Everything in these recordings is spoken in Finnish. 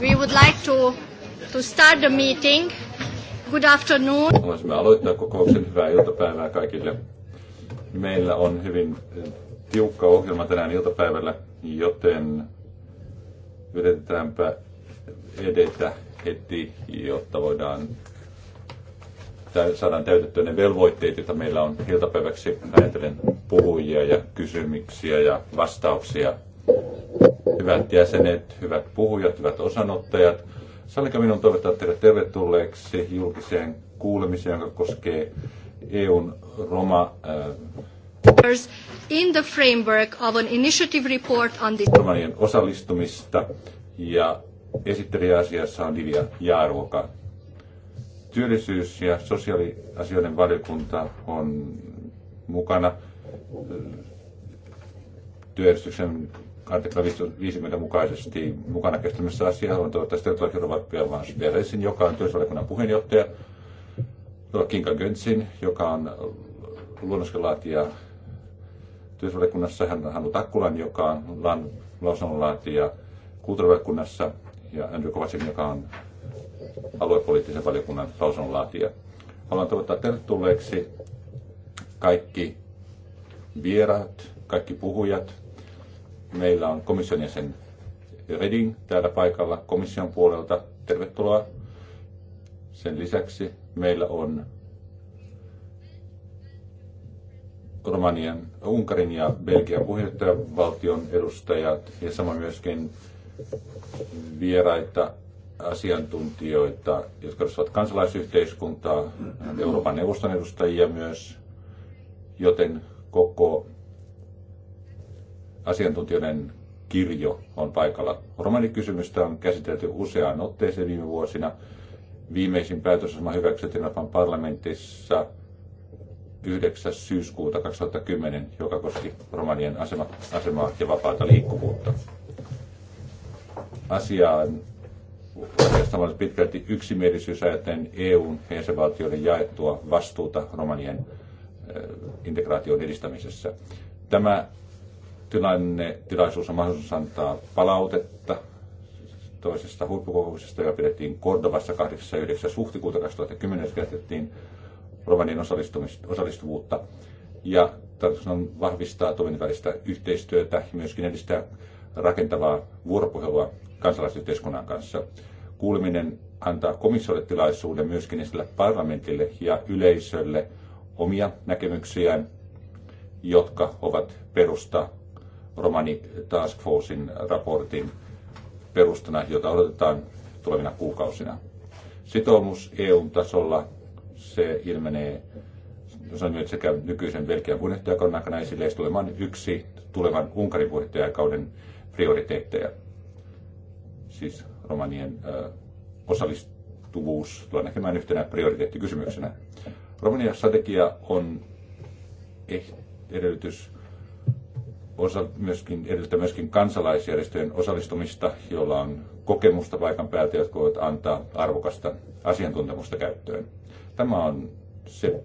We would like to, to start the meeting. Good afternoon. Voisimme aloittaa kokouksen. Hyvää iltapäivää kaikille. Meillä on hyvin eh, tiukka ohjelma tänään iltapäivällä, joten yritetäänpä edetä heti, jotta voidaan saadaan täytettyä ne velvoitteet, joita meillä on iltapäiväksi. Ajattelen puhujia ja kysymyksiä ja vastauksia hyvät jäsenet, hyvät puhujat, hyvät osanottajat. Sallika minun toivottaa teidät tervetulleeksi julkiseen kuulemiseen, joka koskee EUn Roma äh, in the framework of an initiative report on this. Romanien osallistumista ja esittelijäasiassa on Livia Jaaruoka. Työllisyys- ja sosiaaliasioiden valiokunta on mukana äh, työjärjestyksen artikla 50 mukaisesti mukana kestämässä asiaa. Haluan toivottavasti todellakin Robert Pelmans Beresin, joka on työsvaliokunnan puheenjohtaja, Kinka Göntsin, joka on luonnoskelaatija työsvaliokunnassa, hän on Hannu Takkulan, joka on lausunnonlaatija kulttuurivaliokunnassa, ja Andrew Kovacin, joka on aluepoliittisen valiokunnan lausunnonlaatija. Haluan toivottaa tervetulleeksi kaikki vieraat, kaikki puhujat, Meillä on komission jäsen Reding täällä paikalla komission puolelta. Tervetuloa. Sen lisäksi meillä on Romanian, Unkarin ja Belgian puheenjohtajavaltion edustajat ja samoin myöskin vieraita asiantuntijoita, jotka edustavat kansalaisyhteiskuntaa, Euroopan neuvoston edustajia myös, joten koko asiantuntijoiden kirjo on paikalla. Romanikysymystä on käsitelty useaan otteeseen viime vuosina. Viimeisin päätösasema hyväksyttiin Euroopan parlamentissa 9. syyskuuta 2010, joka koski romanien asema, asemaa ja vapaata liikkuvuutta. Asiaan samalla pitkälti yksimielisyys ajattelen EUn ja jäsenvaltioiden jaettua vastuuta romanien integraation edistämisessä. Tämä tilanne, tilaisuus on mahdollisuus antaa palautetta toisesta huippukokouksesta, joka pidettiin Kordovassa 89. huhtikuuta 2010, jossa käytettiin romanien osallistuvuutta. Ja tarkoitus on vahvistaa toiminnan välistä yhteistyötä ja myöskin edistää rakentavaa vuoropuhelua kansalaisyhteiskunnan kanssa. Kuuleminen antaa komissiolle tilaisuuden myöskin esille parlamentille ja yleisölle omia näkemyksiään, jotka ovat perusta Romani Task Forcein raportin perustana, jota odotetaan tulevina kuukausina. Sitoumus EU-tasolla, se ilmenee no sanoin, että sekä nykyisen Belgian puheenjohtajakauden aikana esille tulemaan yksi tulevan Unkarin puheenjohtajakauden prioriteetteja. Siis romanien ö, osallistuvuus tulee näkemään yhtenä prioriteettikysymyksenä. Romanian strategia on eh-, edellytys osa myöskin, edellyttää myöskin kansalaisjärjestöjen osallistumista, joilla on kokemusta paikan päältä, jotka voivat antaa arvokasta asiantuntemusta käyttöön. Tämä on se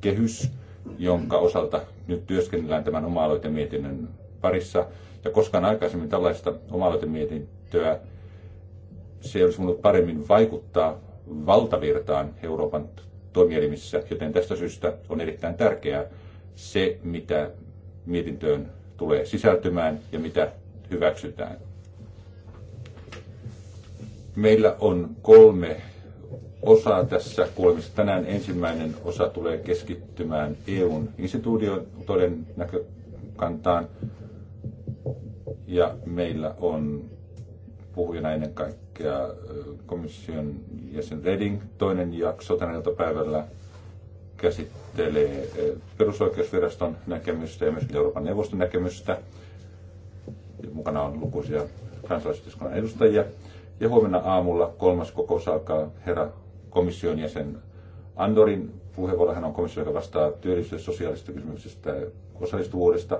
kehys, jonka osalta nyt työskennellään tämän oma mietinnön parissa. Ja koskaan aikaisemmin tällaista oma mietintöä se olisi voinut paremmin vaikuttaa valtavirtaan Euroopan toimielimissä, joten tästä syystä on erittäin tärkeää se, mitä mietintöön tulee sisältymään ja mitä hyväksytään. Meillä on kolme osaa tässä kuulemisessa. Tänään ensimmäinen osa tulee keskittymään EUn instituutioiden näkökantaan. Ja meillä on puhujana ennen kaikkea komission jäsen Reding. Toinen jakso tänä iltapäivällä käsittelee eh, perusoikeusviraston näkemystä ja myös Euroopan neuvoston näkemystä. Mukana on lukuisia kansalaisyhteiskunnan edustajia. Ja huomenna aamulla kolmas kokous alkaa herra komission jäsen Andorin puheenvuoro. Hän on komissio, joka vastaa työllisyys- ja sosiaalista kysymyksistä osallistuvuudesta.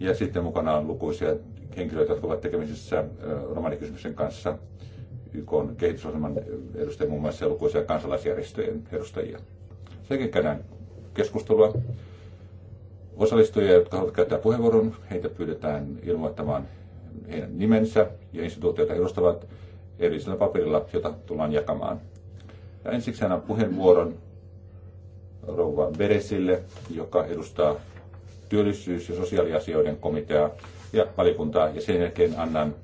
Ja sitten mukana on lukuisia henkilöitä, jotka ovat tekemisissä eh, romanikysymyksen kanssa YK kehitysohjelman edustajia, muun muassa lukuisia kansalaisjärjestöjen edustajia. Sekin käydään keskustelua. Osallistujia, jotka haluavat käyttää puheenvuoron, heitä pyydetään ilmoittamaan heidän nimensä ja instituutioita edustavat erillisellä paperilla, jota tullaan jakamaan. Ja ensiksi annan puheenvuoron rouva Beresille, joka edustaa työllisyys- ja sosiaaliasioiden komiteaa ja valikuntaa, ja sen jälkeen annan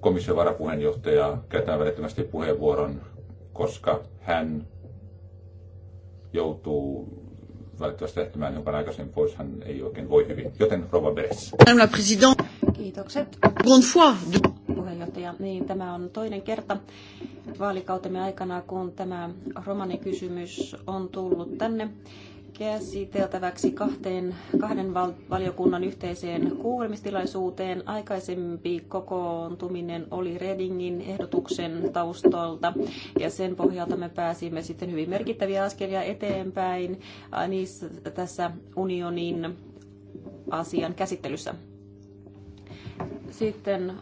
komission varapuheenjohtajaa käyttää välittömästi puheenvuoron, koska hän joutuu välittömästi lähtemään jonkun aikaisemmin pois, hän ei oikein voi hyvin. Joten Rova Beres. Madame la Kiitokset. Grande fois. Puheenjohtaja, niin tämä on toinen kerta vaalikautemme aikana, kun tämä romanikysymys on tullut tänne käsiteltäväksi kahteen, kahden val- valiokunnan yhteiseen kuulemistilaisuuteen. Aikaisempi kokoontuminen oli Redingin ehdotuksen taustalta ja sen pohjalta me pääsimme sitten hyvin merkittäviä askelia eteenpäin niissä, tässä unionin asian käsittelyssä. Sitten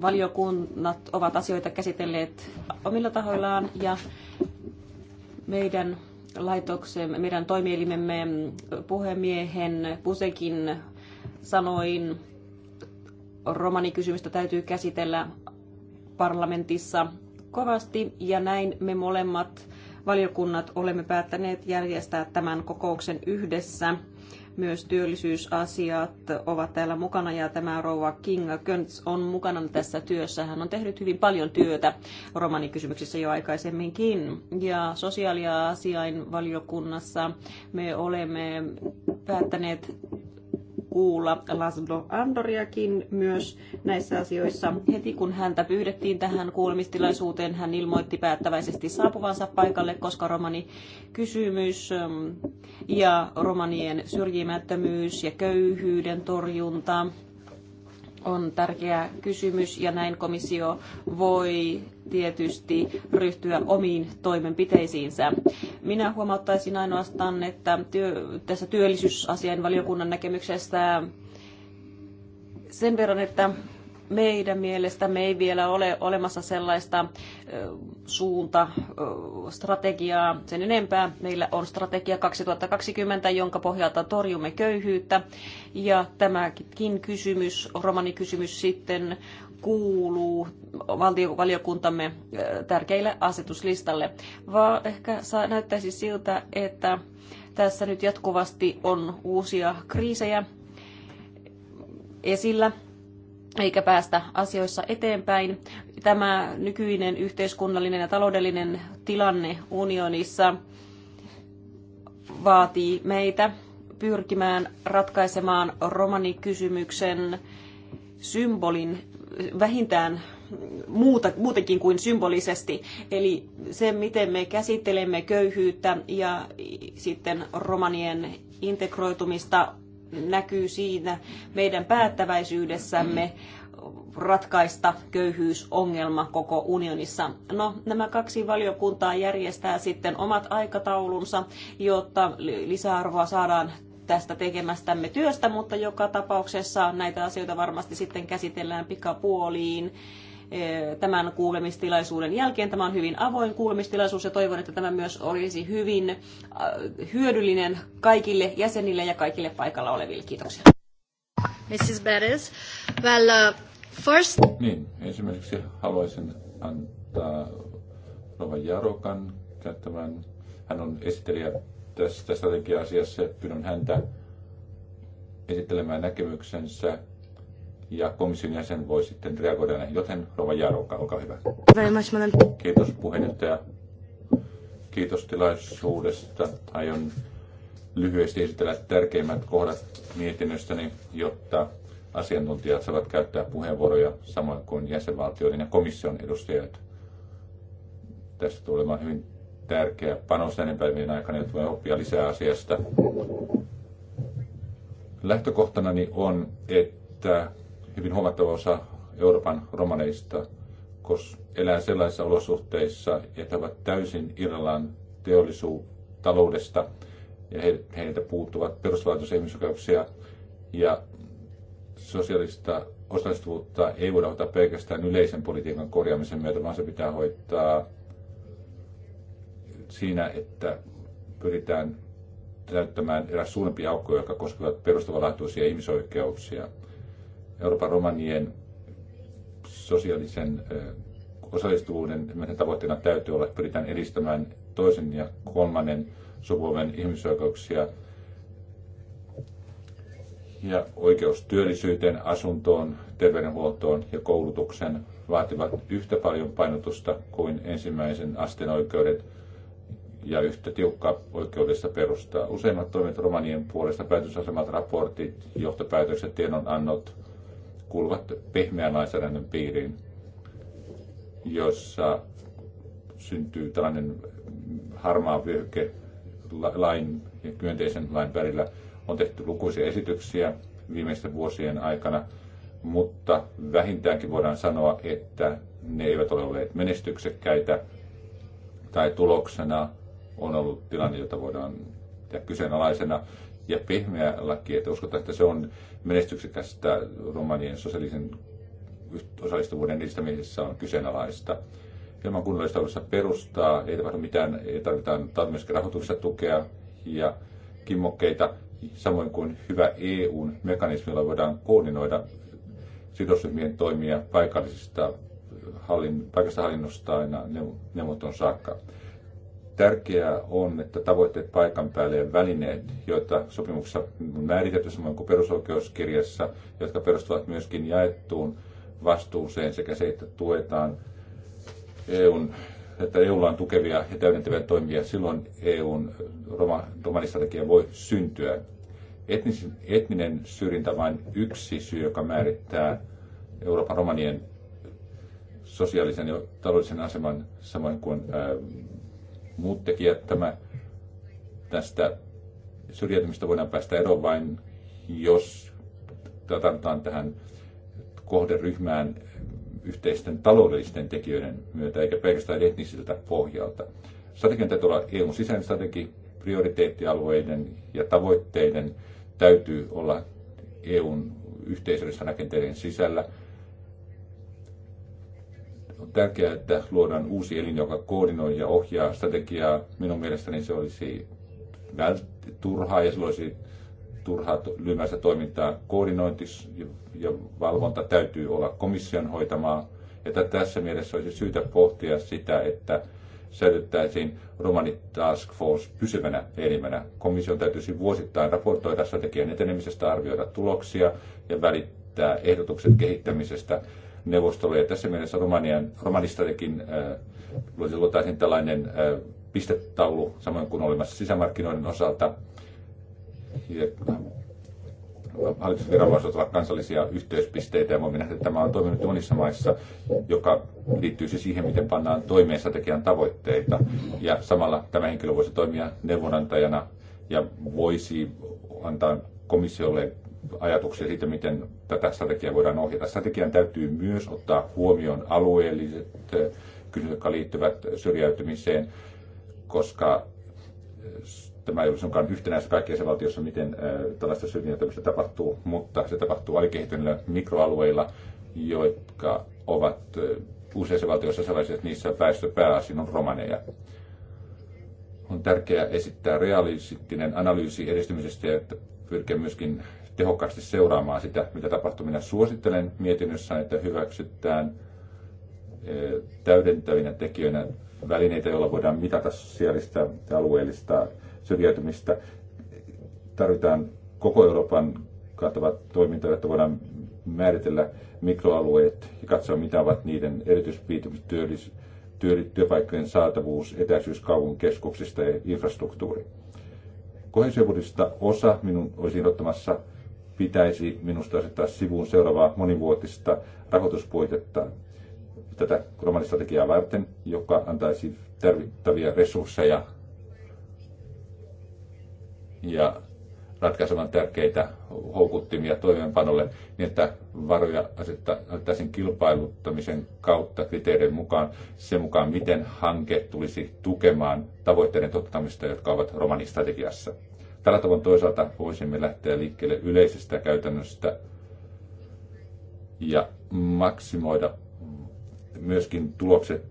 valiokunnat ovat asioita käsitelleet omilla tahoillaan ja meidän laitoksen, meidän toimielimemme puhemiehen Pusekin sanoin, romanikysymystä täytyy käsitellä parlamentissa kovasti ja näin me molemmat valiokunnat olemme päättäneet järjestää tämän kokouksen yhdessä myös työllisyysasiat ovat täällä mukana ja tämä rouva Kinga Könts on mukana tässä työssä. Hän on tehnyt hyvin paljon työtä romanikysymyksissä jo aikaisemminkin. Ja sosiaali- ja asiainvaliokunnassa me olemme päättäneet kuulla Laszlo Andoriakin myös näissä asioissa. Heti kun häntä pyydettiin tähän kuulemistilaisuuteen, hän ilmoitti päättäväisesti saapuvansa paikalle, koska romani kysymys ähm, ja romanien syrjimättömyys ja köyhyyden torjunta on tärkeä kysymys ja näin komissio voi tietysti ryhtyä omiin toimenpiteisiinsä. Minä huomauttaisin ainoastaan, että työ, tässä työllisyysasian valiokunnan näkemyksestä sen verran, että meidän mielestämme ei vielä ole olemassa sellaista suunta strategiaa sen enempää. Meillä on strategia 2020, jonka pohjalta torjumme köyhyyttä. Ja tämäkin kysymys, romanikysymys sitten kuuluu valiokuntamme tärkeille asetuslistalle. Vaan ehkä saa, näyttäisi siltä, että tässä nyt jatkuvasti on uusia kriisejä esillä eikä päästä asioissa eteenpäin. Tämä nykyinen yhteiskunnallinen ja taloudellinen tilanne unionissa vaatii meitä pyrkimään ratkaisemaan romanikysymyksen symbolin vähintään muuta, muutenkin kuin symbolisesti. Eli se, miten me käsittelemme köyhyyttä ja sitten romanien integroitumista näkyy siinä meidän päättäväisyydessämme ratkaista köyhyysongelma koko unionissa. No, nämä kaksi valiokuntaa järjestää sitten omat aikataulunsa, jotta lisäarvoa saadaan tästä tekemästämme työstä, mutta joka tapauksessa näitä asioita varmasti sitten käsitellään pikapuoliin Eh, tämän kuulemistilaisuuden jälkeen. Tämä on hyvin avoin kuulemistilaisuus ja toivon, että tämä myös olisi hyvin äh, hyödyllinen kaikille jäsenille ja kaikille paikalla oleville. Kiitoksia. Mrs. Beres. Well, uh, first... Niin, ensimmäiseksi haluaisin antaa Rova Jarokan käyttämään. Hän on esittelijä tästä strategia-asiassa ja pyydän häntä esittelemään näkemyksensä ja komission jäsen voi sitten reagoida näihin. Joten Rova Jaroka, olkaa hyvä. Kiitos puheenjohtaja. Kiitos tilaisuudesta. Aion lyhyesti esitellä tärkeimmät kohdat mietinnöstäni, jotta asiantuntijat saavat käyttää puheenvuoroja samoin kuin jäsenvaltioiden ja komission edustajat. Tästä tulee hyvin tärkeä panos näiden päivien aikana, että voi oppia lisää asiasta. Lähtökohtanani on, että hyvin huomattava osa Euroopan romaneista koska elää sellaisissa olosuhteissa, että ovat täysin irrallaan teollisuutaloudesta ja he, heiltä puuttuvat peruslaatuisia ihmisoikeuksia ja sosiaalista osallistuvuutta ei voida ottaa pelkästään yleisen politiikan korjaamisen myötä, vaan se pitää hoitaa siinä, että pyritään täyttämään eräs suurempia aukkoja, jotka koskevat perustavanlaatuisia ihmisoikeuksia. Euroopan romanien sosiaalisen osallistuvuuden tavoitteena täytyy olla, että pyritään edistämään toisen ja kolmannen sukupuolen ihmisoikeuksia ja oikeus työllisyyteen, asuntoon, terveydenhuoltoon ja koulutukseen vaativat yhtä paljon painotusta kuin ensimmäisen asteen oikeudet ja yhtä tiukka oikeudellista perustaa. Useimmat toimet romanien puolesta, päätösasemat, raportit, johtopäätökset, tiedonannot, kuuluvat pehmeän lainsäädännön piiriin, jossa syntyy tällainen harmaa vyöhyke lain ja myönteisen lain välillä. On tehty lukuisia esityksiä viimeisten vuosien aikana, mutta vähintäänkin voidaan sanoa, että ne eivät ole olleet menestyksekkäitä tai tuloksena on ollut tilanne, jota voidaan tehdä kyseenalaisena. Ja pehmeä laki, että uskotaan, että se on menestyksekästä romanien sosiaalisen osallistuvuuden edistämisessä on kyseenalaista. Ilman kunnollista perustaa ei tapahdu mitään, ei tarvitaan tarvitsemaan rahoituksessa tukea ja kimmokkeita, samoin kuin hyvä EUn mekanismilla voidaan koordinoida sidosryhmien toimia paikallisista hallin, paikasta hallinnosta aina neuvoton saakka. Tärkeää on, että tavoitteet paikan päälle ja välineet, joita sopimuksessa on määritelty samoin kuin perusoikeuskirjassa, jotka perustuvat myöskin jaettuun vastuuseen sekä se, että tuetaan EUn, että EUlla on tukevia ja täydentäviä toimia, silloin EUn roma, romanistrategia voi syntyä. Etnis, etninen syrjintä vain yksi syy, joka määrittää Euroopan romanien sosiaalisen ja taloudellisen aseman, samoin kuin ähm, muut tekijät. Tämä, tästä syrjäytymistä voidaan päästä eroon vain, jos tartutaan tähän kohderyhmään yhteisten taloudellisten tekijöiden myötä, eikä pelkästään etnisiltä pohjalta. Strategian täytyy olla EUn sisäinen strategi, prioriteettialueiden ja tavoitteiden täytyy olla EUn yhteisöllisten rakenteiden sisällä – on tärkeää, että luodaan uusi elin, joka koordinoi ja ohjaa strategiaa. Minun mielestäni se olisi vält- turhaa ja silloin olisi turhaa lymäistä toimintaa. Koordinointi ja valvonta täytyy olla komission hoitamaa. Ja tässä mielessä olisi syytä pohtia sitä, että säilyttäisiin Romani Task Force pysyvänä elimenä. Komission täytyisi vuosittain raportoida strategian etenemisestä, arvioida tuloksia ja välittää ehdotukset kehittämisestä neuvostolle. Ja tässä mielessä Romanian, Romanistakin äh, luotaisiin tällainen äh, pistetaulu, samoin kuin olemassa sisämarkkinoiden osalta. Ja hallitusviranomaiset ovat kansallisia yhteyspisteitä ja voimme nähdä, että tämä on toiminut monissa maissa, joka liittyy siis siihen, miten pannaan toimeen strategian tavoitteita. Ja samalla tämä henkilö voisi toimia neuvonantajana ja voisi antaa komissiolle ajatuksia siitä, miten tätä strategiaa voidaan ohjata. Strategian täytyy myös ottaa huomioon alueelliset eh, kysymykset, jotka liittyvät syrjäytymiseen, koska eh, tämä ei ole suinkaan yhtenäistä kaikissa valtiossa, miten eh, tällaista syrjäytymistä tapahtuu, mutta se tapahtuu alikehittyneillä mikroalueilla, jotka ovat useissa valtioissa sellaisia, että niissä väestö pääasiin on romaneja. On tärkeää esittää realistinen analyysi edistymisestä ja että pyrkiä myöskin tehokkaasti seuraamaan sitä, mitä tapahtuu. Minä suosittelen mietinnössä, että hyväksytään eh, täydentävinä tekijöinä välineitä, joilla voidaan mitata sosiaalista ja alueellista syrjäytymistä. Tarvitaan koko Euroopan kattava toiminta, jotta voidaan määritellä mikroalueet ja katsoa, mitä ovat niiden erityispiirteet, työ, työpaikkojen saatavuus, etäisyys keskuksista ja infrastruktuuri. Kohesiobudjetista osa minun olisi ottamassa pitäisi minusta asettaa sivuun seuraavaa monivuotista rahoituspuitetta tätä romanistrategiaa varten, joka antaisi tarvittavia resursseja ja ratkaisevan tärkeitä houkuttimia toimeenpanolle, niin että varoja asettaisiin kilpailuttamisen kautta kriteerien mukaan sen mukaan, miten hanke tulisi tukemaan tavoitteiden toteuttamista, jotka ovat romanistrategiassa. Tällä tavoin toisaalta voisimme lähteä liikkeelle yleisestä käytännöstä ja maksimoida myöskin tulokset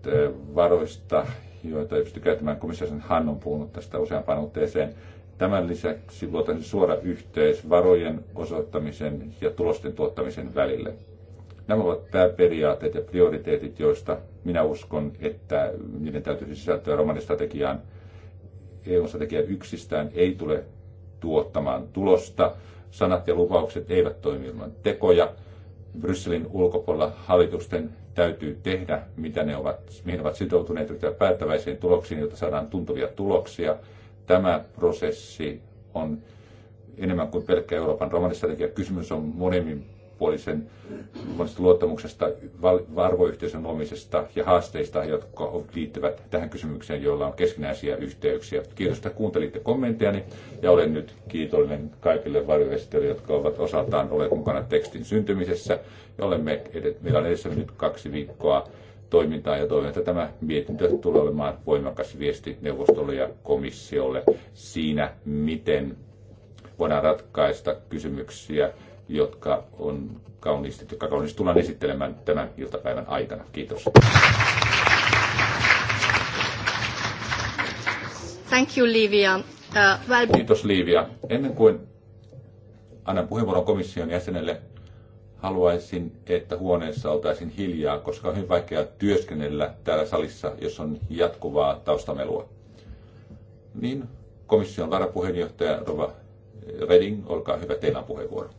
varoista, joita pystyy käyttämään. Komissaarisen Han on puhunut tästä useampaan otteeseen. Tämän lisäksi luotaisiin suora yhteys varojen osoittamisen ja tulosten tuottamisen välille. Nämä ovat pääperiaatteet ja prioriteetit, joista minä uskon, että niiden täytyisi sisältyä romanistrategiaan. EU-strategia yksistään ei tule tuottamaan tulosta. Sanat ja lupaukset eivät toimi ilman tekoja. Brysselin ulkopuolella hallitusten täytyy tehdä, mitä ne ovat, mihin ovat sitoutuneet, ryhtyä päättäväisiin tuloksiin, jotta saadaan tuntuvia tuloksia. Tämä prosessi on enemmän kuin pelkkä Euroopan romanistrategia. Kysymys on monemmin tasapuolisen luottamuksesta, arvoyhteisön omisesta ja haasteista, jotka liittyvät tähän kysymykseen, joilla on keskinäisiä yhteyksiä. Kiitos, että kuuntelitte kommenttejani ja olen nyt kiitollinen kaikille varjoesittelijöille, jotka ovat osaltaan olleet mukana tekstin syntymisessä. Ja olemme edet, meillä on edessä nyt kaksi viikkoa toimintaa ja toivon, että tämä mietintö tulee olemaan voimakas viesti neuvostolle ja komissiolle siinä, miten voidaan ratkaista kysymyksiä, jotka on kauniisti, jotka kauniisti tullaan esittelemään tämän iltapäivän aikana. Kiitos. Thank you, Livia. Uh, well... Kiitos, Livia. Ennen kuin annan puheenvuoron komission jäsenelle, haluaisin, että huoneessa oltaisiin hiljaa, koska on hyvin vaikea työskennellä täällä salissa, jos on jatkuvaa taustamelua. Niin, komission varapuheenjohtaja Rova Reding, olkaa hyvä, teillä on puheenvuoro.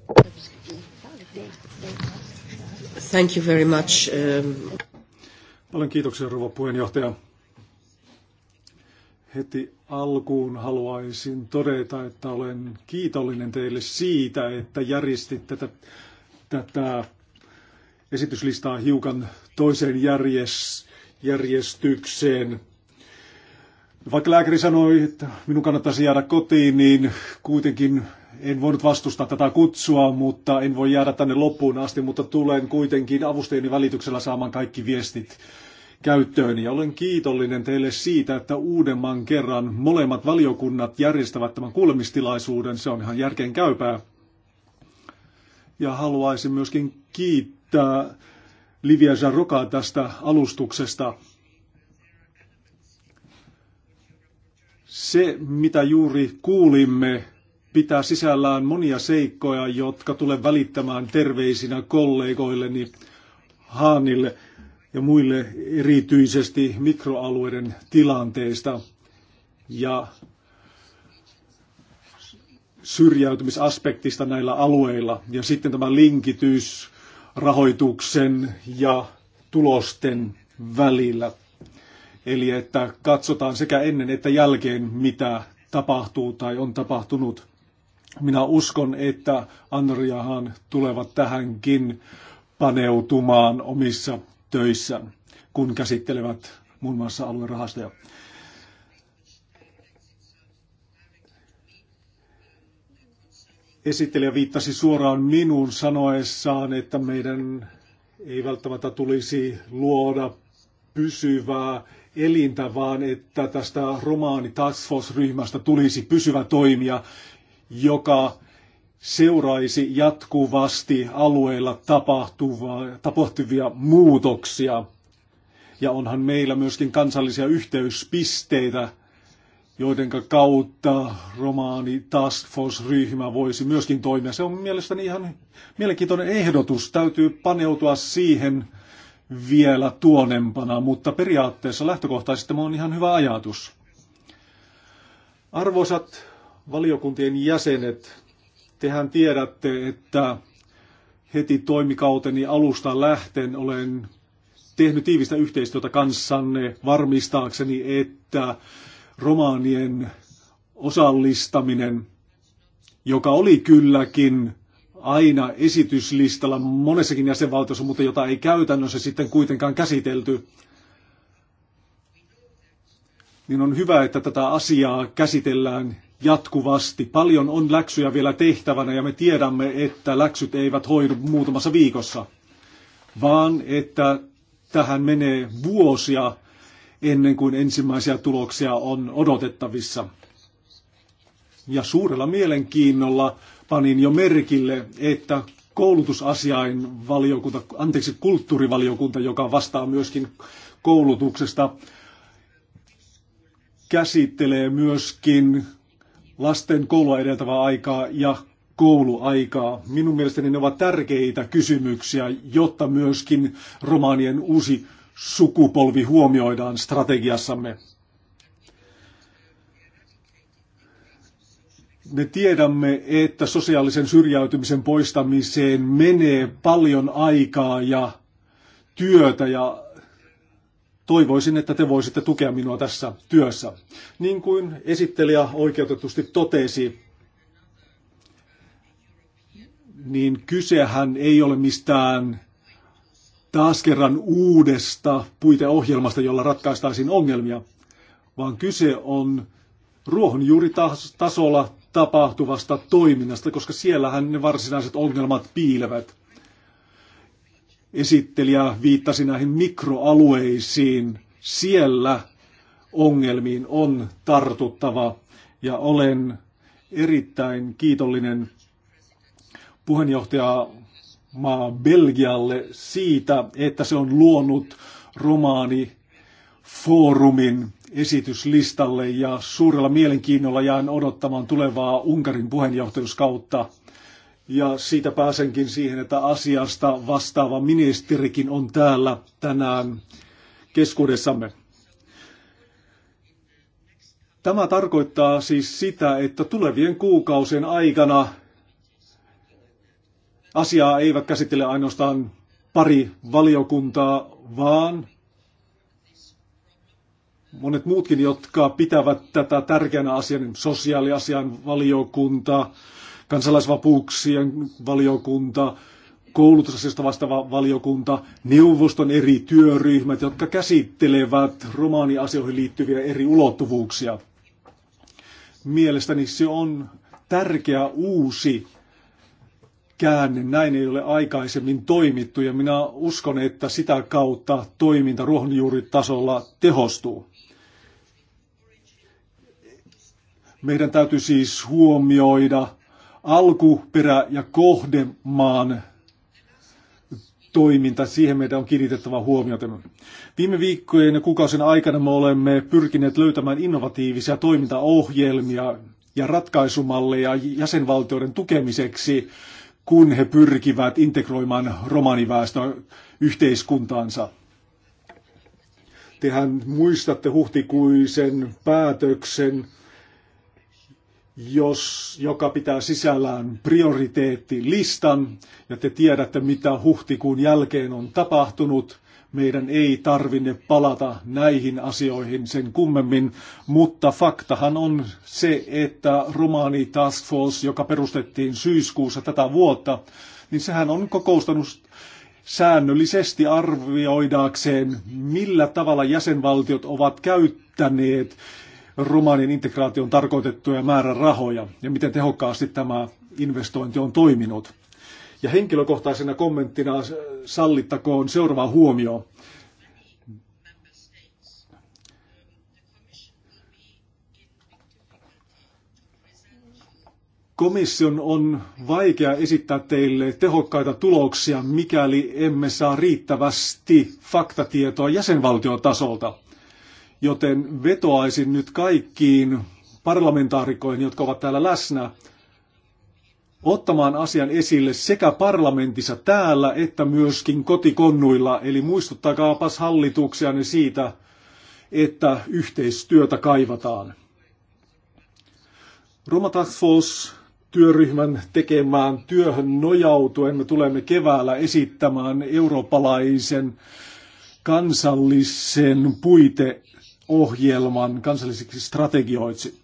Thank you very much. Um... Paljon kiitoksia, rouva puheenjohtaja. Heti alkuun haluaisin todeta, että olen kiitollinen teille siitä, että järjestitte tätä, tätä esityslistaa hiukan toiseen järjestykseen. Vaikka lääkäri sanoi, että minun kannattaisi jäädä kotiin, niin kuitenkin en voinut vastustaa tätä kutsua, mutta en voi jäädä tänne loppuun asti, mutta tulen kuitenkin avustajien välityksellä saamaan kaikki viestit käyttöön. Ja olen kiitollinen teille siitä, että uudemman kerran molemmat valiokunnat järjestävät tämän kuulemistilaisuuden. Se on ihan järkeen käypää. Ja haluaisin myöskin kiittää Livia Jarrokaa tästä alustuksesta. Se, mitä juuri kuulimme, pitää sisällään monia seikkoja, jotka tulee välittämään terveisinä kollegoilleni Haanille ja muille erityisesti mikroalueiden tilanteesta ja syrjäytymisaspektista näillä alueilla. Ja sitten tämä linkitys rahoituksen ja tulosten välillä. Eli että katsotaan sekä ennen että jälkeen, mitä tapahtuu tai on tapahtunut. Minä uskon, että Andriahan tulevat tähänkin paneutumaan omissa töissä, kun käsittelevät muun muassa aluerahastoja. Esittelijä viittasi suoraan minuun sanoessaan, että meidän ei välttämättä tulisi luoda pysyvää elintä, vaan että tästä romaani Task ryhmästä tulisi pysyvä toimija, joka seuraisi jatkuvasti alueilla tapahtuvia muutoksia. Ja onhan meillä myöskin kansallisia yhteyspisteitä, joiden kautta romaani Task Force-ryhmä voisi myöskin toimia. Se on mielestäni ihan mielenkiintoinen ehdotus. Täytyy paneutua siihen vielä tuonempana, mutta periaatteessa lähtökohtaisesti tämä on ihan hyvä ajatus. Arvoisat valiokuntien jäsenet, tehän tiedätte, että heti toimikauteni alusta lähten olen tehnyt tiivistä yhteistyötä kanssanne varmistaakseni, että romaanien osallistaminen, joka oli kylläkin aina esityslistalla monessakin jäsenvaltiossa, mutta jota ei käytännössä sitten kuitenkaan käsitelty. Niin on hyvä, että tätä asiaa käsitellään jatkuvasti. Paljon on läksyjä vielä tehtävänä ja me tiedämme, että läksyt eivät hoidu muutamassa viikossa, vaan että tähän menee vuosia ennen kuin ensimmäisiä tuloksia on odotettavissa. Ja suurella mielenkiinnolla panin jo merkille, että koulutusasiain valiokunta, anteeksi kulttuurivaliokunta, joka vastaa myöskin koulutuksesta, käsittelee myöskin lasten koulua edeltävää aikaa ja kouluaikaa. Minun mielestäni ne ovat tärkeitä kysymyksiä, jotta myöskin romaanien uusi sukupolvi huomioidaan strategiassamme. Me tiedämme, että sosiaalisen syrjäytymisen poistamiseen menee paljon aikaa ja työtä ja toivoisin, että te voisitte tukea minua tässä työssä. Niin kuin esittelijä oikeutetusti totesi, niin kysehän ei ole mistään taas kerran uudesta puiteohjelmasta, jolla ratkaistaisiin ongelmia, vaan kyse on ruohonjuuritasolla tapahtuvasta toiminnasta, koska siellähän ne varsinaiset ongelmat piilevät. Esittelijä viittasi näihin mikroalueisiin. Siellä ongelmiin on tartuttava ja olen erittäin kiitollinen puheenjohtaja maa Belgialle siitä, että se on luonut romaani foorumin esityslistalle ja suurella mielenkiinnolla jään odottamaan tulevaa Unkarin puheenjohtajuuskautta. Ja siitä pääsenkin siihen, että asiasta vastaava ministerikin on täällä tänään keskuudessamme. Tämä tarkoittaa siis sitä, että tulevien kuukausien aikana asiaa eivät käsittele ainoastaan pari valiokuntaa, vaan monet muutkin, jotka pitävät tätä tärkeänä asian, niin sosiaaliasian valiokunta, kansalaisvapuuksien valiokunta, koulutusasioista vastaava valiokunta, neuvoston eri työryhmät, jotka käsittelevät romaaniasioihin liittyviä eri ulottuvuuksia. Mielestäni se on tärkeä uusi käänne. Näin ei ole aikaisemmin toimittu ja minä uskon, että sitä kautta toiminta ruohonjuuritasolla tehostuu. Meidän täytyy siis huomioida alkuperä ja kohdemaan toiminta, siihen meidän on kiinnitettävä huomiota. Viime viikkojen ja kuukausien aikana me olemme pyrkineet löytämään innovatiivisia toimintaohjelmia ja ratkaisumalleja jäsenvaltioiden tukemiseksi, kun he pyrkivät integroimaan romaniväestö yhteiskuntaansa. Tehän muistatte huhtikuisen päätöksen jos, joka pitää sisällään prioriteettilistan, ja te tiedätte, mitä huhtikuun jälkeen on tapahtunut. Meidän ei tarvinne palata näihin asioihin sen kummemmin, mutta faktahan on se, että Romani Task Force, joka perustettiin syyskuussa tätä vuotta, niin sehän on kokoustanut säännöllisesti arvioidaakseen, millä tavalla jäsenvaltiot ovat käyttäneet Romanin integraation tarkoitettuja määrärahoja ja miten tehokkaasti tämä investointi on toiminut. Ja henkilökohtaisena kommenttina sallittakoon seuraava huomio. Komission on vaikea esittää teille tehokkaita tuloksia, mikäli emme saa riittävästi faktatietoa jäsenvaltiotasolta joten vetoaisin nyt kaikkiin parlamentaarikoihin, jotka ovat täällä läsnä, ottamaan asian esille sekä parlamentissa täällä että myöskin kotikonnuilla. Eli muistuttakaapas hallituksianne siitä, että yhteistyötä kaivataan. Roma työryhmän tekemään työhön nojautuen me tulemme keväällä esittämään eurooppalaisen kansallisen puite ohjelman kansallisiksi strategioiksi.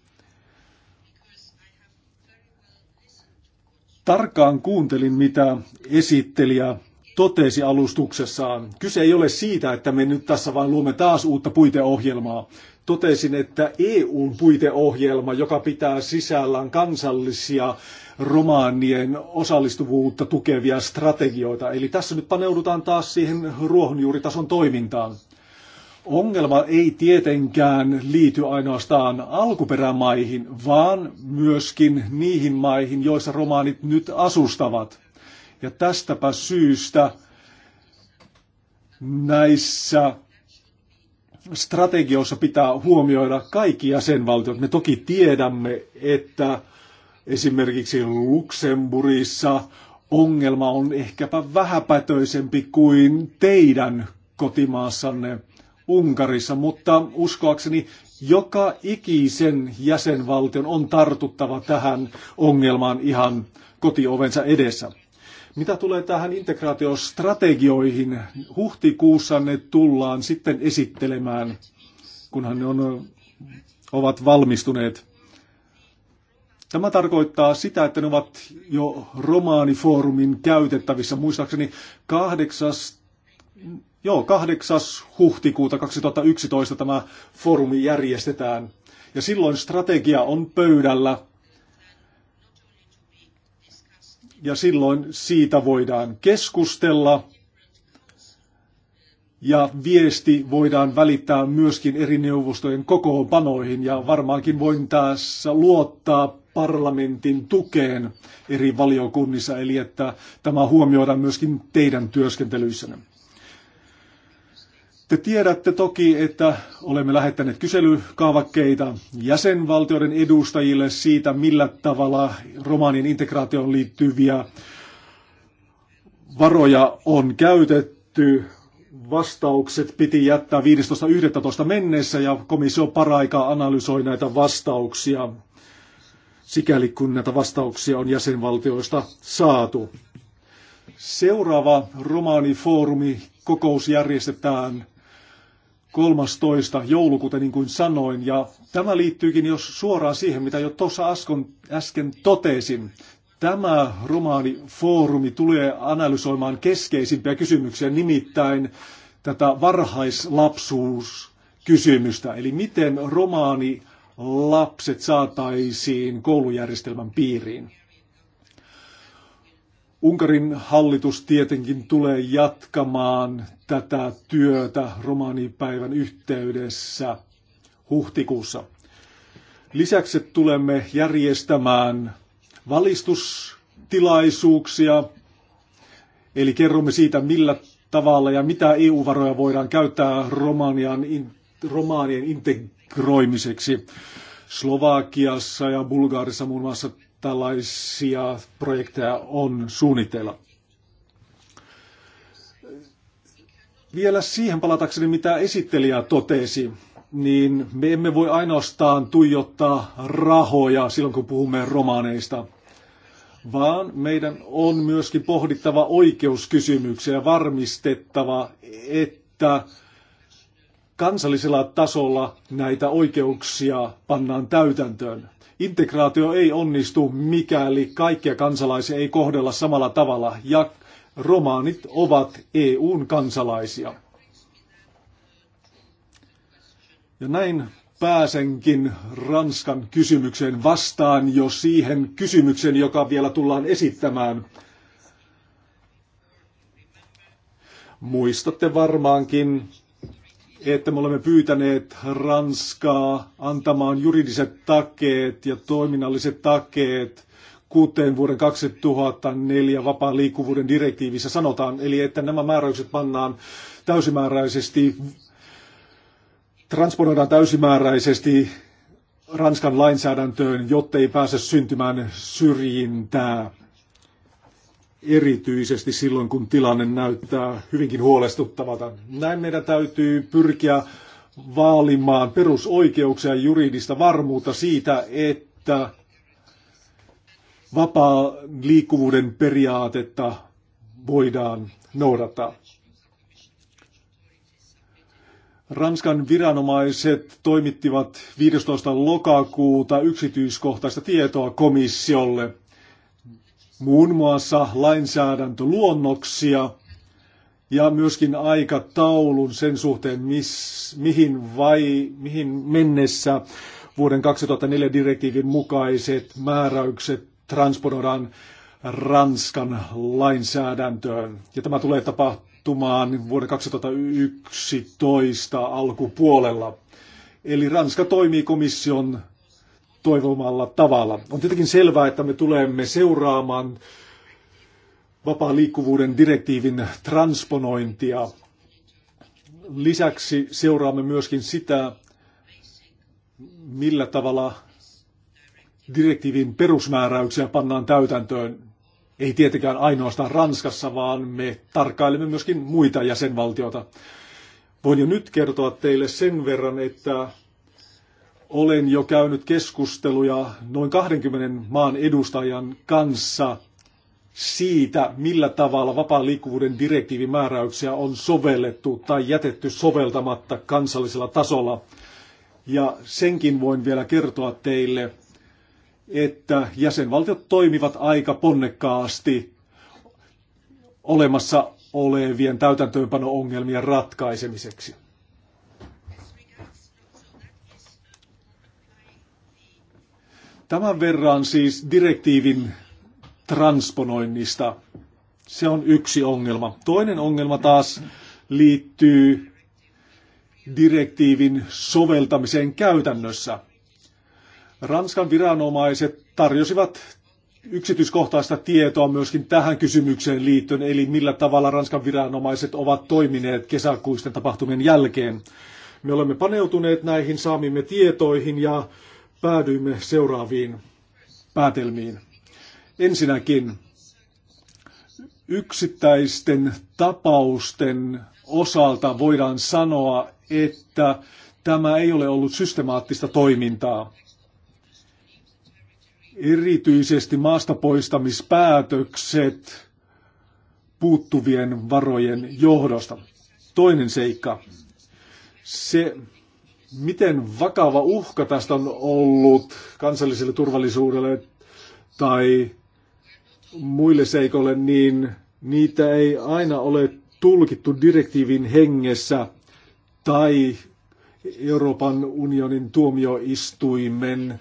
Tarkkaan kuuntelin, mitä esittelijä totesi alustuksessaan. Kyse ei ole siitä, että me nyt tässä vain luomme taas uutta puiteohjelmaa. Totesin, että EUn puiteohjelma, joka pitää sisällään kansallisia romaanien osallistuvuutta tukevia strategioita. Eli tässä nyt paneudutaan taas siihen ruohonjuuritason toimintaan. Ongelma ei tietenkään liity ainoastaan alkuperämaihin, vaan myöskin niihin maihin, joissa romaanit nyt asustavat. Ja tästäpä syystä näissä strategioissa pitää huomioida kaikki jäsenvaltiot. Me toki tiedämme, että esimerkiksi Luxemburissa ongelma on ehkäpä vähäpätöisempi kuin teidän kotimaassanne. Unkarissa, mutta uskoakseni joka ikisen jäsenvaltion on tartuttava tähän ongelmaan ihan kotiovensa edessä. Mitä tulee tähän integraatiostrategioihin, huhtikuussa ne tullaan sitten esittelemään, kunhan ne on, ovat valmistuneet. Tämä tarkoittaa sitä, että ne ovat jo romaanifoorumin käytettävissä. Muistaakseni 8. Joo, 8. huhtikuuta 2011 tämä foorumi järjestetään. Ja silloin strategia on pöydällä. Ja silloin siitä voidaan keskustella. Ja viesti voidaan välittää myöskin eri neuvostojen kokoonpanoihin. Ja varmaankin voin tässä luottaa parlamentin tukeen eri valiokunnissa, eli että tämä huomioidaan myöskin teidän työskentelyissänne. Te tiedätte toki, että olemme lähettäneet kyselykaavakkeita jäsenvaltioiden edustajille siitä, millä tavalla romaanien integraatioon liittyviä varoja on käytetty. Vastaukset piti jättää 15.11. mennessä ja komissio paraikaa analysoi näitä vastauksia, sikäli kun näitä vastauksia on jäsenvaltioista saatu. Seuraava romaanifoorumi kokous järjestetään 13. joulukuuta, niin kuin sanoin, ja tämä liittyykin jos suoraan siihen, mitä jo tuossa äsken, äsken totesin. Tämä romaanifoorumi tulee analysoimaan keskeisimpiä kysymyksiä, nimittäin tätä varhaislapsuuskysymystä, eli miten romaani lapset saataisiin koulujärjestelmän piiriin. Unkarin hallitus tietenkin tulee jatkamaan tätä työtä romaanipäivän yhteydessä huhtikuussa. Lisäksi tulemme järjestämään valistustilaisuuksia, eli kerromme siitä, millä tavalla ja mitä EU-varoja voidaan käyttää Romanian, romaanien integroimiseksi. Slovakiassa ja Bulgaarissa muun muassa tällaisia projekteja on suunnitteilla. Vielä siihen palatakseni, mitä esittelijä totesi, niin me emme voi ainoastaan tuijottaa rahoja silloin, kun puhumme romaaneista, vaan meidän on myöskin pohdittava oikeuskysymyksiä ja varmistettava, että kansallisella tasolla näitä oikeuksia pannaan täytäntöön. Integraatio ei onnistu, mikäli kaikkia kansalaisia ei kohdella samalla tavalla, ja romaanit ovat EUn kansalaisia. Ja näin pääsenkin Ranskan kysymykseen vastaan jo siihen kysymykseen, joka vielä tullaan esittämään. Muistatte varmaankin että me olemme pyytäneet Ranskaa antamaan juridiset takeet ja toiminnalliset takeet, kuten vuoden 2004 vapaan liikkuvuuden direktiivissä sanotaan, eli että nämä määräykset pannaan täysimääräisesti, transponoidaan täysimääräisesti Ranskan lainsäädäntöön, ei pääse syntymään syrjintää erityisesti silloin, kun tilanne näyttää hyvinkin huolestuttavalta. Näin meidän täytyy pyrkiä vaalimaan perusoikeuksia ja juridista varmuutta siitä, että vapaa liikkuvuuden periaatetta voidaan noudattaa. Ranskan viranomaiset toimittivat 15. lokakuuta yksityiskohtaista tietoa komissiolle – muun muassa lainsäädäntöluonnoksia ja myöskin aikataulun sen suhteen, mis, mihin, vai, mihin mennessä vuoden 2004 direktiivin mukaiset määräykset transponoidaan Ranskan lainsäädäntöön. Ja tämä tulee tapahtumaan vuoden 2011 alkupuolella. Eli Ranska toimii komission toivomalla tavalla. On tietenkin selvää, että me tulemme seuraamaan vapaan liikkuvuuden direktiivin transponointia. Lisäksi seuraamme myöskin sitä, millä tavalla direktiivin perusmääräyksiä pannaan täytäntöön. Ei tietenkään ainoastaan Ranskassa, vaan me tarkkailemme myöskin muita jäsenvaltioita. Voin jo nyt kertoa teille sen verran, että olen jo käynyt keskusteluja noin 20 maan edustajan kanssa siitä, millä tavalla vapaan liikkuvuuden direktiivimääräyksiä on sovellettu tai jätetty soveltamatta kansallisella tasolla. Ja senkin voin vielä kertoa teille, että jäsenvaltiot toimivat aika ponnekkaasti olemassa olevien täytäntöönpano-ongelmien ratkaisemiseksi. Tämän verran siis direktiivin transponoinnista. Se on yksi ongelma. Toinen ongelma taas liittyy direktiivin soveltamiseen käytännössä. Ranskan viranomaiset tarjosivat yksityiskohtaista tietoa myöskin tähän kysymykseen liittyen, eli millä tavalla Ranskan viranomaiset ovat toimineet kesäkuisten tapahtumien jälkeen. Me olemme paneutuneet näihin saamimme tietoihin ja päädyimme seuraaviin päätelmiin. Ensinnäkin yksittäisten tapausten osalta voidaan sanoa, että tämä ei ole ollut systemaattista toimintaa. Erityisesti maastapoistamispäätökset puuttuvien varojen johdosta. Toinen seikka. Se, miten vakava uhka tästä on ollut kansalliselle turvallisuudelle tai muille seikoille, niin niitä ei aina ole tulkittu direktiivin hengessä tai Euroopan unionin tuomioistuimen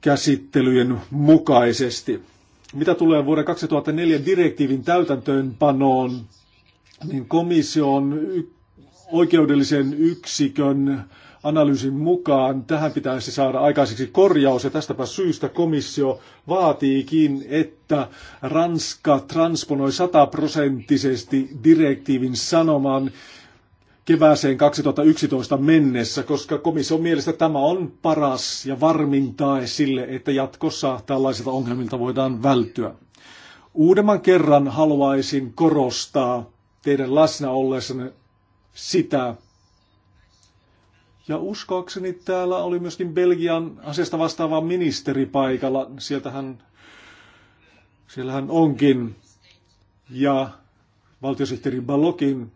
käsittelyjen mukaisesti. Mitä tulee vuoden 2004 direktiivin täytäntöönpanoon, niin komission oikeudellisen yksikön analyysin mukaan tähän pitäisi saada aikaiseksi korjaus ja tästäpä syystä komissio vaatiikin, että Ranska transponoi sataprosenttisesti direktiivin sanoman kevääseen 2011 mennessä, koska komission mielestä tämä on paras ja varmin tae sille, että jatkossa tällaisilta ongelmilta voidaan välttyä. Uudemman kerran haluaisin korostaa teidän läsnä ollessanne sitä, ja uskoakseni täällä oli myöskin Belgian asiasta vastaava ministeri paikalla. Sieltähän, siellähän onkin. Ja valtiosihteeri Balokin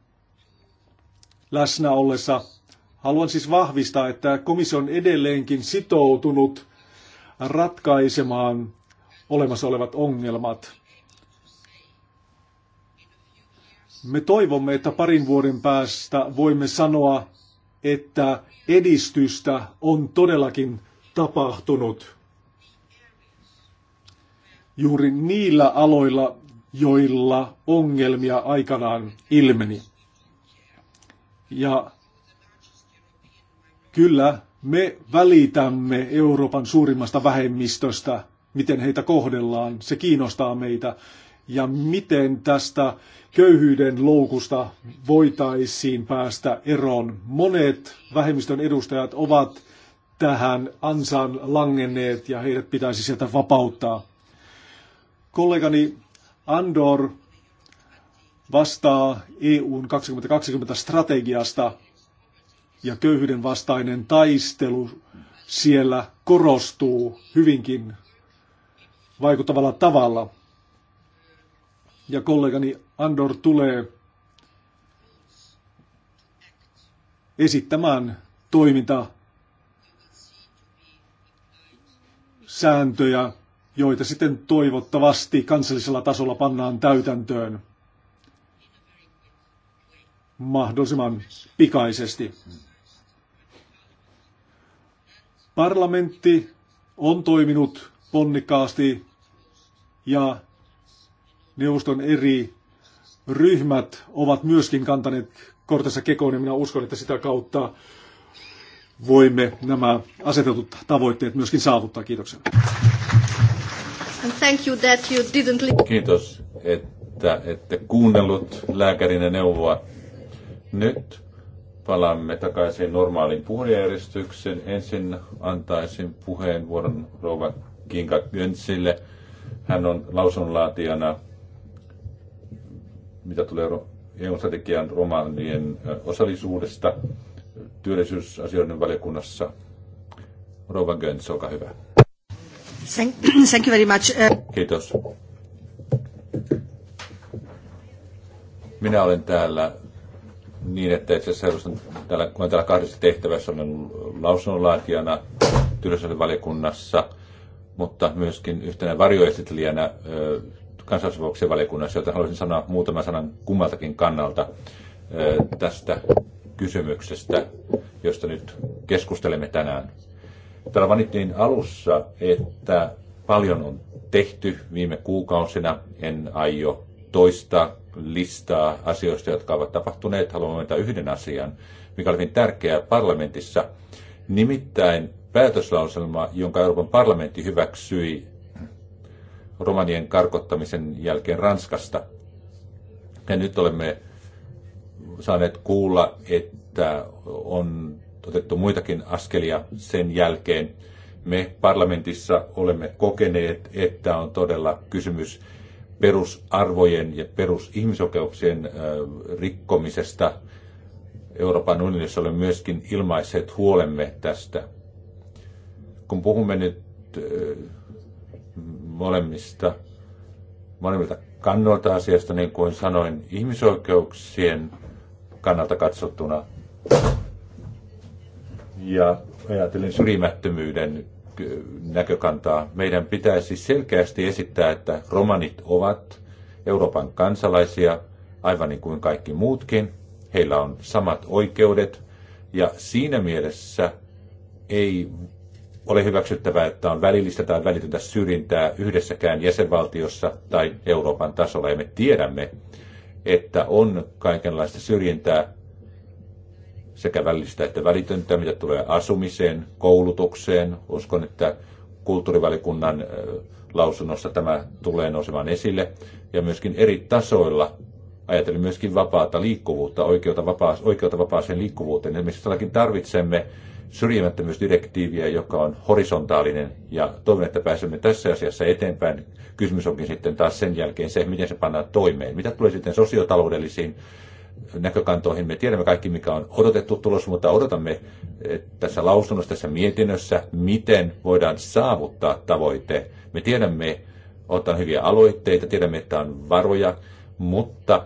läsnä ollessa. Haluan siis vahvistaa, että komissio on edelleenkin sitoutunut ratkaisemaan olemassa olevat ongelmat. Me toivomme, että parin vuoden päästä voimme sanoa, että edistystä on todellakin tapahtunut juuri niillä aloilla, joilla ongelmia aikanaan ilmeni. Ja kyllä me välitämme Euroopan suurimmasta vähemmistöstä, miten heitä kohdellaan, se kiinnostaa meitä. Ja miten tästä köyhyyden loukusta voitaisiin päästä eroon. Monet vähemmistön edustajat ovat tähän ansaan langenneet ja heidät pitäisi sieltä vapauttaa. Kollegani Andor vastaa EUn 2020-strategiasta ja köyhyyden vastainen taistelu siellä korostuu hyvinkin vaikuttavalla tavalla. Ja kollegani Andor tulee esittämään toiminta sääntöjä, joita sitten toivottavasti kansallisella tasolla pannaan täytäntöön mahdollisimman pikaisesti. Parlamentti on toiminut ponnikkaasti ja neuvoston eri ryhmät ovat myöskin kantaneet kortensa kekoon ja minä uskon, että sitä kautta voimme nämä asetetut tavoitteet myöskin saavuttaa. Kiitoksia. Kiitos, että ette kuunnellut lääkärinä neuvoa nyt palaamme takaisin normaalin puhujärjestykseen. Ensin antaisin puheenvuoron rouva Kinga Gönsille. Hän on lausunnonlaatijana, mitä tulee EU-strategian romaanien osallisuudesta työllisyysasioiden valiokunnassa. Rouva Göns, olkaa hyvä. Thank, thank you very much. Uh, Kiitos. Minä olen täällä niin, että itse asiassa edustan täällä, kun olen täällä kahdessa tehtävässä, olen lausunnonlaatijana valiokunnassa, mutta myöskin yhtenä varjoesittelijänä kansallisvauksien valiokunnassa, joten haluaisin sanoa muutaman sanan kummaltakin kannalta tästä kysymyksestä, josta nyt keskustelemme tänään. Täällä vanittiin alussa, että paljon on tehty viime kuukausina. En aio toistaa listaa asioista, jotka ovat tapahtuneet. Haluan mainita yhden asian, mikä oli hyvin tärkeää parlamentissa. Nimittäin päätöslauselma, jonka Euroopan parlamentti hyväksyi romanien karkottamisen jälkeen Ranskasta. Ja nyt olemme saaneet kuulla, että on otettu muitakin askelia sen jälkeen. Me parlamentissa olemme kokeneet, että on todella kysymys perusarvojen ja perusihmisoikeuksien rikkomisesta. Euroopan unionissa olemme myöskin ilmaiset huolemme tästä. Kun puhumme nyt molemmista, molemmilta kannalta asiasta, niin kuin sanoin, ihmisoikeuksien kannalta katsottuna ja ajatellen syrjimättömyyden näkökantaa. Meidän pitäisi selkeästi esittää, että romanit ovat Euroopan kansalaisia, aivan niin kuin kaikki muutkin. Heillä on samat oikeudet ja siinä mielessä ei ole hyväksyttävää, että on välillistä tai välitöntä syrjintää yhdessäkään jäsenvaltiossa tai Euroopan tasolla. Ja me tiedämme, että on kaikenlaista syrjintää sekä välistä että välitöntä, mitä tulee asumiseen, koulutukseen. Uskon, että kulttuurivalikunnan lausunnossa tämä tulee nousemaan esille. Ja myöskin eri tasoilla ajatellen myöskin vapaata liikkuvuutta, oikeutta, vapaa, oikeutta vapaaseen liikkuvuuteen. Esimerkiksi todellakin tarvitsemme syrjimättömyysdirektiiviä, joka on horisontaalinen, ja toivon, että pääsemme tässä asiassa eteenpäin. Kysymys onkin sitten taas sen jälkeen se, miten se pannaan toimeen. Mitä tulee sitten sosiotaloudellisiin näkökantoihin. Me tiedämme kaikki, mikä on odotettu tulos, mutta odotamme eh, tässä lausunnossa, tässä mietinnössä, miten voidaan saavuttaa tavoite. Me tiedämme, otan hyviä aloitteita, tiedämme, että on varoja, mutta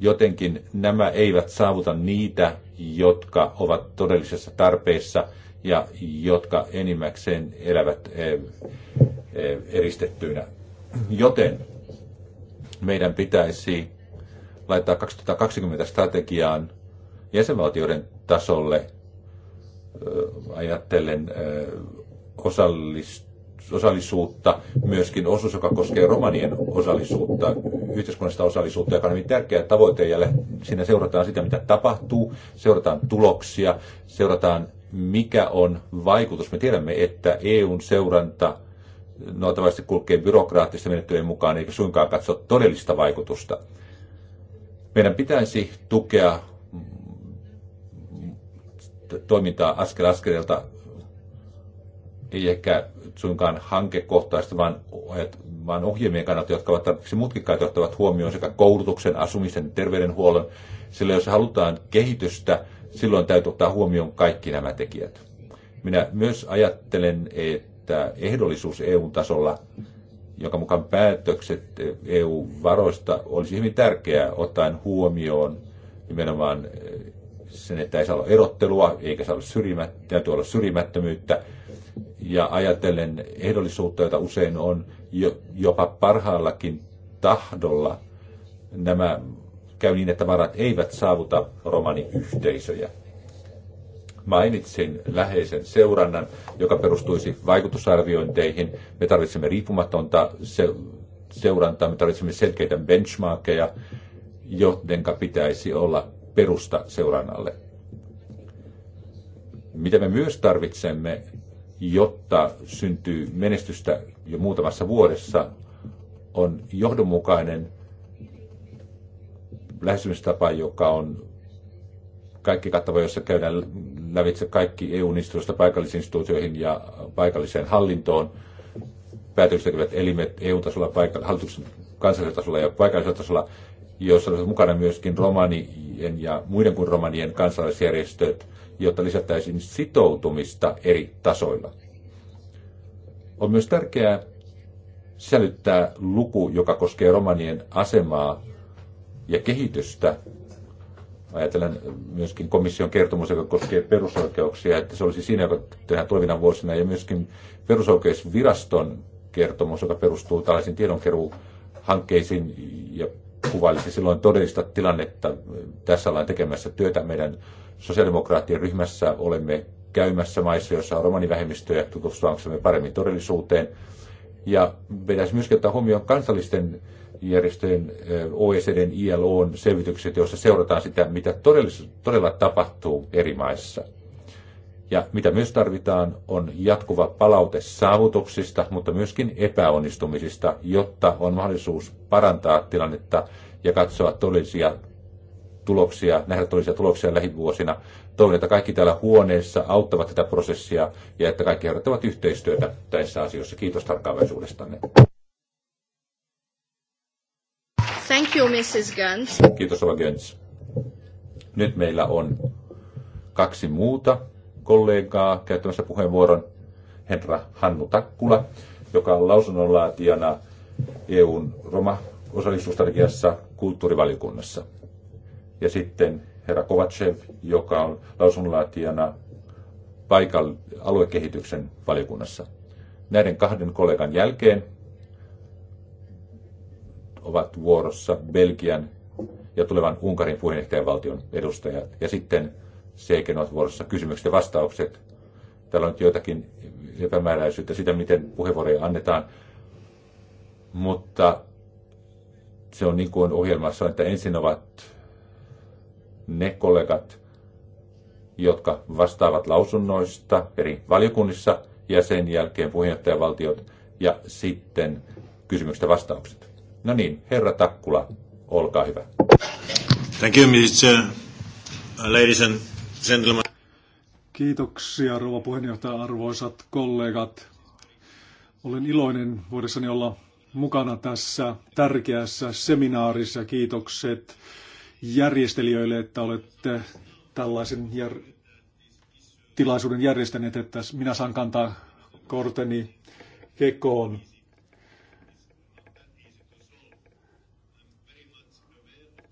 jotenkin nämä eivät saavuta niitä, jotka ovat todellisessa tarpeessa ja jotka enimmäkseen elävät eh, eh, eristettyinä. Joten meidän pitäisi laittaa 2020 strategiaan jäsenvaltioiden tasolle ajattelen osallistumista osallisuutta, myöskin osuus, joka koskee romanien osallisuutta, yhteiskunnallista osallisuutta, joka on hyvin tärkeä tavoite, ja siinä seurataan sitä, mitä tapahtuu, seurataan tuloksia, seurataan, mikä on vaikutus. Me tiedämme, että EUn seuranta noitavasti kulkee byrokraattisten menettelyjen mukaan, eikä suinkaan katso todellista vaikutusta. Meidän pitäisi tukea toimintaa askel askeleelta, ei ehkä suinkaan hankekohtaista, vaan, vaan ohjelmien kannalta, jotka ovat tarpeeksi siis mutkikkaita, ottavat huomioon sekä koulutuksen, asumisen, terveydenhuollon. Sillä jos halutaan kehitystä, silloin täytyy ottaa huomioon kaikki nämä tekijät. Minä myös ajattelen, että ehdollisuus EU-tasolla jonka mukaan päätökset EU-varoista olisi hyvin tärkeää ottaen huomioon nimenomaan eh, sen, että ei saa olla erottelua, eikä saa olla syrjimättä, olla syrjimättömyyttä. Ja ajatellen ehdollisuutta, jota usein on jopa parhaallakin tahdolla, nämä käy niin, että varat eivät saavuta romaniyhteisöjä mainitsin läheisen seurannan, joka perustuisi vaikutusarviointeihin. Me tarvitsemme riippumatonta se- seurantaa, me tarvitsemme selkeitä benchmarkeja, jotenka pitäisi olla perusta seurannalle. Mitä me myös tarvitsemme, jotta syntyy menestystä jo muutamassa vuodessa, on johdonmukainen lähestymistapa, joka on kaikki kattava, jossa käydään lävitse kaikki EU-instituutioista instituutioihin ja paikalliseen hallintoon. Päätökset tekevät elimet EU-tasolla, paikall- hallituksen kansallisella tasolla ja paikallisella tasolla, joissa olisivat mukana myöskin romanien ja muiden kuin romanien kansalaisjärjestöt, jotta lisättäisiin sitoutumista eri tasoilla. On myös tärkeää sisällyttää luku, joka koskee romanien asemaa ja kehitystä ajatellen myöskin komission kertomus, joka koskee perusoikeuksia, että se olisi siinä, joka tehdään toiminnan vuosina, ja myöskin perusoikeusviraston kertomus, joka perustuu tällaisiin tiedonkeruuhankkeisiin ja kuvailisi silloin todellista tilannetta. Tässä ollaan tekemässä työtä meidän sosiaalidemokraattien ryhmässä. Olemme käymässä maissa, joissa on romanivähemmistöjä, tutustuaksemme paremmin todellisuuteen. Ja pitäisi myöskin ottaa huomioon kansallisten järjestöjen OECDn ILOn selvitykset, joissa seurataan sitä, mitä todella tapahtuu eri maissa. Ja mitä myös tarvitaan on jatkuva palaute saavutuksista, mutta myöskin epäonnistumisista, jotta on mahdollisuus parantaa tilannetta ja katsoa todellisia tuloksia, nähdä todellisia tuloksia lähivuosina. Toivon, että kaikki täällä huoneessa auttavat tätä prosessia ja että kaikki harjoittavat yhteistyötä tässä asioissa. Kiitos tarkkaavaisuudestanne. Thank you, Mrs. Guns. Kiitos, Ova Guns. Nyt meillä on kaksi muuta kollegaa käyttämässä puheenvuoron. Herra Hannu Takkula, joka on lausunnonlaatijana EUn Roma-osallisuusstrategiassa kulttuurivaliokunnassa. Ja sitten herra Kovacev, joka on lausunnonlaatijana paikall- aluekehityksen valiokunnassa. Näiden kahden kollegan jälkeen ovat vuorossa Belgian ja tulevan Unkarin puheenjohtajavaltion edustajat. Ja sitten sekin ovat vuorossa kysymykset ja vastaukset. Täällä on nyt joitakin epämääräisyyttä sitä, miten puheenvuoroja annetaan. Mutta se on niin kuin ohjelmassa, että ensin ovat ne kollegat, jotka vastaavat lausunnoista eri valiokunnissa ja sen jälkeen puheenjohtajavaltiot ja sitten kysymykset ja vastaukset. No niin, herra Takkula, olkaa hyvä. Thank you, Mr. Uh, ladies and gentlemen. Kiitoksia, rouva puheenjohtaja, arvoisat kollegat. Olen iloinen vuodessani olla mukana tässä tärkeässä seminaarissa. Kiitokset järjestelijöille, että olette tällaisen jär- tilaisuuden järjestäneet, että minä saan kantaa korteni kekoon.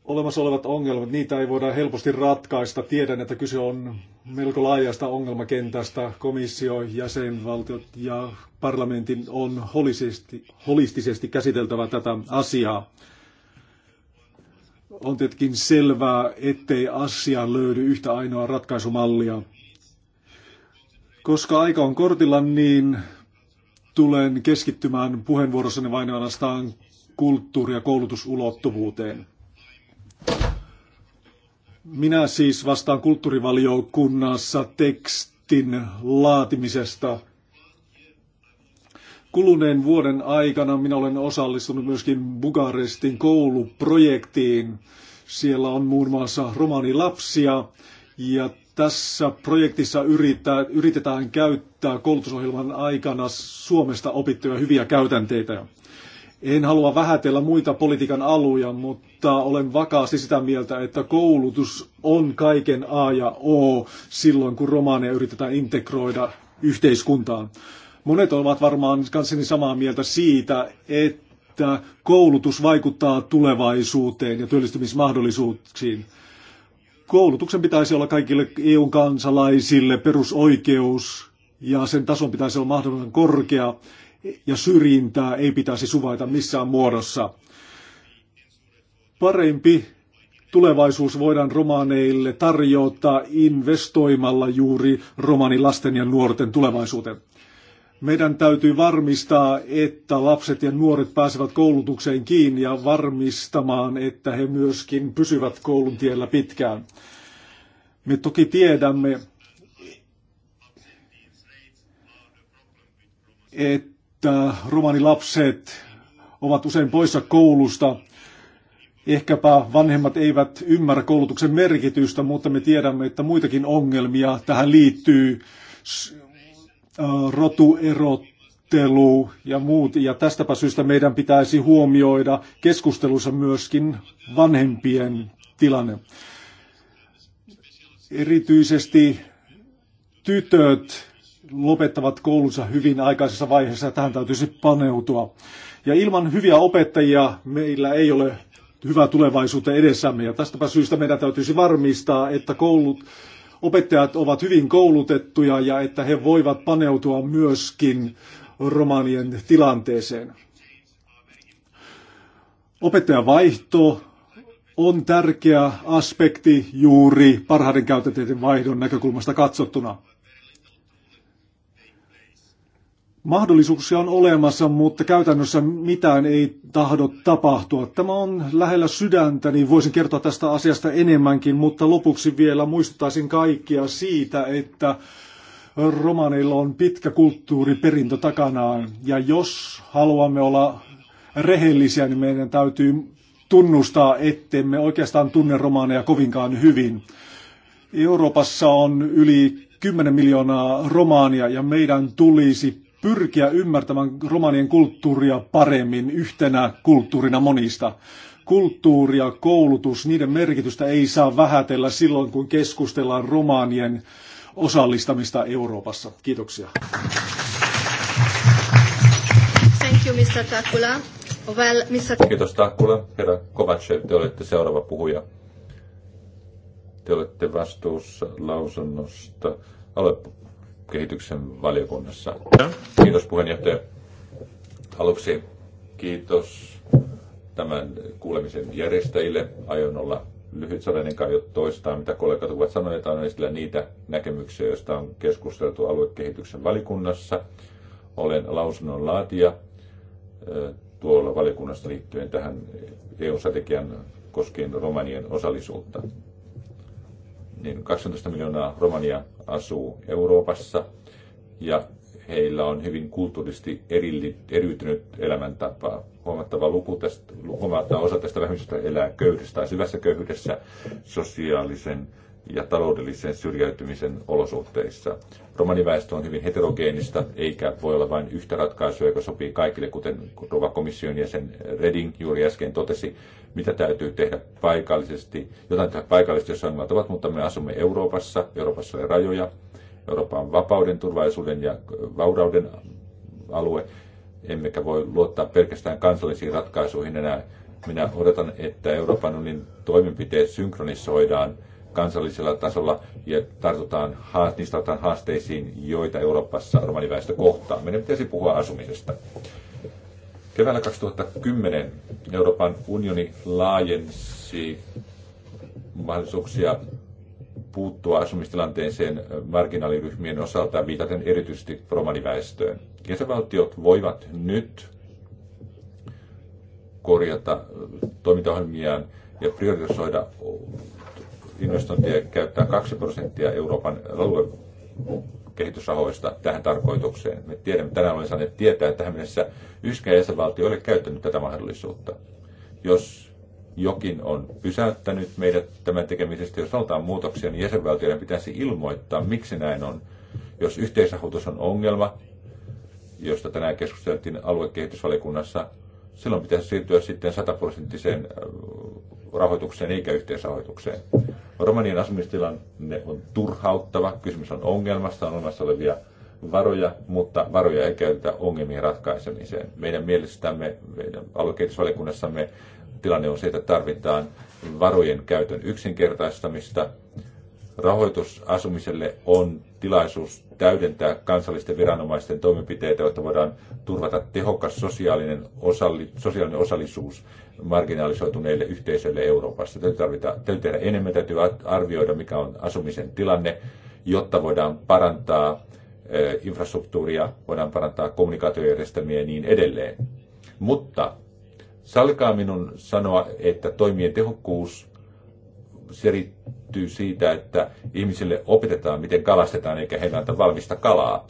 olemassa olevat ongelmat, niitä ei voida helposti ratkaista. Tiedän, että kyse on melko laajasta ongelmakentästä. Komissio, jäsenvaltiot ja parlamentin on holistisesti, holistisesti käsiteltävä tätä asiaa. On tietenkin selvää, ettei asiaan löydy yhtä ainoa ratkaisumallia. Koska aika on kortilla, niin tulen keskittymään puheenvuorossani vain ainoastaan kulttuuri- ja koulutusulottuvuuteen. Minä siis vastaan kulttuurivaliokunnassa tekstin laatimisesta. Kuluneen vuoden aikana minä olen osallistunut myöskin Bukarestin kouluprojektiin. Siellä on muun muassa romanilapsia ja tässä projektissa yritetään, yritetään käyttää koulutusohjelman aikana Suomesta opittuja hyviä käytänteitä. En halua vähätellä muita politiikan aluja, mutta olen vakaasti sitä mieltä, että koulutus on kaiken A ja O silloin, kun romaaneja yritetään integroida yhteiskuntaan. Monet ovat varmaan kanssani samaa mieltä siitä, että koulutus vaikuttaa tulevaisuuteen ja työllistymismahdollisuuksiin. Koulutuksen pitäisi olla kaikille EU-kansalaisille perusoikeus ja sen tason pitäisi olla mahdollisimman korkea ja syrjintää ei pitäisi suvaita missään muodossa. Parempi tulevaisuus voidaan romaaneille tarjota investoimalla juuri romanilasten ja nuorten tulevaisuuteen. Meidän täytyy varmistaa, että lapset ja nuoret pääsevät koulutukseen kiinni ja varmistamaan, että he myöskin pysyvät koulun tiellä pitkään. Me toki tiedämme, että että romanilapset ovat usein poissa koulusta. Ehkäpä vanhemmat eivät ymmärrä koulutuksen merkitystä, mutta me tiedämme, että muitakin ongelmia tähän liittyy, Rotuerottelu ja muut. Ja tästäpä syystä meidän pitäisi huomioida keskustelussa myöskin vanhempien tilanne. Erityisesti tytöt lopettavat koulunsa hyvin aikaisessa vaiheessa. Tähän täytyisi siis paneutua. Ja ilman hyviä opettajia meillä ei ole hyvää tulevaisuutta edessämme. Ja tästäpä syystä meidän täytyisi varmistaa, että koulut, opettajat ovat hyvin koulutettuja ja että he voivat paneutua myöskin romanien tilanteeseen. Opettajan vaihto on tärkeä aspekti juuri parhaiden käytänteiden vaihdon näkökulmasta katsottuna. Mahdollisuuksia on olemassa, mutta käytännössä mitään ei tahdo tapahtua. Tämä on lähellä sydäntä, niin voisin kertoa tästä asiasta enemmänkin, mutta lopuksi vielä muistuttaisin kaikkia siitä, että romaneilla on pitkä kulttuuriperintö takanaan. Ja jos haluamme olla rehellisiä, niin meidän täytyy tunnustaa, ettemme oikeastaan tunne romaaneja kovinkaan hyvin. Euroopassa on yli 10 miljoonaa romaania ja meidän tulisi pyrkiä ymmärtämään romanien kulttuuria paremmin yhtenä kulttuurina monista. Kulttuuri ja koulutus, niiden merkitystä ei saa vähätellä silloin, kun keskustellaan romaanien osallistamista Euroopassa. Kiitoksia. Thank you, Mr. Takula. Well, Mr. Kiitos Takula. Herra Kovacev, te olette seuraava puhuja. Te olette vastuussa lausunnosta alue kehityksen valiokunnassa. Kiitos puheenjohtaja. Aluksi kiitos tämän kuulemisen järjestäjille. Aion olla lyhyt sananen kai toistaa, mitä kollegat ovat sanoneet, aion esillä niitä näkemyksiä, joista on keskusteltu aluekehityksen valikunnassa. Olen lausunnon laatija eh, tuolla valikunnassa liittyen tähän EU-strategian koskien romanien osallisuutta niin 12 miljoonaa romania asuu Euroopassa ja heillä on hyvin kulttuurisesti eri, eriytynyt elämäntapa. Huomattava, luku tästä, huomattava osa tästä vähemmistöstä elää köyhdessä tai syvässä köyhyydessä sosiaalisen ja taloudellisen syrjäytymisen olosuhteissa. Romaniväestö on hyvin heterogeenista, eikä voi olla vain yhtä ratkaisua, joka sopii kaikille, kuten Rova komission jäsen Reding juuri äsken totesi, mitä täytyy tehdä paikallisesti. Jotain tehdä paikallisesti, jos ongelmat ovat, mutta me asumme Euroopassa, Euroopassa on rajoja, Eurooppa on vapauden, turvallisuuden ja vaurauden alue, emmekä voi luottaa pelkästään kansallisiin ratkaisuihin enää. Minä odotan, että Euroopan unionin toimenpiteet synkronisoidaan kansallisella tasolla ja tartutaan, niistä haasteisiin, joita Euroopassa romaniväestö kohtaa. Meidän pitäisi puhua asumisesta. Keväällä 2010 Euroopan unioni laajensi mahdollisuuksia puuttua asumistilanteeseen marginaaliryhmien osalta viitaten erityisesti romaniväestöön. Jäsenvaltiot voivat nyt korjata toimintaohjelmiaan ja priorisoida investointeja käyttää 2 prosenttia Euroopan aluekehitysrahoista tähän tarkoitukseen. Me tiedämme, tänään olemme saaneet tietää, että tähän mennessä yksikään jäsenvaltio ei ole käyttänyt tätä mahdollisuutta. Jos jokin on pysäyttänyt meidät tämän tekemisestä, jos halutaan muutoksia, niin jäsenvaltioiden pitäisi ilmoittaa, miksi näin on. Jos yhteisrahoitus on ongelma, josta tänään keskusteltiin aluekehitysvaliokunnassa, silloin pitäisi siirtyä sitten sataprosenttiseen äh, rahoitukseen eikä yhteisrahoitukseen. Romanian asumistilanne on turhauttava. Kysymys on ongelmasta, on olemassa olevia varoja, mutta varoja ei käytetä ongelmien ratkaisemiseen. Meidän mielestämme, meidän aluekehitysvaliokunnassamme tilanne on se, että tarvitaan varojen käytön yksinkertaistamista rahoitus asumiselle on tilaisuus täydentää kansallisten viranomaisten toimenpiteitä, jotta voidaan turvata tehokas sosiaalinen, osalli, sosiaalinen osallisuus marginalisoituneille yhteisöille Euroopassa. Täytyy, tarvita, täytyy tehdä enemmän, täytyy arvioida, mikä on asumisen tilanne, jotta voidaan parantaa infrastruktuuria, voidaan parantaa kommunikaatiojärjestelmiä ja niin edelleen. Mutta salkaa minun sanoa, että toimien tehokkuus selittyy siitä, että ihmisille opetetaan, miten kalastetaan, eikä heillä anta valmista kalaa.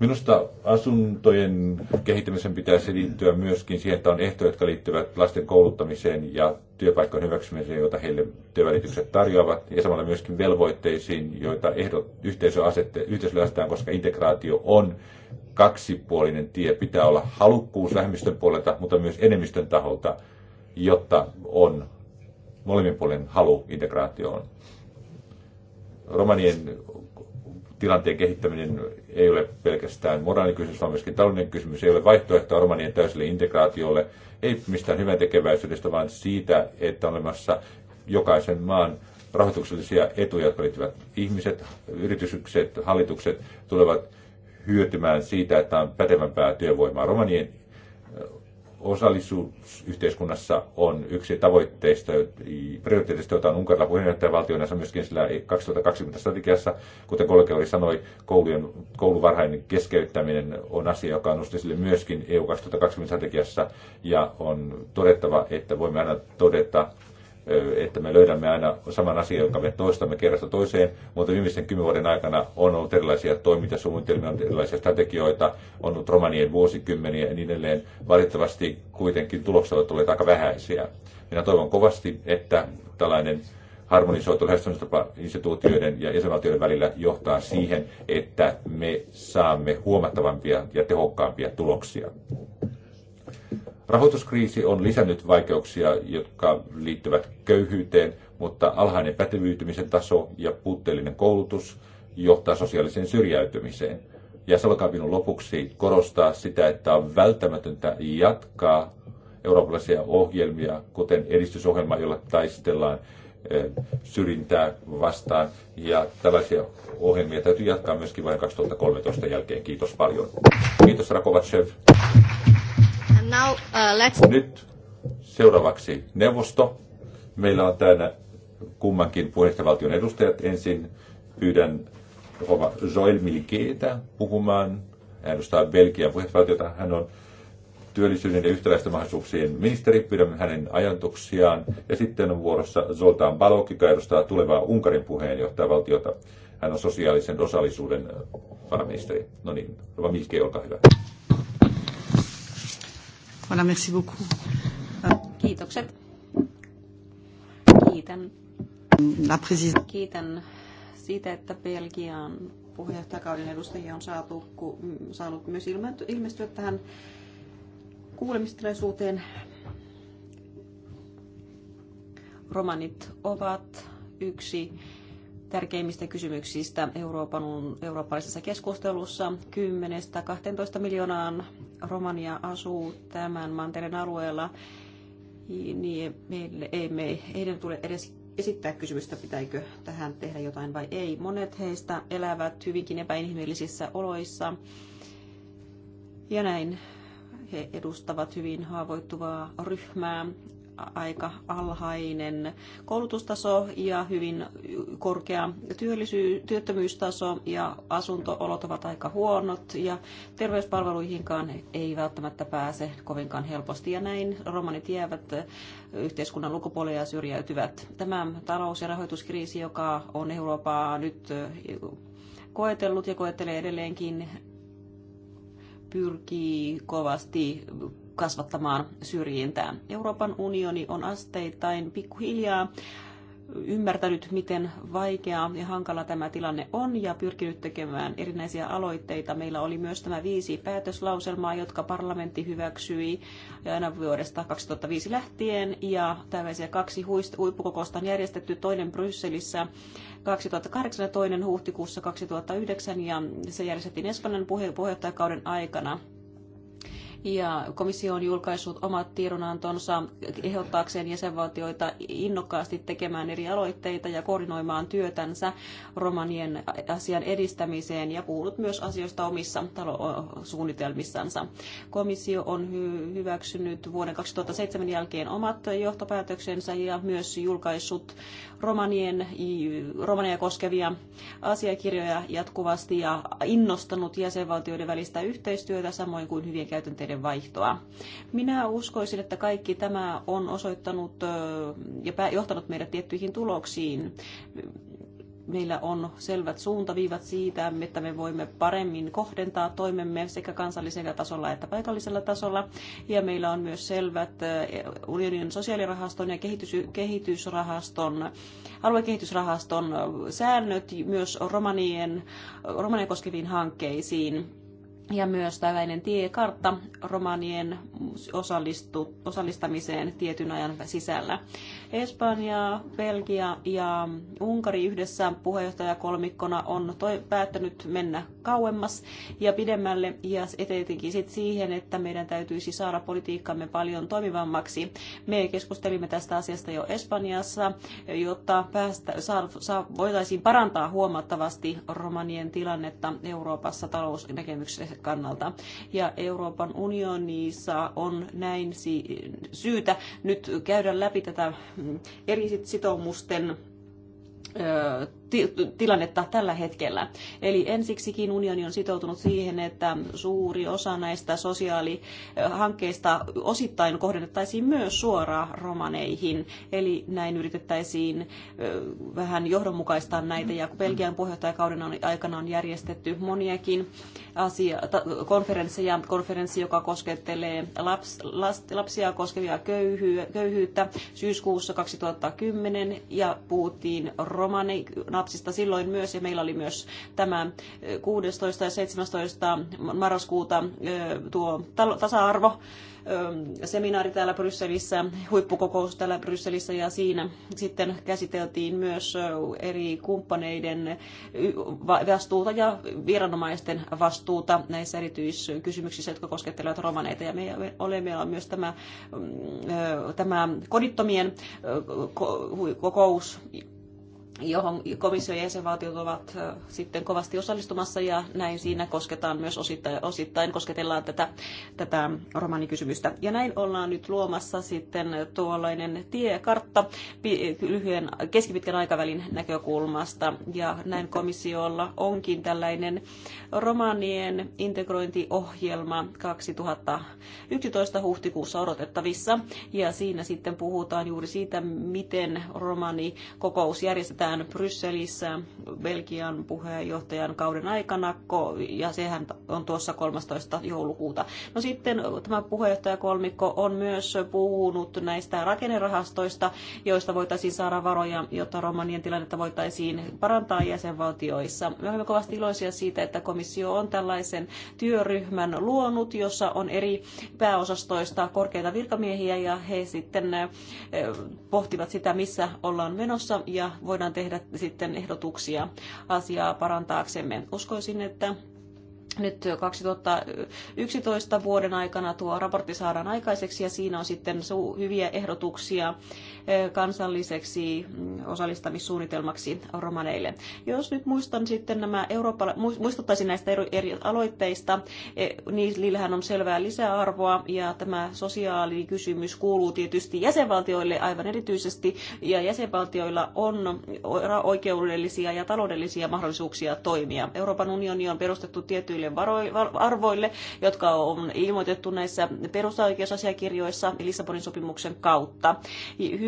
Minusta asuntojen kehittämisen pitäisi liittyä myöskin siihen, että on ehtoja, jotka liittyvät lasten kouluttamiseen ja työpaikkojen hyväksymiseen, joita heille työvälitykset tarjoavat, ja samalla myöskin velvoitteisiin, joita ehdot, yhteisö asette, yhteisölle asetetaan, koska integraatio on kaksipuolinen tie. Pitää olla halukkuus vähemmistön puolelta, mutta myös enemmistön taholta, jotta on molemmin halu integraatioon. Romanien tilanteen kehittäminen ei ole pelkästään kysymys, vaan myöskin taloudellinen kysymys. Ei ole vaihtoehtoa romanien täyselle integraatiolle, ei mistään hyvän tekeväisyydestä, vaan siitä, että on olemassa jokaisen maan rahoituksellisia etuja, jotka liittyvät ihmiset, yritykset, hallitukset tulevat hyötymään siitä, että on pätevämpää työvoimaa. Romanien osallisuus yhteiskunnassa on yksi tavoitteista, prioriteetista, joita on Unkarilla puheenjohtajavaltiona, ja myöskin sillä 2020 strategiassa, kuten kollegauri sanoi, koulujen, kouluvarhainen keskeyttäminen on asia, joka on nostettu sille myöskin EU 2020 strategiassa, ja on todettava, että voimme aina todeta, että me löydämme aina saman asian, jonka me toistamme kerrasta toiseen, mutta viimeisen kymmenen vuoden aikana on ollut erilaisia toimintasuunnitelmia, on erilaisia strategioita, on ollut romanien vuosikymmeniä ja niin edelleen. Valitettavasti kuitenkin tulokset ovat olleet aika vähäisiä. Minä toivon kovasti, että tällainen harmonisoitu lähestymistapa instituutioiden ja jäsenvaltioiden välillä johtaa siihen, että me saamme huomattavampia ja tehokkaampia tuloksia. Rahoituskriisi on lisännyt vaikeuksia, jotka liittyvät köyhyyteen, mutta alhainen pätevyytymisen taso ja puutteellinen koulutus johtaa sosiaaliseen syrjäytymiseen. Ja se minun lopuksi korostaa sitä, että on välttämätöntä jatkaa eurooppalaisia ohjelmia, kuten edistysohjelma, jolla taistellaan eh, syrjintää vastaan. Ja tällaisia ohjelmia täytyy jatkaa myöskin vuoden 2013 jälkeen. Kiitos paljon. Kiitos Rakovatsev. Now, uh, let's... Nyt seuraavaksi neuvosto. Meillä on täällä kummankin puheenjohtajavaltion edustajat. Ensin pyydän Rova Joel Milkeetä puhumaan. Hän edustaa Belgian puheenjohtajavaltiota. Hän on työllisyyden ja yhtäläisten mahdollisuuksien ministeri. Pyydämme hänen ajatuksiaan. Ja sitten on vuorossa Zoltan Balok, joka edustaa tulevaa Unkarin puheenjohtajavaltiota. Hän on sosiaalisen osallisuuden varaministeri. No niin, Rova Milke, olkaa hyvä. Voilà, merci beaucoup. Kiitokset. Kiitän. La Kiitän siitä, että Belgian puheenjohtajakauden edustajia on saatu, ku, saanut myös ilmestyä tähän kuulemistilaisuuteen. Romanit ovat yksi tärkeimmistä kysymyksistä Euroopan, eurooppalaisessa keskustelussa 10-12 miljoonaan Romania asuu tämän mantereen alueella, niin meille, ei, me, heidän tule edes esittää kysymystä, pitäikö tähän tehdä jotain vai ei. Monet heistä elävät hyvinkin epäinhimillisissä oloissa ja näin he edustavat hyvin haavoittuvaa ryhmää aika alhainen koulutustaso ja hyvin korkea työllisyy- työttömyystaso ja asuntoolot ovat aika huonot ja terveyspalveluihinkaan ei välttämättä pääse kovinkaan helposti ja näin romanit jäävät yhteiskunnan ulkopuolelle ja syrjäytyvät. Tämä talous- ja rahoituskriisi, joka on Eurooppaa nyt koetellut ja koettelee edelleenkin, pyrkii kovasti kasvattamaan syrjintää. Euroopan unioni on asteittain pikkuhiljaa ymmärtänyt, miten vaikea ja hankala tämä tilanne on ja pyrkinyt tekemään erinäisiä aloitteita. Meillä oli myös tämä viisi päätöslauselmaa, jotka parlamentti hyväksyi aina vuodesta 2005 lähtien. Ja tällaisia kaksi huippukokousta on järjestetty, toinen Brysselissä 2008 ja toinen huhtikuussa 2009 ja se järjestettiin Espanjan puheenjohtajakauden aikana ja komissio on julkaissut omat tiedonantonsa ehdottaakseen jäsenvaltioita innokkaasti tekemään eri aloitteita ja koordinoimaan työtänsä romanien asian edistämiseen ja puhunut myös asioista omissa suunnitelmissansa. Komissio on hy- hyväksynyt vuoden 2007 jälkeen omat johtopäätöksensä ja myös julkaissut romanien, romania koskevia asiakirjoja jatkuvasti ja innostanut jäsenvaltioiden välistä yhteistyötä samoin kuin hyvien käytänteiden vaihtoa. Minä uskoisin, että kaikki tämä on osoittanut ja johtanut meidät tiettyihin tuloksiin meillä on selvät suuntaviivat siitä, että me voimme paremmin kohdentaa toimemme sekä kansallisella tasolla että paikallisella tasolla. Ja meillä on myös selvät eh, unionin sosiaalirahaston ja kehitysrahaston, aluekehitysrahaston säännöt myös romanien, romania koskeviin hankkeisiin ja myös tällainen tiekartta romanien osallistu, osallistamiseen tietyn ajan sisällä. Espanja, Belgia ja Unkari yhdessä puheenjohtajakolmikkona on toi, päättänyt mennä kauemmas ja pidemmälle ja etenkin sit siihen, että meidän täytyisi saada politiikkamme paljon toimivammaksi. Me keskustelimme tästä asiasta jo Espanjassa, jotta päästä, saa, saa, voitaisiin parantaa huomattavasti romanien tilannetta Euroopassa talousnäkemyksessä kannalta. Ja Euroopan unionissa on näin syytä nyt käydä läpi tätä mm, eri sitoumusten tilannetta tällä hetkellä. Eli ensiksikin unioni on sitoutunut siihen, että suuri osa näistä sosiaalihankkeista osittain kohdennettaisiin myös suoraan romaneihin. Eli näin yritettäisiin vähän johdonmukaistaa näitä. Ja Belgian puheenjohtajakauden aikana on järjestetty moniakin asia, konferensseja, konferenssi, joka koskettelee laps, last, lapsia koskevia köyhyyttä syyskuussa 2010 ja puhuttiin romani lapsista silloin myös, ja meillä oli myös tämä 16. ja 17. marraskuuta tuo tasa-arvo seminaari täällä Brysselissä, huippukokous täällä Brysselissä ja siinä sitten käsiteltiin myös eri kumppaneiden vastuuta ja viranomaisten vastuuta näissä erityiskysymyksissä, jotka koskettelevat romaneita. Ja me olemme myös tämä, mm, tämä kodittomien kokous johon komission jäsenvaltiot ovat sitten kovasti osallistumassa ja näin siinä kosketaan myös osittain, osittain kosketellaan tätä, tätä romanikysymystä. Ja näin ollaan nyt luomassa sitten tuollainen tiekartta lyhyen keskipitkän aikavälin näkökulmasta ja näin komissiolla onkin tällainen romanien integrointiohjelma 2011 huhtikuussa odotettavissa ja siinä sitten puhutaan juuri siitä, miten romani kokous järjestetään pidetään Brysselissä Belgian puheenjohtajan kauden aikana, ja sehän on tuossa 13. joulukuuta. No sitten tämä puheenjohtajakolmikko on myös puhunut näistä rakennerahastoista, joista voitaisiin saada varoja, jotta romanien tilannetta voitaisiin parantaa jäsenvaltioissa. Me olemme kovasti iloisia siitä, että komissio on tällaisen työryhmän luonut, jossa on eri pääosastoista korkeita virkamiehiä, ja he sitten eh, pohtivat sitä, missä ollaan menossa, ja voidaan tehdä sitten ehdotuksia asiaa parantaaksemme. Uskoisin, että nyt 2011 vuoden aikana tuo raportti saadaan aikaiseksi ja siinä on sitten hyviä ehdotuksia kansalliseksi mm, osallistamissuunnitelmaksi romaneille. Jos nyt muistan sitten nämä Eurooppa, muistuttaisin näistä eri aloitteista, e, niin niillähän on selvää lisäarvoa ja tämä sosiaalikysymys kuuluu tietysti jäsenvaltioille aivan erityisesti ja jäsenvaltioilla on oikeudellisia ja taloudellisia mahdollisuuksia toimia. Euroopan unioni on perustettu tietyille arvoille, jotka on ilmoitettu näissä perusoikeusasiakirjoissa Lissabonin sopimuksen kautta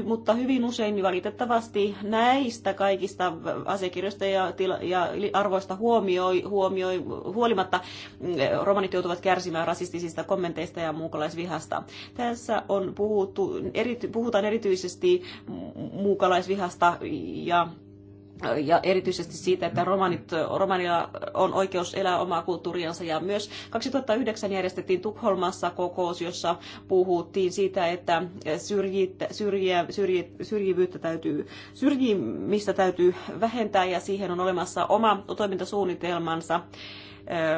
mutta hyvin usein niin valitettavasti näistä kaikista asiakirjoista ja, ja arvoista huomioi, huomioi, huolimatta mm, romanit joutuvat kärsimään rasistisista kommenteista ja muukalaisvihasta. Tässä on puhuttu, erity, puhutaan erityisesti muukalaisvihasta ja ja erityisesti siitä, että romanit, romania on oikeus elää omaa kulttuuriansa. Ja myös 2009 järjestettiin Tukholmassa kokous, jossa puhuttiin siitä, että syrjit, syrjiä, syrji, syrjivyyttä täytyy, syrjimistä täytyy vähentää ja siihen on olemassa oma toimintasuunnitelmansa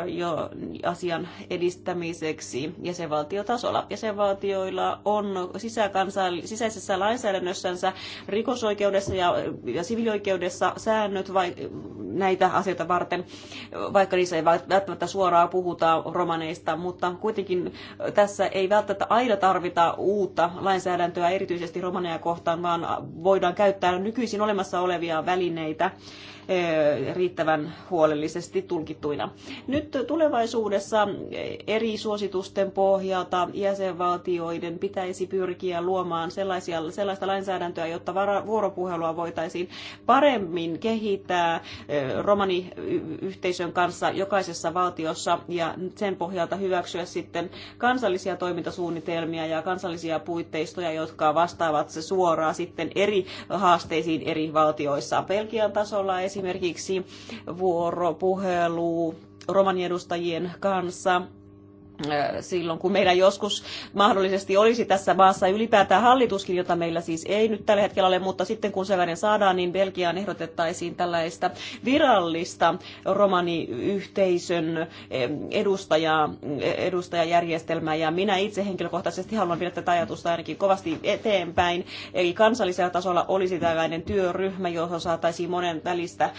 jo asian edistämiseksi jäsenvaltiotasolla. Jäsenvaltioilla on sisäisessä lainsäädännössänsä rikosoikeudessa ja, ja sivilioikeudessa säännöt vai, näitä asioita varten, vaikka niissä ei välttämättä suoraan puhuta romaneista, mutta kuitenkin tässä ei välttämättä aina tarvita uutta lainsäädäntöä erityisesti romaneja kohtaan, vaan voidaan käyttää nykyisin olemassa olevia välineitä Eh, riittävän huolellisesti tulkittuina. Nyt tulevaisuudessa eri suositusten pohjalta jäsenvaltioiden pitäisi pyrkiä luomaan sellaisia, sellaista lainsäädäntöä, jotta vuoropuhelua voitaisiin paremmin kehittää eh, romaniyhteisön kanssa jokaisessa valtiossa ja sen pohjalta hyväksyä sitten kansallisia toimintasuunnitelmia ja kansallisia puitteistoja, jotka vastaavat se suoraan sitten eri haasteisiin eri valtioissa. Belgian tasolla esimerkiksi esimerkiksi vuoropuhelu romaniedustajien kanssa Äh, silloin, kun meillä joskus mahdollisesti olisi tässä maassa ylipäätään hallituskin, jota meillä siis ei nyt tällä hetkellä ole, mutta sitten kun sellainen saadaan, niin Belgiaan ehdotettaisiin tällaista virallista romaniyhteisön eh, edustaja, eh, edustajajärjestelmää, ja minä itse henkilökohtaisesti haluan viedä tätä ajatusta ainakin kovasti eteenpäin, eli kansallisella tasolla olisi tällainen työryhmä, johon saataisiin monen välistä eh,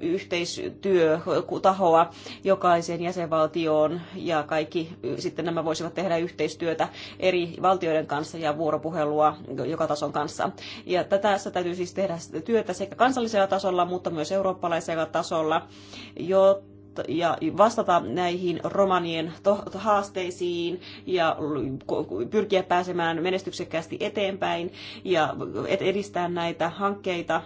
yhteistyötahoa jokaiseen jäsenvaltioon ja kaikki sitten nämä voisivat tehdä yhteistyötä eri valtioiden kanssa ja vuoropuhelua joka tason kanssa. Ja tässä täytyy siis tehdä työtä sekä kansallisella tasolla, mutta myös eurooppalaisella tasolla, jotta ja vastata näihin romanien haasteisiin ja pyrkiä pääsemään menestyksekkäästi eteenpäin ja edistää näitä hankkeita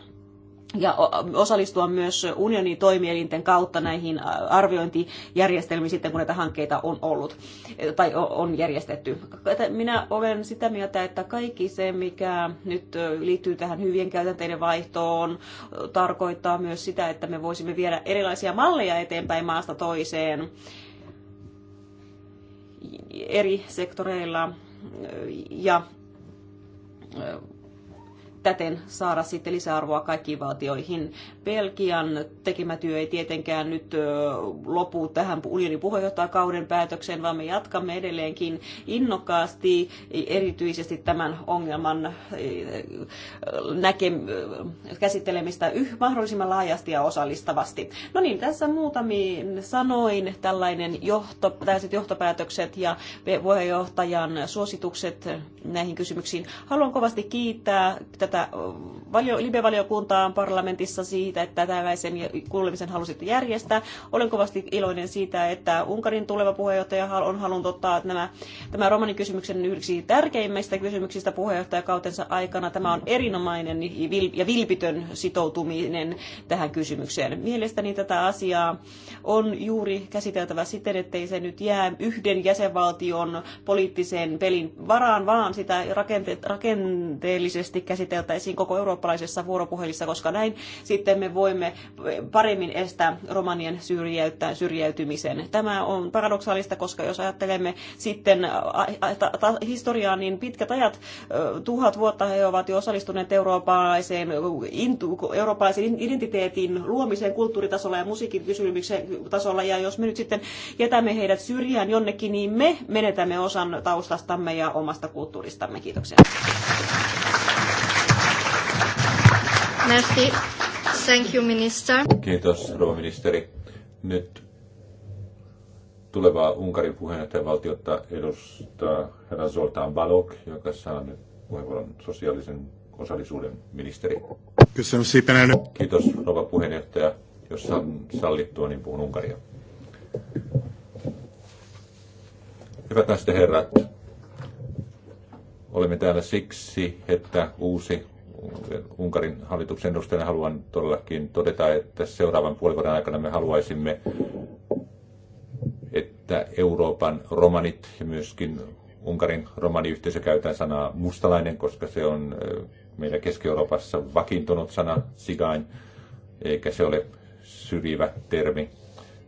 ja osallistua myös unionin toimielinten kautta näihin arviointijärjestelmiin sitten, kun näitä hankkeita on ollut e, tai on järjestetty. Minä olen sitä mieltä, että kaikki se, mikä nyt liittyy tähän hyvien käytänteiden vaihtoon, tarkoittaa myös sitä, että me voisimme viedä erilaisia malleja eteenpäin maasta toiseen eri sektoreilla ja täten saada sitten lisäarvoa kaikkiin valtioihin. Belgian tekemä työ ei tietenkään nyt lopu tähän unionin puheenjohtajakauden päätökseen, vaan me jatkamme edelleenkin innokkaasti e, erityisesti tämän ongelman e, näke- käsittelemistä yh- mahdollisimman laajasti ja osallistavasti. No niin, tässä muutamiin sanoin tällainen johto, tällaiset johtopäätökset ja puheenjohtajan suositukset näihin kysymyksiin. Haluan kovasti kiittää tätä tätä valio, live parlamentissa siitä, että tällaisen kuulemisen halusitte järjestää. Olen kovasti iloinen siitä, että Unkarin tuleva puheenjohtaja on halunnut ottaa nämä, tämä romanikysymyksen yhdeksi tärkeimmistä kysymyksistä puheenjohtajakautensa aikana. Tämä on erinomainen ja vilpitön sitoutuminen tähän kysymykseen. Mielestäni tätä asiaa on juuri käsiteltävä siten, ettei se nyt jää yhden jäsenvaltion poliittisen pelin varaan, vaan sitä rakenteellisesti käsiteltävä käsiteltäisiin koko eurooppalaisessa vuoropuhelissa, koska näin sitten me voimme paremmin estää romanien syrjäytymisen. Tämä on paradoksaalista, koska jos ajattelemme sitten historiaa, niin pitkät ajat, tuhat vuotta he ovat jo osallistuneet eurooppalaiseen, eurooppalaisen identiteetin luomiseen kulttuuritasolla ja musiikin kysymyksen tasolla. Ja jos me nyt sitten jätämme heidät syrjään jonnekin, niin me menetämme osan taustastamme ja omasta kulttuuristamme. Kiitoksia. Merci. Thank you, minister. Kiitos, rouva ministeri. Nyt tulevaa Unkarin puheenjohtajavaltiota edustaa herra Zoltán Balog, joka saa nyt puheenvuoron sosiaalisen osallisuuden ministeri. Kiitos, rouva puheenjohtaja. Jos on sallittua, niin puhun Unkaria. Hyvät naiset ja herrat, olemme täällä siksi, että uusi Unkarin hallituksen edustajana haluan todellakin todeta, että seuraavan puolen vuoden aikana me haluaisimme, että Euroopan romanit ja myöskin Unkarin romaniyhteisö käytän sanaa mustalainen, koska se on meillä Keski-Euroopassa vakiintunut sana sigain, eikä se ole syrjivä termi.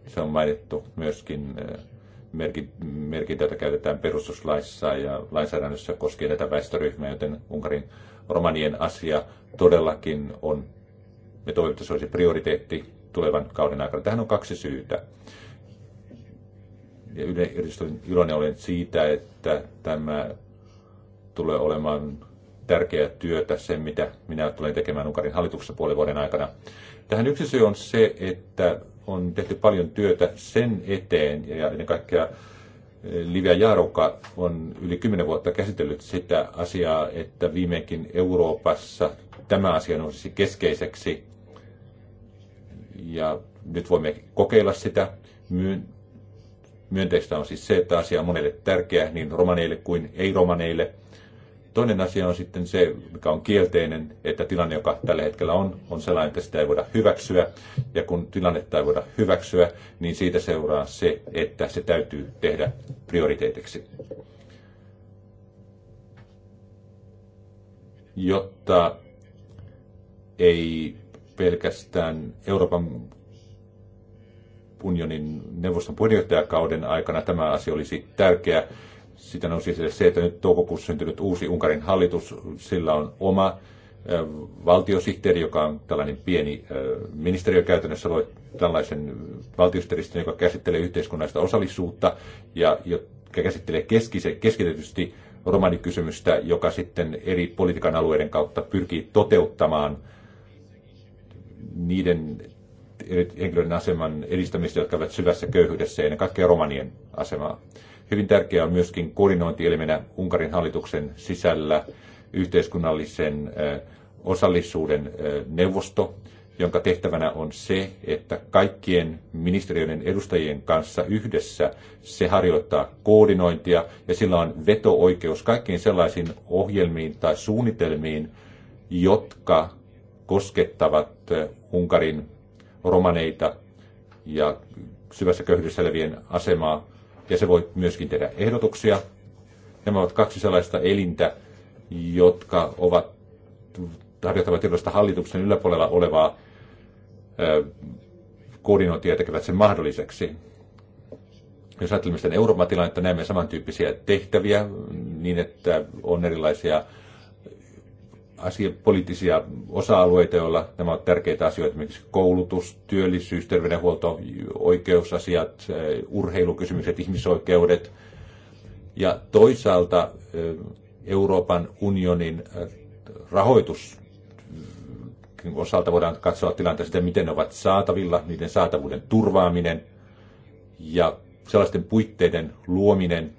Se on mainittu myöskin jota käytetään perustuslaissa ja lainsäädännössä koskien tätä väestöryhmää, joten Unkarin romanien asia todellakin on, me toivomme, että se olisi prioriteetti tulevan kauden aikana. Tähän on kaksi syytä. Ja iloinen olen siitä, että tämä tulee olemaan tärkeä työtä, sen mitä minä tulen tekemään Unkarin hallituksessa puolen vuoden aikana. Tähän yksi syy on se, että on tehty paljon työtä sen eteen ja ennen kaikkea Livia Jaaruka on yli kymmenen vuotta käsitellyt sitä asiaa, että viimeinkin Euroopassa tämä asia nousisi keskeiseksi. Ja nyt voimme kokeilla sitä. Myönteistä on siis se, että asia on monelle tärkeä, niin romaneille kuin ei-romaneille – Toinen asia on sitten se, mikä on kielteinen, että tilanne, joka tällä hetkellä on, on sellainen, että sitä ei voida hyväksyä. Ja kun tilannetta ei voida hyväksyä, niin siitä seuraa se, että se täytyy tehdä prioriteetiksi. Jotta ei pelkästään Euroopan unionin neuvoston puheenjohtajakauden aikana tämä asia olisi tärkeä, sitä nousi siis esille se, että nyt toukokuussa syntynyt uusi Unkarin hallitus, sillä on oma valtiosihteeri, joka on tällainen pieni ministeriö käytännössä, loi tällaisen valtiosihteeristön, joka käsittelee yhteiskunnallista osallisuutta ja joka käsittelee keskise, keskitetysti romanikysymystä, joka sitten eri politiikan alueiden kautta pyrkii toteuttamaan niiden henkilöiden aseman edistämistä, jotka ovat syvässä köyhyydessä ja ennen kaikkea romanien asemaa. Hyvin tärkeää on myöskin koordinointielimenä Unkarin hallituksen sisällä yhteiskunnallisen osallisuuden neuvosto, jonka tehtävänä on se, että kaikkien ministeriöiden edustajien kanssa yhdessä se harjoittaa koordinointia ja sillä on veto-oikeus kaikkiin sellaisiin ohjelmiin tai suunnitelmiin, jotka koskettavat Unkarin romaneita ja syvässä köyhyydessä elävien asemaa ja se voi myöskin tehdä ehdotuksia. Nämä ovat kaksi sellaista elintä, jotka ovat harjoittavat erilaista hallituksen yläpuolella olevaa ö, koordinointia tekevät sen mahdolliseksi. Jos ajattelemme sitten Euroopan tilannetta, näemme samantyyppisiä tehtäviä mm, niin, että on erilaisia asia, poliittisia osa-alueita, joilla nämä ovat tärkeitä asioita, esimerkiksi koulutus, työllisyys, terveydenhuolto, oikeusasiat, urheilukysymykset, ihmisoikeudet. Ja toisaalta Euroopan unionin rahoitus osalta voidaan katsoa tilanteesta sitä, miten ne ovat saatavilla, niiden saatavuuden turvaaminen ja sellaisten puitteiden luominen,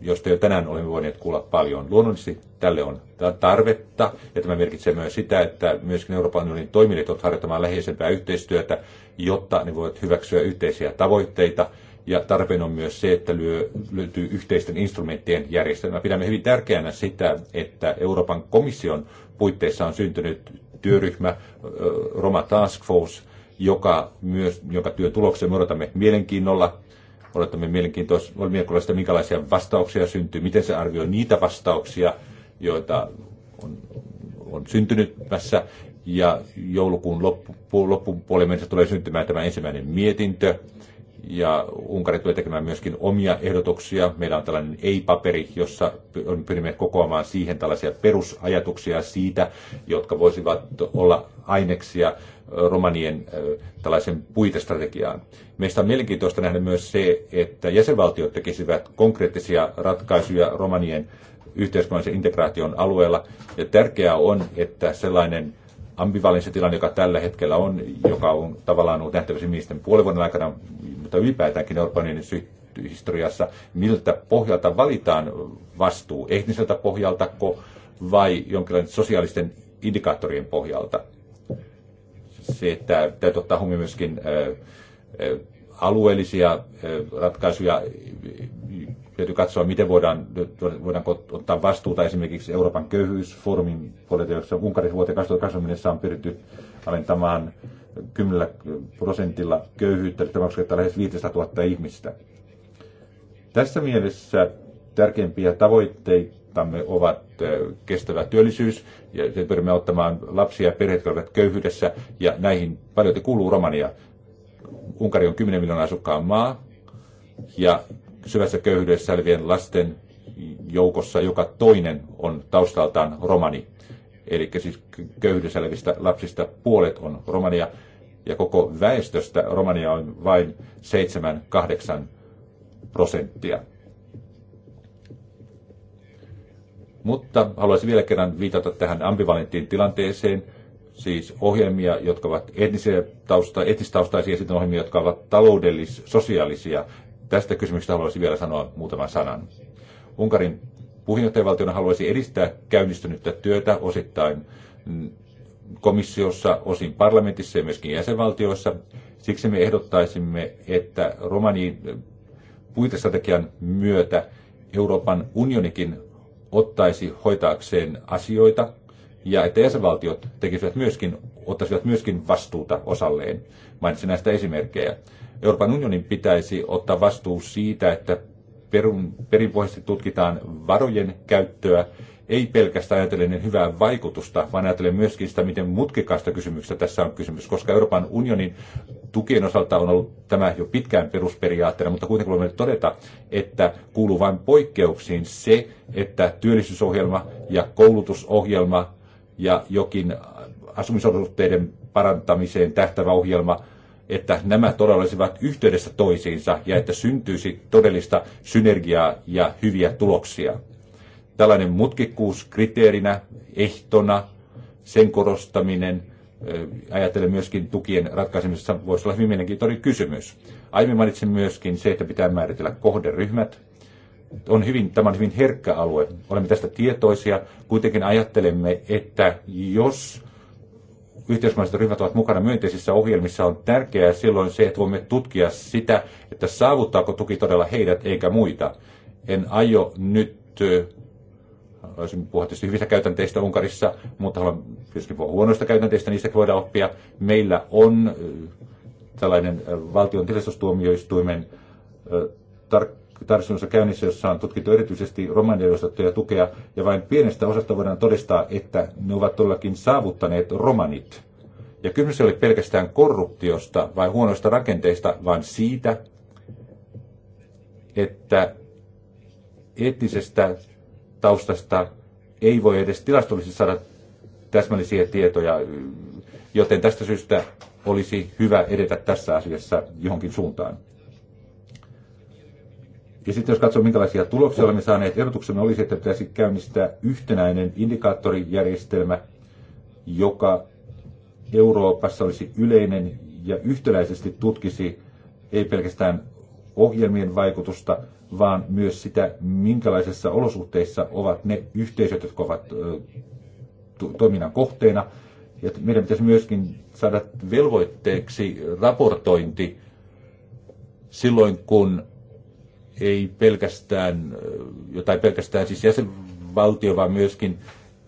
josta jo tänään olemme voineet kuulla paljon. Luonnollisesti tälle on tarvetta, ja tämä merkitsee myös sitä, että myöskin Euroopan unionin toimijat ovat harjoittamaan läheisempää yhteistyötä, jotta ne voivat hyväksyä yhteisiä tavoitteita, ja tarpeen on myös se, että lyö, löytyy yhteisten instrumenttien järjestelmä. Pidämme hyvin tärkeänä sitä, että Euroopan komission puitteissa on syntynyt työryhmä Roma Task Force, joka myös, jonka työn tuloksen me odotamme mielenkiinnolla. Odotamme mielenkiintoista, minkälaisia vastauksia syntyy, miten se arvioi niitä vastauksia, joita on, on syntynyt tässä. Ja joulukuun loppu, loppupuoleen mennessä tulee syntymään tämä ensimmäinen mietintö, ja Unkari tulee tekemään myöskin omia ehdotuksia. Meillä on tällainen ei-paperi, jossa pyrimme kokoamaan siihen tällaisia perusajatuksia siitä, jotka voisivat olla aineksia romanien tällaisen puitestrategiaan. Meistä on mielenkiintoista nähdä myös se, että jäsenvaltiot tekisivät konkreettisia ratkaisuja romanien yhteiskunnallisen integraation alueella. Ja tärkeää on, että sellainen ambivalenssi tilanne, joka tällä hetkellä on, joka on tavallaan ollut nähtävissä viimeisten puolen vuoden aikana, mutta ylipäätäänkin Euroopan unionin historiassa, miltä pohjalta valitaan vastuu, etniseltä pohjaltako vai jonkinlainen sosiaalisten indikaattorien pohjalta. Se, että täytyy ottaa huomioon myöskin alueellisia ratkaisuja, täytyy katsoa, miten voidaan, voidaanko ottaa vastuuta esimerkiksi Euroopan köyhyysfoorumin puolelta, jossa Unkarissa vuoteen 2020 on pyritty alentamaan 10 prosentilla köyhyyttä, tämä koskettaa lähes 500 000 ihmistä. Tässä mielessä tärkeimpiä tavoitteitamme ovat kestävä työllisyys, ja pyrimme ottamaan lapsia ja perheet, jotka ovat köyhyydessä, ja näihin paljon kuuluu Romania. Unkari on 10 miljoonaa asukkaan maa, ja syvässä köyhyydessä elävien lasten joukossa joka toinen on taustaltaan romani. Eli siis köyhyydessä elävistä lapsista puolet on romania ja koko väestöstä romania on vain 7-8 prosenttia. Mutta haluaisin vielä kerran viitata tähän ambivalenttiin tilanteeseen, siis ohjelmia, jotka ovat etnisiä tausta, etnistaustaisia, ja sitten ohjelmia, jotka ovat taloudellis-sosiaalisia. Tästä kysymyksestä haluaisin vielä sanoa muutaman sanan. Unkarin puheenjohtajavaltiona haluaisi edistää käynnistynyttä työtä osittain mm, komissiossa, osin parlamentissa ja myöskin jäsenvaltioissa. Siksi me ehdottaisimme, että Romaniin eh, puitestrategian myötä Euroopan unionikin ottaisi hoitaakseen asioita ja että jäsenvaltiot tekisivät myöskin, ottaisivat myöskin vastuuta osalleen. Mainitsin näistä esimerkkejä. Euroopan unionin pitäisi ottaa vastuu siitä, että perun, perinpohjaisesti tutkitaan varojen käyttöä, ei pelkästään ajatellen hyvää vaikutusta, vaan ajatellen myöskin sitä, miten mutkikasta kysymyksestä tässä on kysymys, koska Euroopan unionin tukien osalta on ollut tämä jo pitkään perusperiaatteena, mutta kuitenkin voimme todeta, että kuuluu vain poikkeuksiin se, että työllisyysohjelma ja koulutusohjelma ja jokin asumisolosuhteiden parantamiseen tähtävä ohjelma – että nämä todella olisivat yhteydessä toisiinsa ja että syntyisi todellista synergiaa ja hyviä tuloksia. Tällainen mutkikkuus kriteerinä, ehtona, sen korostaminen, ajatellen myöskin tukien ratkaisemisessa voisi olla hyvin mielenkiintoinen kysymys. Aiemmin mainitsin myöskin se, että pitää määritellä kohderyhmät. On hyvin, tämä on hyvin herkkä alue. Olemme tästä tietoisia. Kuitenkin ajattelemme, että jos yhteiskunnalliset ryhmät ovat mukana myönteisissä ohjelmissa, on tärkeää silloin se, että voimme tutkia sitä, että saavuttaako tuki todella heidät eikä muita. En aio nyt äh, haluaisin puhua tietysti hyvistä käytänteistä Unkarissa, mutta haluan tietysti puhua huonoista käytänteistä, niistäkin voidaan oppia. Meillä on äh, tällainen äh, valtion tilastustuomioistuimen tar- tarkastelunsa käynnissä, jossa on tutkittu erityisesti romaneille tukea, ja vain pienestä osasta voidaan todistaa, että ne ovat todellakin saavuttaneet romanit. Ja kysymys ei ole pelkästään korruptiosta vai huonoista rakenteista, vaan siitä, että eettisestä taustasta ei voi edes tilastollisesti saada täsmällisiä tietoja, joten tästä syystä olisi hyvä edetä tässä asiassa johonkin suuntaan. Ja sitten jos katsoo, minkälaisia tuloksia olemme saaneet, erotuksemme olisi, että pitäisi käynnistää yhtenäinen indikaattorijärjestelmä, joka Euroopassa olisi yleinen ja yhtäläisesti tutkisi ei pelkästään ohjelmien vaikutusta, vaan myös sitä, minkälaisissa olosuhteissa ovat ne yhteisöt, jotka ovat toiminnan kohteena. Ja meidän pitäisi myöskin saada velvoitteeksi raportointi silloin, kun ei pelkästään, jotain pelkästään siis jäsenvaltio, vaan myöskin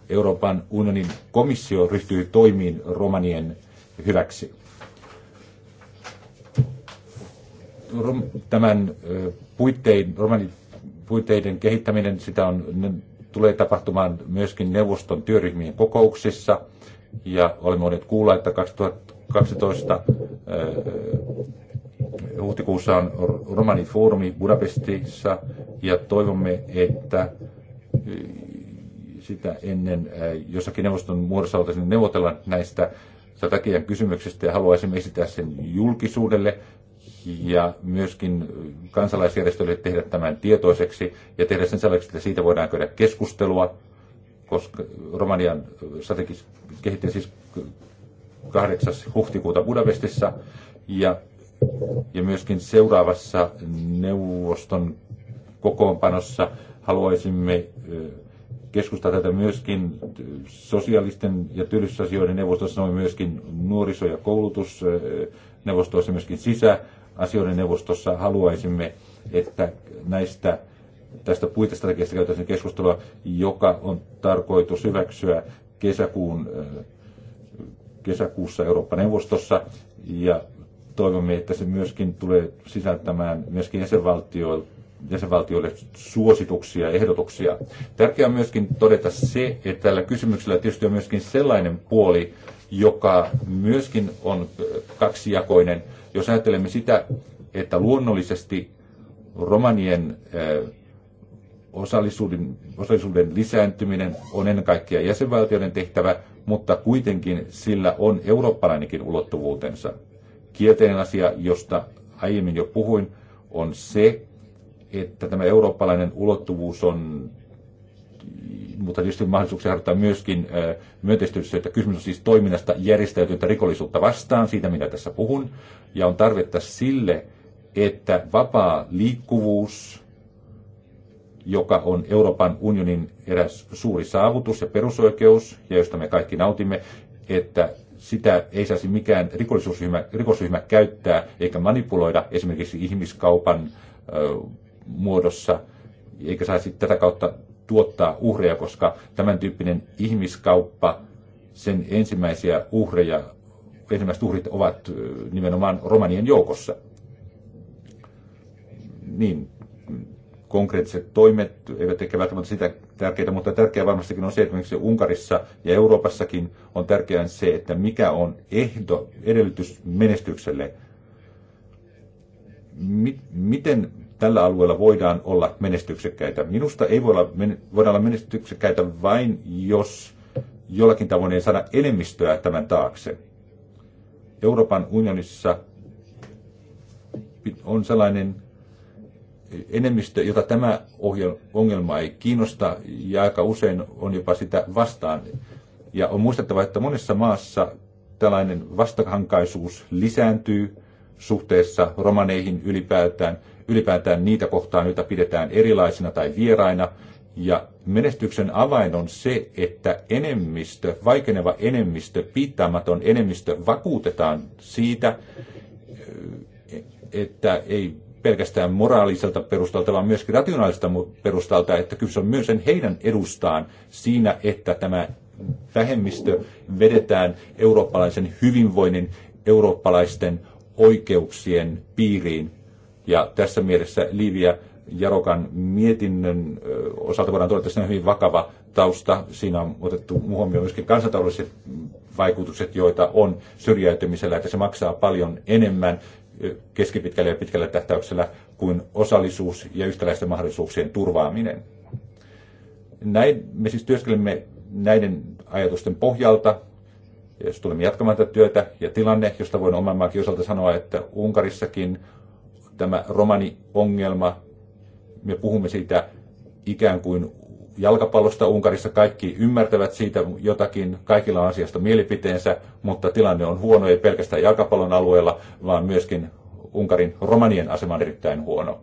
Euroopan unionin komissio ryhtyy toimiin romanien hyväksi. Tämän puittein, romanin puitteiden kehittäminen, sitä on, tulee tapahtumaan myöskin neuvoston työryhmien kokouksissa. Ja olemme voineet kuulla, että 2012 Huhtikuussa on romanifoorumi Budapestissa ja toivomme, että sitä ennen jossakin neuvoston muodossa oltaisiin neuvotella näistä strategian kysymyksistä ja haluaisimme esittää sen julkisuudelle ja myöskin kansalaisjärjestöille tehdä tämän tietoiseksi ja tehdä sen sellaiseksi, että siitä voidaan käydä keskustelua, koska Romanian strategis kehittää siis 8. huhtikuuta Budapestissa ja ja myöskin seuraavassa neuvoston kokoonpanossa haluaisimme keskustaa tätä myöskin sosiaalisten ja työllisyysasioiden neuvostossa, on myöskin nuoriso- ja koulutusneuvostossa, myöskin sisäasioiden neuvostossa haluaisimme, että näistä tästä puitestrategiasta käytäisiin keskustelua, joka on tarkoitus hyväksyä kesäkuun, kesäkuussa Eurooppa-neuvostossa. Ja toivomme, että se myöskin tulee sisältämään myöskin jäsenvaltioille, jäsenvaltioille suosituksia ja ehdotuksia. Tärkeää on myöskin todeta se, että tällä kysymyksellä tietysti on myöskin sellainen puoli, joka myöskin on kaksijakoinen. Jos ajattelemme sitä, että luonnollisesti romanien eh, osallisuuden, osallisuuden lisääntyminen on ennen kaikkea jäsenvaltioiden tehtävä, mutta kuitenkin sillä on eurooppalainenkin ulottuvuutensa. Kielteinen asia, josta aiemmin jo puhuin, on se, että tämä eurooppalainen ulottuvuus on, mutta tietysti mahdollisuuksia harjoittaa myöskin myönteistyössä, että kysymys on siis toiminnasta järjestäytyntä rikollisuutta vastaan, siitä minä tässä puhun, ja on tarvetta sille, että vapaa liikkuvuus, joka on Euroopan unionin eräs suuri saavutus ja perusoikeus, ja josta me kaikki nautimme, että sitä ei saisi mikään rikollisuusryhmä, rikosryhmä käyttää eikä manipuloida esimerkiksi ihmiskaupan ö, muodossa, eikä saisi tätä kautta tuottaa uhreja, koska tämän tyyppinen ihmiskauppa, sen ensimmäisiä uhreja, ensimmäiset uhrit ovat nimenomaan romanien joukossa. Niin, konkreettiset toimet eivät ehkä välttämättä sitä tärkeitä, mutta tärkeää varmastikin on se, että esimerkiksi Unkarissa ja Euroopassakin on tärkeää se, että mikä on ehto, edellytys menestykselle. Miten tällä alueella voidaan olla menestyksekkäitä? Minusta ei voi olla, voida olla menestyksekkäitä vain, jos jollakin tavoin ei saada enemmistöä tämän taakse. Euroopan unionissa on sellainen enemmistö, jota tämä ongelma ei kiinnosta ja aika usein on jopa sitä vastaan. Ja on muistettava, että monessa maassa tällainen vastahankaisuus lisääntyy suhteessa romaneihin ylipäätään, ylipäätään niitä kohtaan, joita pidetään erilaisina tai vieraina. Ja menestyksen avain on se, että enemmistö, vaikeneva enemmistö, piittaamaton enemmistö vakuutetaan siitä, että ei pelkästään moraaliselta perustalta, vaan myöskin rationaaliselta perustalta, että kyse on myös sen heidän edustaan siinä, että tämä vähemmistö vedetään eurooppalaisen hyvinvoinnin, eurooppalaisten oikeuksien piiriin. Ja tässä mielessä Liivia Jarokan mietinnön osalta voidaan todeta, että siinä on hyvin vakava tausta. Siinä on otettu huomioon myöskin kansantaloudelliset vaikutukset, joita on syrjäytymisellä, että se maksaa paljon enemmän keskipitkällä ja pitkällä tähtäyksellä kuin osallisuus ja yhtäläisten mahdollisuuksien turvaaminen. Näin, me siis työskelemme näiden ajatusten pohjalta, jos tulemme jatkamaan tätä työtä ja tilanne, josta voin oman maankin osalta sanoa, että Unkarissakin tämä romani-ongelma, me puhumme siitä ikään kuin jalkapallosta Unkarissa. Kaikki ymmärtävät siitä jotakin, kaikilla on asiasta mielipiteensä, mutta tilanne on huono ei pelkästään jalkapallon alueella, vaan myöskin Unkarin romanien asema on erittäin huono.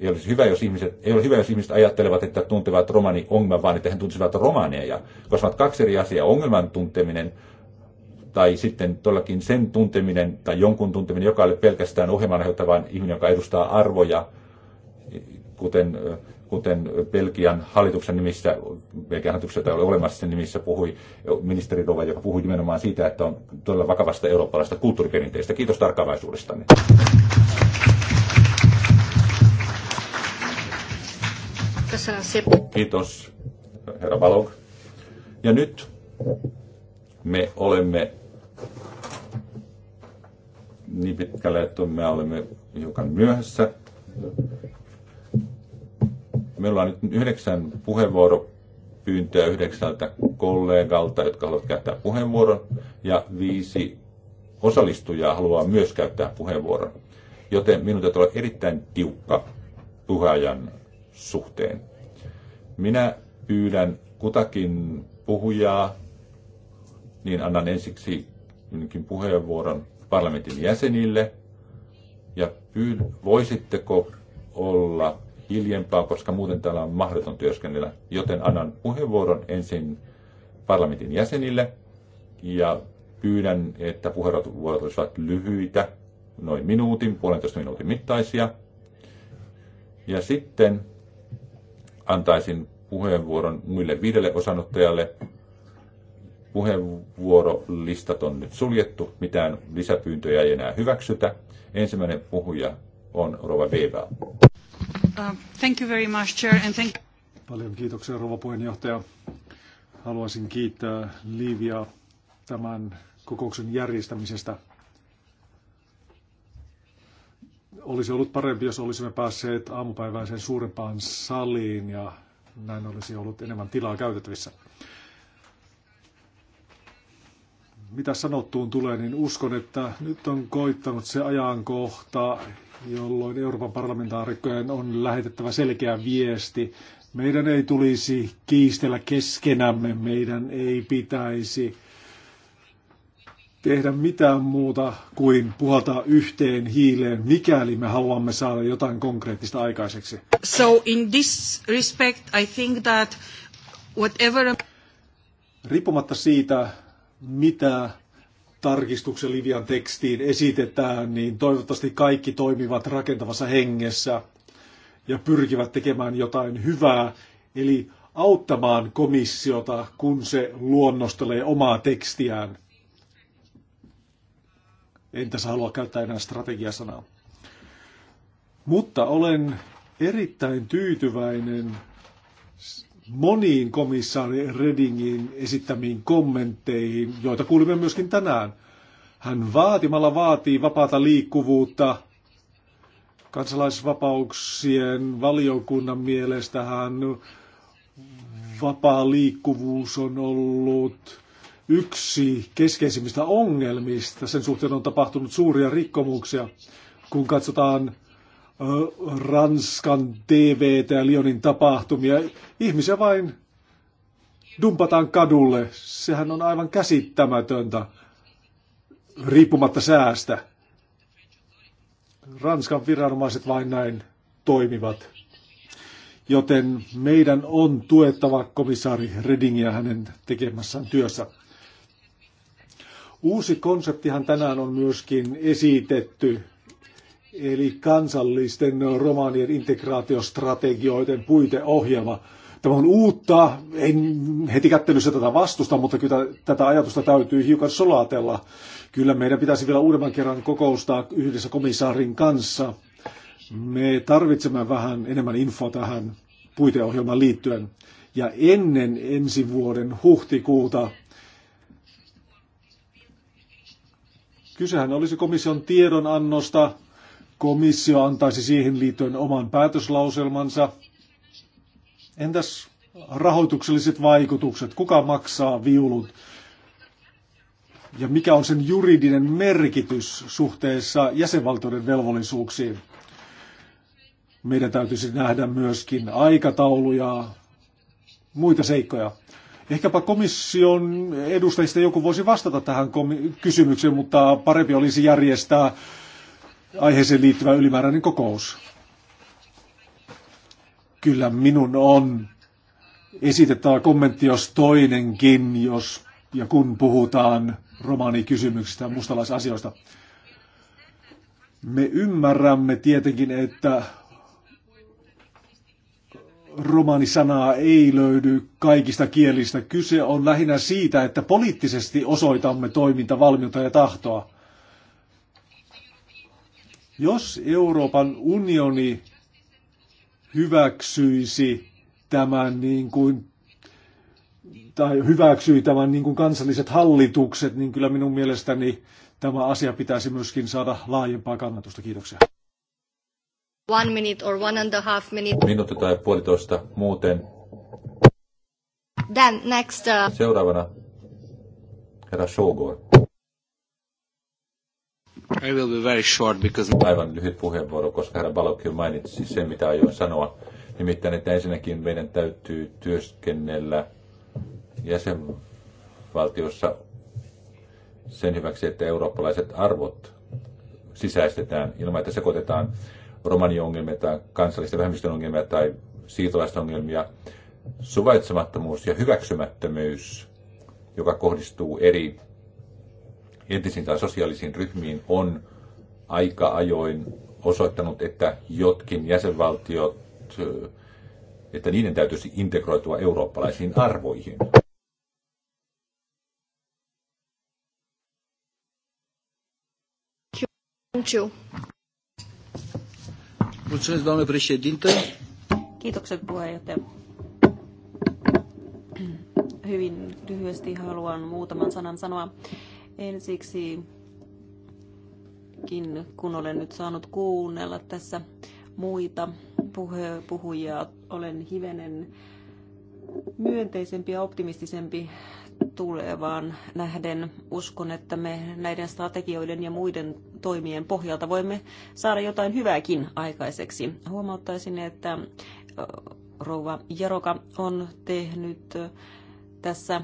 Ei olisi hyvä, jos ihmiset, ei ole hyvä, jos ihmiset ajattelevat, että tuntevat romani ongelman, vaan että he tuntisivat romaneja, koska ovat kaksi eri asiaa. Ongelman tunteminen tai sitten todellakin sen tunteminen tai jonkun tunteminen, joka ei ole pelkästään ohjelman aiheuttava, ihminen, joka edustaa arvoja, kuten kuten Belgian hallituksen nimissä, Belgian hallituksen tai ole olemassa nimissä puhui ministeri Rova, joka puhui nimenomaan siitä, että on todella vakavasta eurooppalaista kulttuuriperinteistä. Kiitos tarkkaavaisuudestanne. Kiitos, herra Balog. Ja nyt me olemme niin pitkälle, että me olemme hiukan myöhässä. Meillä on nyt yhdeksän puheenvuoropyyntöä yhdeksältä kollegalta, jotka haluavat käyttää puheenvuoron, ja viisi osallistujaa haluaa myös käyttää puheenvuoron. Joten minun täytyy olla erittäin tiukka puheajan suhteen. Minä pyydän kutakin puhujaa, niin annan ensiksi puheenvuoron parlamentin jäsenille. Ja pyyd, voisitteko olla hiljempaa, koska muuten täällä on mahdoton työskennellä. Joten annan puheenvuoron ensin parlamentin jäsenille ja pyydän, että puheenvuorot olisivat lyhyitä, noin minuutin, puolentoista minuutin mittaisia. Ja sitten antaisin puheenvuoron muille viidelle osanottajalle. Puheenvuorolistat on nyt suljettu, mitään lisäpyyntöjä ei enää hyväksytä. Ensimmäinen puhuja on Rova Weber. Uh, thank you very much, Chair, and thank... Paljon kiitoksia, rouva puheenjohtaja. Haluaisin kiittää Liivia tämän kokouksen järjestämisestä. Olisi ollut parempi, jos olisimme päässeet aamupäiväiseen suurempaan saliin ja näin olisi ollut enemmän tilaa käytettävissä. Mitä sanottuun tulee, niin uskon, että nyt on koittanut se ajankohta, jolloin Euroopan parlamentaarikkojen on lähetettävä selkeä viesti. Meidän ei tulisi kiistellä keskenämme, meidän ei pitäisi tehdä mitään muuta kuin puhaltaa yhteen hiileen, mikäli me haluamme saada jotain konkreettista aikaiseksi. So in this respect I think that whatever... Riippumatta siitä, mitä tarkistuksen Livian tekstiin esitetään, niin toivottavasti kaikki toimivat rakentavassa hengessä ja pyrkivät tekemään jotain hyvää, eli auttamaan komissiota, kun se luonnostelee omaa tekstiään. En tässä halua käyttää enää strategiasanaa. Mutta olen erittäin tyytyväinen moniin komissaari Redingin esittämiin kommentteihin, joita kuulimme myöskin tänään. Hän vaatimalla vaatii vapaata liikkuvuutta. Kansalaisvapauksien valiokunnan mielestä hän vapaa liikkuvuus on ollut yksi keskeisimmistä ongelmista. Sen suhteen on tapahtunut suuria rikkomuksia. Kun katsotaan Ranskan TVtä ja Lionin tapahtumia. Ihmisiä vain dumpataan kadulle. Sehän on aivan käsittämätöntä, riippumatta säästä. Ranskan viranomaiset vain näin toimivat. Joten meidän on tuettava komissaari Redingia hänen tekemässään työssä. Uusi konseptihan tänään on myöskin esitetty eli kansallisten romaanien integraatiostrategioiden puiteohjelma. Tämä on uutta, en heti kättelyssä tätä vastusta, mutta kyllä tätä ajatusta täytyy hiukan solatella. Kyllä meidän pitäisi vielä uudemman kerran kokoustaa yhdessä komissaarin kanssa. Me tarvitsemme vähän enemmän infoa tähän puiteohjelmaan liittyen. Ja ennen ensi vuoden huhtikuuta Kysehän olisi komission tiedonannosta komissio antaisi siihen liittyen oman päätöslauselmansa. Entäs rahoitukselliset vaikutukset? Kuka maksaa viulut? Ja mikä on sen juridinen merkitys suhteessa jäsenvaltioiden velvollisuuksiin? Meidän täytyisi nähdä myöskin aikatauluja, ja muita seikkoja. Ehkäpä komission edustajista joku voisi vastata tähän kysymykseen, mutta parempi olisi järjestää aiheeseen liittyvä ylimääräinen kokous. Kyllä minun on esitettävä kommentti, jos toinenkin, jos ja kun puhutaan romaanikysymyksistä ja mustalaisasioista. Me ymmärrämme tietenkin, että romaanisanaa ei löydy kaikista kielistä. Kyse on lähinnä siitä, että poliittisesti osoitamme toimintavalmiutta ja tahtoa. Jos Euroopan unioni hyväksyisi tämän niin kuin tai hyväksyi tämän niin kuin kansalliset hallitukset, niin kyllä minun mielestäni tämä asia pitäisi myöskin saada laajempaa kannatusta. Kiitoksia. One minute or one and a half minute. Minuutti tai puolitoista muuten. Then next. Uh... Seuraavana herra Shogor. I will be very short because... Aivan lyhyt puheenvuoro, koska herra Balokio mainitsi sen, mitä aion sanoa. Nimittäin, että ensinnäkin meidän täytyy työskennellä jäsenvaltiossa sen hyväksi, että eurooppalaiset arvot sisäistetään ilman, että sekoitetaan romaniongelmia tai kansallisten vähemmistön ongelmia tai siirtolaisten ongelmia. Suvaitsemattomuus ja hyväksymättömyys, joka kohdistuu eri etnisiin tai sosiaalisiin ryhmiin on aika ajoin osoittanut, että jotkin jäsenvaltiot, että niiden täytyisi integroitua eurooppalaisiin arvoihin. Mulțumesc, Kiitokset puheenjohtaja. Hyvin lyhyesti haluan muutaman sanan sanoa Ensiksikin, kun olen nyt saanut kuunnella tässä muita puhujia, olen hivenen myönteisempi ja optimistisempi tulevaan nähden. Uskon, että me näiden strategioiden ja muiden toimien pohjalta voimme saada jotain hyvääkin aikaiseksi. Huomauttaisin, että rouva Jaroka on tehnyt tässä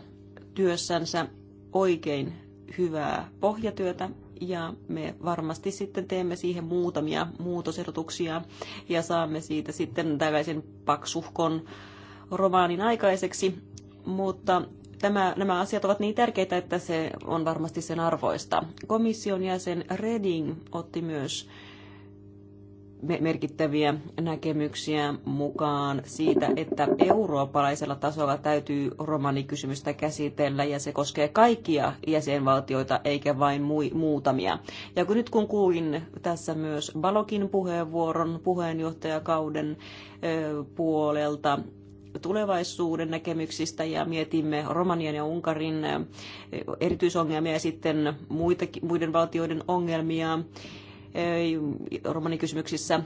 työssänsä oikein hyvää pohjatyötä ja me varmasti sitten teemme siihen muutamia muutosehdotuksia ja saamme siitä sitten tällaisen paksuhkon romaanin aikaiseksi, mutta tämä, nämä asiat ovat niin tärkeitä, että se on varmasti sen arvoista. Komission jäsen Reding otti myös merkittäviä näkemyksiä mukaan siitä, että eurooppalaisella tasolla täytyy romanikysymystä käsitellä ja se koskee kaikkia jäsenvaltioita eikä vain muutamia. Ja kun nyt kun kuulin tässä myös Balokin puheenvuoron puheenjohtajakauden puolelta, tulevaisuuden näkemyksistä ja mietimme Romanian ja Unkarin erityisongelmia ja sitten muiden valtioiden ongelmia, romanikysymyksissä,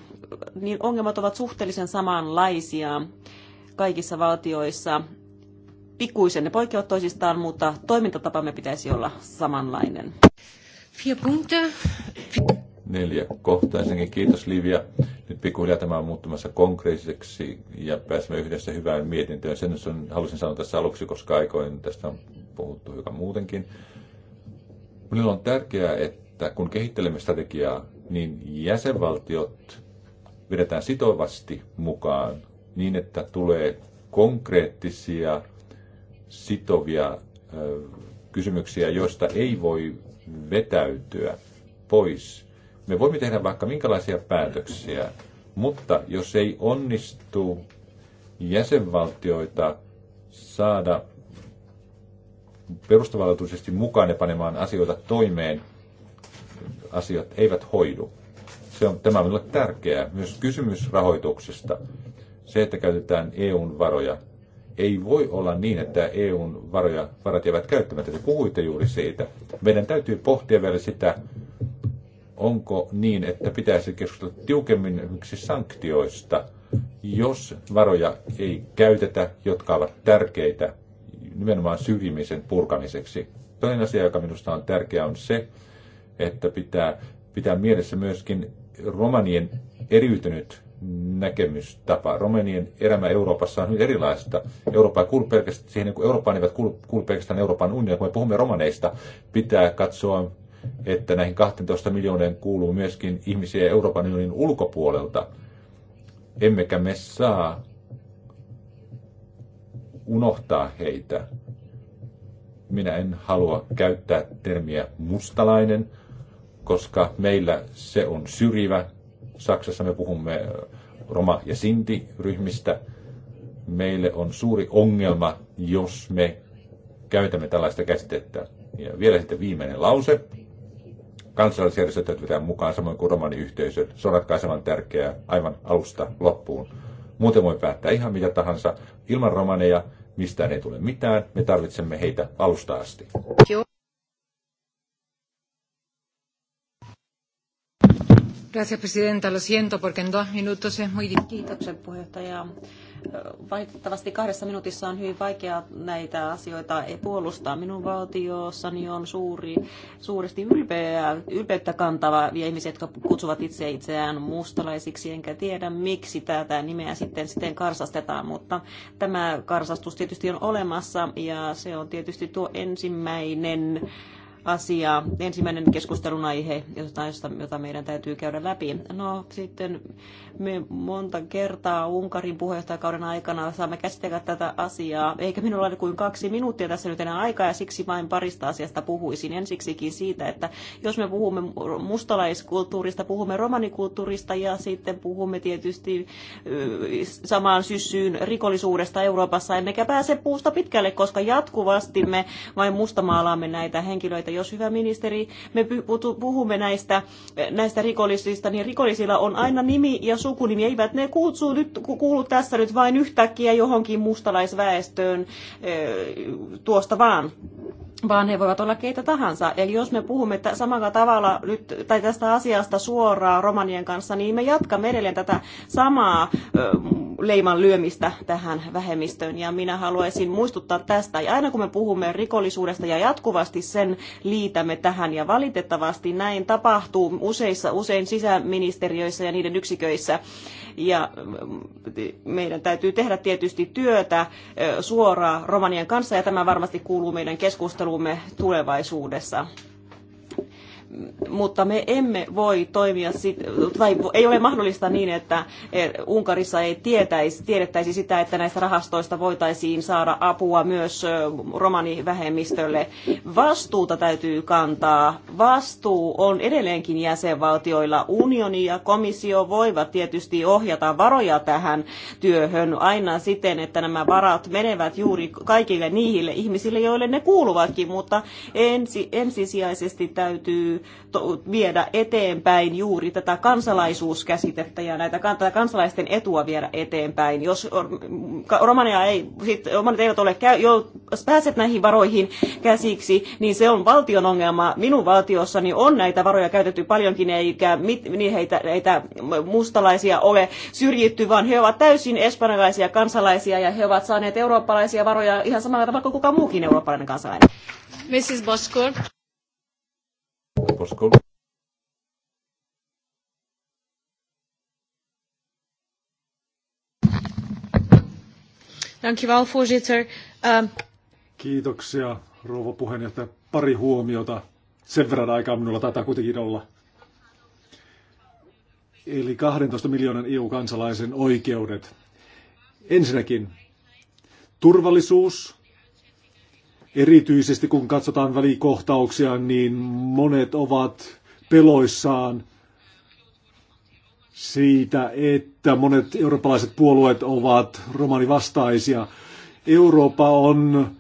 niin ongelmat ovat suhteellisen samanlaisia kaikissa valtioissa. Pikkuisen ne poikkeavat toisistaan, mutta toimintatapamme pitäisi olla samanlainen. Neljä kohtaa. Ensinnäkin kiitos Livia. Nyt pikkuhiljaa tämä on muuttumassa konkreettiseksi ja pääsemme yhdessä hyvään mietintöön. Sen halusin sanoa tässä aluksi, koska aikoin tästä on puhuttu hyvä muutenkin. Minulla on tärkeää, että että kun kehittelemme strategiaa, niin jäsenvaltiot vedetään sitovasti mukaan niin, että tulee konkreettisia sitovia kysymyksiä, joista ei voi vetäytyä pois. Me voimme tehdä vaikka minkälaisia päätöksiä, mutta jos ei onnistu jäsenvaltioita saada perustavallisesti mukaan ja panemaan asioita toimeen, asiat eivät hoidu. Se on, tämä on minulle tärkeää. Myös kysymys rahoituksesta. Se, että käytetään EUn varoja. Ei voi olla niin, että EUn varoja, varat jäävät käyttämättä. Te puhuitte juuri siitä. Meidän täytyy pohtia vielä sitä, onko niin, että pitäisi keskustella tiukemmin yksi sanktioista, jos varoja ei käytetä, jotka ovat tärkeitä nimenomaan syrjimisen purkamiseksi. Toinen asia, joka minusta on tärkeä, on se, että pitää pitää mielessä myöskin romanien eriytynyt näkemystapa. Romanien elämä Euroopassa on hyvin erilaista. Eurooppa ei kuulu pelkästään, siihen kun Eurooppaan eivät kuulu, kuulu pelkästään Euroopan unionia. Kun me puhumme romaneista, pitää katsoa, että näihin 12 miljooneen kuuluu myöskin ihmisiä Euroopan unionin ulkopuolelta. Emmekä me saa unohtaa heitä. Minä en halua käyttää termiä mustalainen, koska meillä se on syrjivä. Saksassa me puhumme äh, roma- ja sinti-ryhmistä. Meille on suuri ongelma, jos me käytämme tällaista käsitettä. Ja vielä sitten viimeinen lause. Kansalaisjärjestöt täytyy mukaan samoin kuin romaniyhteisöt. Se on ratkaisevan tärkeää aivan alusta loppuun. Muuten voi päättää ihan mitä tahansa. Ilman romaneja mistään ei tule mitään. Me tarvitsemme heitä alusta asti. Joo. Gracias, presidenta. Lo siento, porque en dos minutos es muy... Kiitoksen puheenjohtaja. Valitettavasti kahdessa minuutissa on hyvin vaikea näitä asioita puolustaa. Minun valtiossani on suuri, suuresti ylpeä, ylpeyttä kantava ja ihmisiä, jotka kutsuvat itse itseään mustalaisiksi. Enkä tiedä, miksi tätä nimeä sitten, sitten karsastetaan, mutta tämä karsastus tietysti on olemassa ja se on tietysti tuo ensimmäinen asiaa. Ensimmäinen keskustelun aihe, jota, jota meidän täytyy käydä läpi. No sitten me monta kertaa Unkarin puheenjohtajakauden aikana saamme käsitellä tätä asiaa, eikä minulla ole kuin kaksi minuuttia tässä nyt enää aikaa, ja siksi vain parista asiasta puhuisin. Ensiksikin siitä, että jos me puhumme mustalaiskulttuurista, puhumme romanikulttuurista ja sitten puhumme tietysti samaan syssyyn rikollisuudesta Euroopassa, emmekä pääse puusta pitkälle, koska jatkuvasti me vain mustamaalaamme näitä henkilöitä, että Jos hyvä ministeri, me puhumme näistä, näistä rikollisista, niin rikollisilla on aina nimi ja sukunimi. Eivät ne kutsu nyt, kuulu tässä nyt vain yhtäkkiä johonkin mustalaisväestöön tuosta vaan vaan he voivat olla keitä tahansa. Eli jos me puhumme t- samalla tavalla nyt, tai tästä asiasta suoraan romanien kanssa, niin me jatkamme edelleen tätä samaa ö, leiman lyömistä tähän vähemmistöön. Ja minä haluaisin muistuttaa tästä. Ja aina kun me puhumme rikollisuudesta ja jatkuvasti sen liitämme tähän, ja valitettavasti näin tapahtuu useissa, usein sisäministeriöissä ja niiden yksiköissä. Ja mm, meidän täytyy tehdä tietysti työtä suoraan romanien kanssa, ja tämä varmasti kuuluu meidän keskusteluun taistelumme tulevaisuudessa mutta me emme voi toimia, tai ei ole mahdollista niin, että e, Unkarissa ei tietäisi, tiedettäisi sitä, että näistä rahastoista voitaisiin saada apua myös romanivähemmistölle. Vastuuta täytyy kantaa. Vastuu on edelleenkin jäsenvaltioilla. Unioni ja komissio voivat tietysti ohjata varoja tähän työhön aina siten, että nämä varat menevät juuri kaikille niihin ihmisille, ihmisille, joille ne kuuluvatkin, mutta ensi, ensisijaisesti täytyy täytyy viedä eteenpäin juuri tätä kansalaisuuskäsitettä ja näitä tätä kansalaisten etua viedä eteenpäin. Jos romania ei, sit, romanit eivät ole, käy, jos pääset näihin varoihin käsiksi, niin se on valtion ongelma. Minun valtiossani on näitä varoja käytetty paljonkin, eikä mit, niin heitä, heitä mustalaisia ole syrjitty, vaan he ovat täysin espanjalaisia kansalaisia ja he ovat saaneet eurooppalaisia varoja ihan samalla tavalla kuin kukaan muukin eurooppalainen kansalainen. Mrs. Bosco. Dankjewel, voorzitter. Um... Kiitoksia, rouva puheenjohtaja. Pari huomiota. Sen verran aikaa minulla taitaa kuitenkin olla. Eli 12 miljoonan EU-kansalaisen oikeudet. Ensinnäkin turvallisuus, Erityisesti kun katsotaan välikohtauksia, niin monet ovat peloissaan siitä, että monet eurooppalaiset puolueet ovat romanivastaisia. Eurooppa on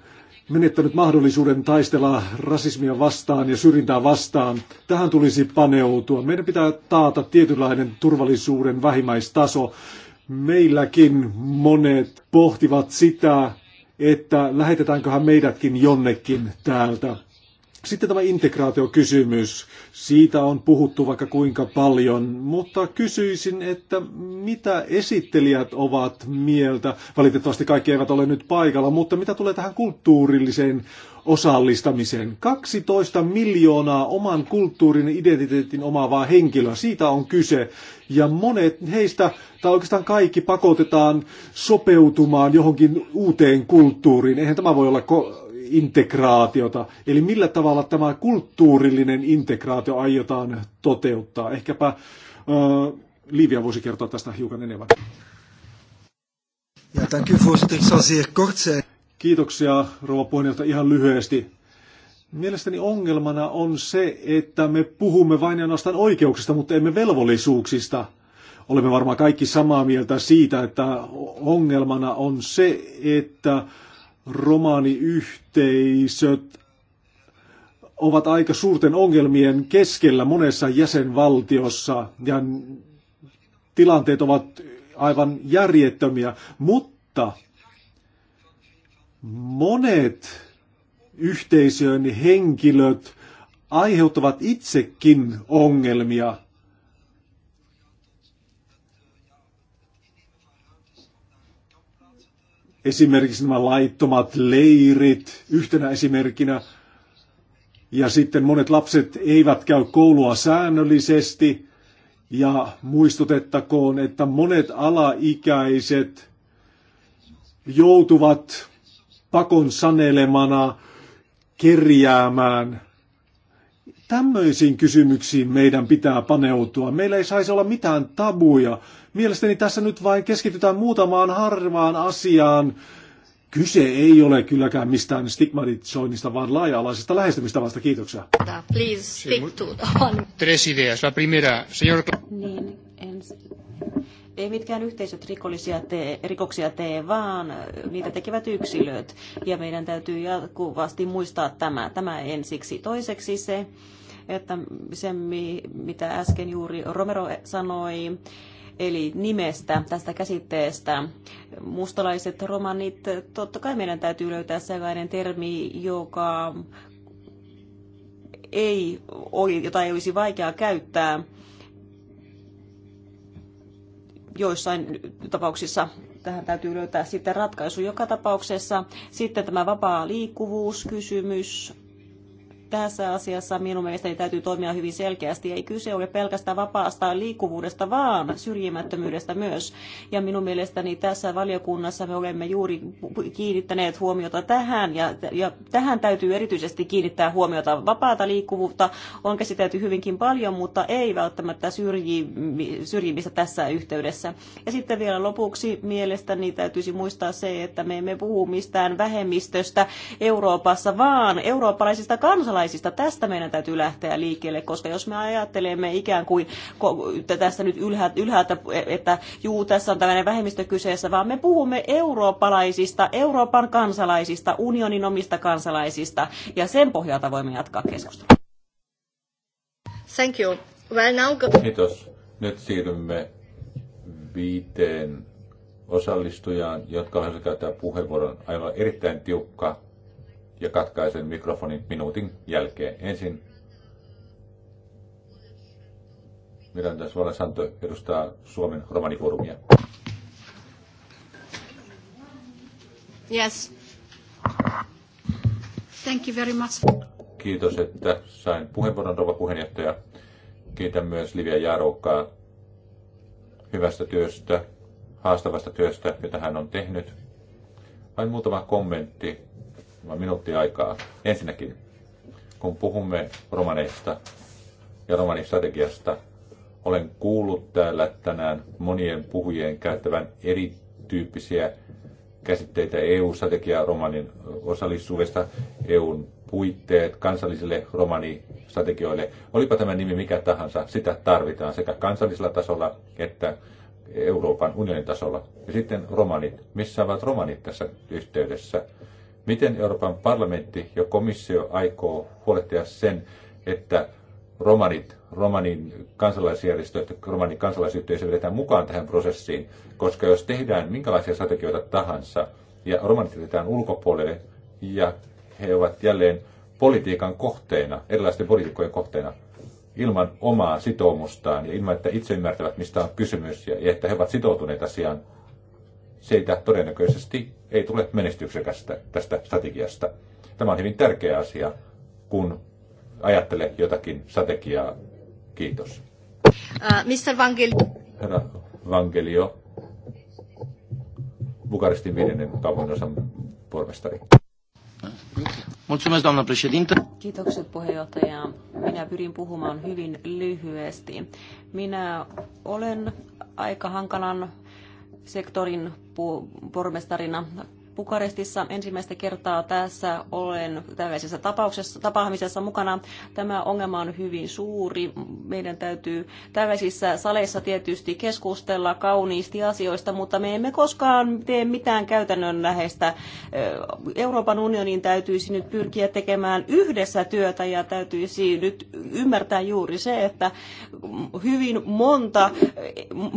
menettänyt mahdollisuuden taistella rasismia vastaan ja syrjintää vastaan. Tähän tulisi paneutua. Meidän pitää taata tietynlainen turvallisuuden vähimmäistaso. Meilläkin monet pohtivat sitä, että lähetetäänköhän meidätkin jonnekin täältä. Sitten tämä integraatiokysymys. Siitä on puhuttu vaikka kuinka paljon, mutta kysyisin, että mitä esittelijät ovat mieltä? Valitettavasti kaikki eivät ole nyt paikalla, mutta mitä tulee tähän kulttuurilliseen osallistamiseen. 12 miljoonaa oman kulttuurin identiteetin omaavaa henkilöä, siitä on kyse. Ja monet heistä, tai oikeastaan kaikki, pakotetaan sopeutumaan johonkin uuteen kulttuuriin. Eihän tämä voi olla integraatiota. Eli millä tavalla tämä kulttuurillinen integraatio aiotaan toteuttaa? Ehkäpä äh, Livia voisi kertoa tästä hiukan enemmän. Ja, tämän kyllä voisi Ik Kiitoksia, rouva puheenjohtaja, ihan lyhyesti. Mielestäni ongelmana on se, että me puhumme vain ainoastaan oikeuksista, mutta emme velvollisuuksista. Olemme varmaan kaikki samaa mieltä siitä, että ongelmana on se, että romaaniyhteisöt ovat aika suurten ongelmien keskellä monessa jäsenvaltiossa ja tilanteet ovat aivan järjettömiä, mutta Monet yhteisön henkilöt aiheuttavat itsekin ongelmia esimerkiksi nämä laittomat leirit yhtenä esimerkkinä. Ja sitten monet lapset eivät käy koulua säännöllisesti. Ja muistutettakoon, että monet alaikäiset joutuvat pakon sanelemana kerjäämään. Tämmöisiin kysymyksiin meidän pitää paneutua. Meillä ei saisi olla mitään tabuja. Mielestäni tässä nyt vain keskitytään muutamaan harvaan asiaan. Kyse ei ole kylläkään mistään stigmatisoinnista, vaan laaja-alaisesta lähestymistavasta. Kiitoksia. Please stick to the one. Tres ideas. La primera, señor... Niin, ensin ei mitkään yhteisöt rikollisia tee, rikoksia tee, vaan niitä tekevät yksilöt. Ja meidän täytyy jatkuvasti muistaa tämä, tämä ensiksi. Toiseksi se, että se, mitä äsken juuri Romero sanoi, eli nimestä, tästä käsitteestä. Mustalaiset romanit, totta kai meidän täytyy löytää sellainen termi, joka ei, jota ei olisi vaikea käyttää joissain tapauksissa tähän täytyy löytää sitten ratkaisu. Joka tapauksessa sitten tämä vapaa liikkuvuuskysymys tässä asiassa minun mielestäni täytyy toimia hyvin selkeästi. Ei kyse ole pelkästään vapaasta liikkuvuudesta, vaan syrjimättömyydestä myös. Ja minun mielestäni tässä valiokunnassa me olemme juuri kiinnittäneet huomiota tähän, ja, ja tähän täytyy erityisesti kiinnittää huomiota. Vapaata liikkuvuutta on käsitelty hyvinkin paljon, mutta ei välttämättä syrji, syrjimistä tässä yhteydessä. Ja sitten vielä lopuksi mielestäni täytyisi muistaa se, että me emme puhu mistään vähemmistöstä Euroopassa, vaan eurooppalaisista kansalaisista kansalaisista. Tästä meidän täytyy lähteä liikkeelle, koska jos me ajattelemme ikään kuin tästä nyt ylhäältä, että juu, tässä on tällainen vähemmistö kyseessä, vaan me puhumme eurooppalaisista, Euroopan kansalaisista, unionin omista kansalaisista, ja sen pohjalta voimme jatkaa keskustelua. Thank you. Well, now go- Kiitos. Nyt siirrymme viiteen osallistujaan, jotka ovat käyttää puheenvuoron. Aivan erittäin tiukka ja katkaisen mikrofonin minuutin jälkeen. Ensin Miranda Suolasanto edustaa Suomen romanifoorumia. Yes. Thank you very much. Kiitos, että sain puheenvuoron, rouva puheenjohtaja. Kiitän myös Livia Jarokkaa hyvästä työstä, haastavasta työstä, jota hän on tehnyt. Vain muutama kommentti minuutti aikaa. Ensinnäkin, kun puhumme romaneista ja romanistrategiasta, olen kuullut täällä tänään monien puhujien käyttävän erityyppisiä käsitteitä EU-strategia romanin osallisuudesta, EUn puitteet kansallisille romanistrategioille. Olipa tämä nimi mikä tahansa, sitä tarvitaan sekä kansallisella tasolla että Euroopan unionin tasolla. Ja sitten romanit. Missä ovat romanit tässä yhteydessä? Miten Euroopan parlamentti ja komissio aikoo huolehtia sen, että romanit, romanin kansalaisjärjestöt, romanin kansalaisyhteisö vedetään mukaan tähän prosessiin, koska jos tehdään minkälaisia strategioita tahansa ja romanit jätetään ulkopuolelle ja he ovat jälleen politiikan kohteena, erilaisten poliitikkojen kohteena, ilman omaa sitoumustaan ja ilman, että itse ymmärtävät, mistä on kysymys ja, että he ovat sitoutuneet asiaan, se ei todennäköisesti ei tule menestyksekästä tästä strategiasta. Tämä on hyvin tärkeä asia, kun ajattele jotakin strategiaa. Kiitos. Uh, äh, Mr. Vangelio. Herra Vangelio, Bukarestin viidennen kaupunginosan pormestari. Kiitokset puheenjohtaja. Minä pyrin puhumaan hyvin lyhyesti. Minä olen aika hankalan sektorin pormestarina Bukarestissa ensimmäistä kertaa tässä olen tällaisessa tapauksessa, tapaamisessa mukana. Tämä ongelma on hyvin suuri. Meidän täytyy tällaisissa saleissa tietysti keskustella kauniisti asioista, mutta me emme koskaan tee mitään käytännön läheistä. Euroopan unionin täytyisi nyt pyrkiä tekemään yhdessä työtä ja täytyisi nyt ymmärtää juuri se, että hyvin monta,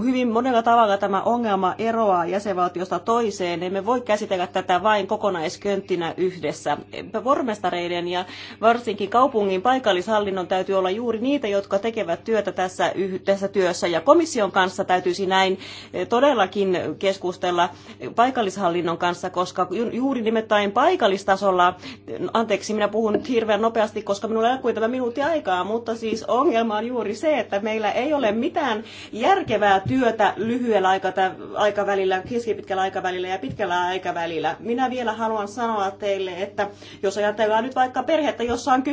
hyvin monella tavalla tämä ongelma eroaa jäsenvaltiosta toiseen. Emme voi käsitellä tätä vain kokonaisköntinä yhdessä. Vormestareiden ja varsinkin kaupungin paikallishallinnon täytyy olla juuri niitä, jotka tekevät työtä tässä, tässä työssä. Ja komission kanssa täytyisi näin eh, todellakin keskustella paikallishallinnon kanssa, koska juuri nimittäin paikallistasolla, eh, anteeksi minä puhun nyt hirveän nopeasti, koska minulla ei ole tämä minuutti aikaa, mutta siis ongelma on juuri se, että meillä ei ole mitään järkevää työtä lyhyellä aikavälillä, keskipitkällä aikavälillä ja pitkällä aikavälillä välillä. Minä vielä haluan sanoa teille, että jos ajatellaan nyt vaikka perhettä, jossa on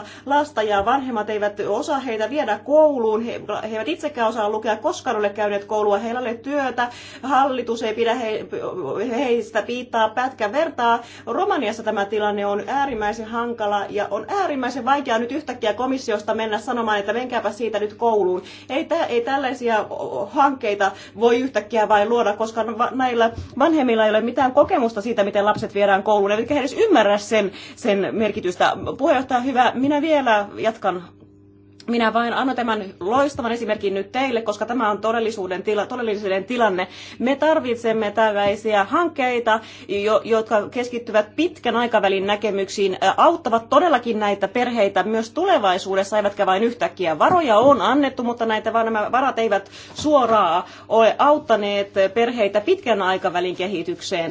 10-15 lasta ja vanhemmat eivät osaa heitä viedä kouluun, he, he eivät itsekään osaa lukea, koskaan ole käyneet koulua, heillä ei ole työtä, hallitus ei pidä he, heistä piittaa pätkän vertaa. Romaniassa tämä tilanne on äärimmäisen hankala ja on äärimmäisen vaikea nyt yhtäkkiä komissiosta mennä sanomaan, että menkääpä siitä nyt kouluun. Ei, tä, ei tällaisia hankkeita voi yhtäkkiä vain luoda, koska näillä vanhemmilla ei ole mitään mitään kokemusta siitä, miten lapset viedään kouluun, eli he edes ymmärrä sen, sen merkitystä. Puheenjohtaja, hyvä, minä vielä jatkan minä vain annan tämän loistavan esimerkin nyt teille, koska tämä on todellisuuden, tila, todellisuuden tilanne. Me tarvitsemme tällaisia hankkeita, jo, jotka keskittyvät pitkän aikavälin näkemyksiin, auttavat todellakin näitä perheitä myös tulevaisuudessa, eivätkä vain yhtäkkiä. Varoja on annettu, mutta näitä nämä varat eivät suoraan ole auttaneet perheitä pitkän aikavälin kehitykseen,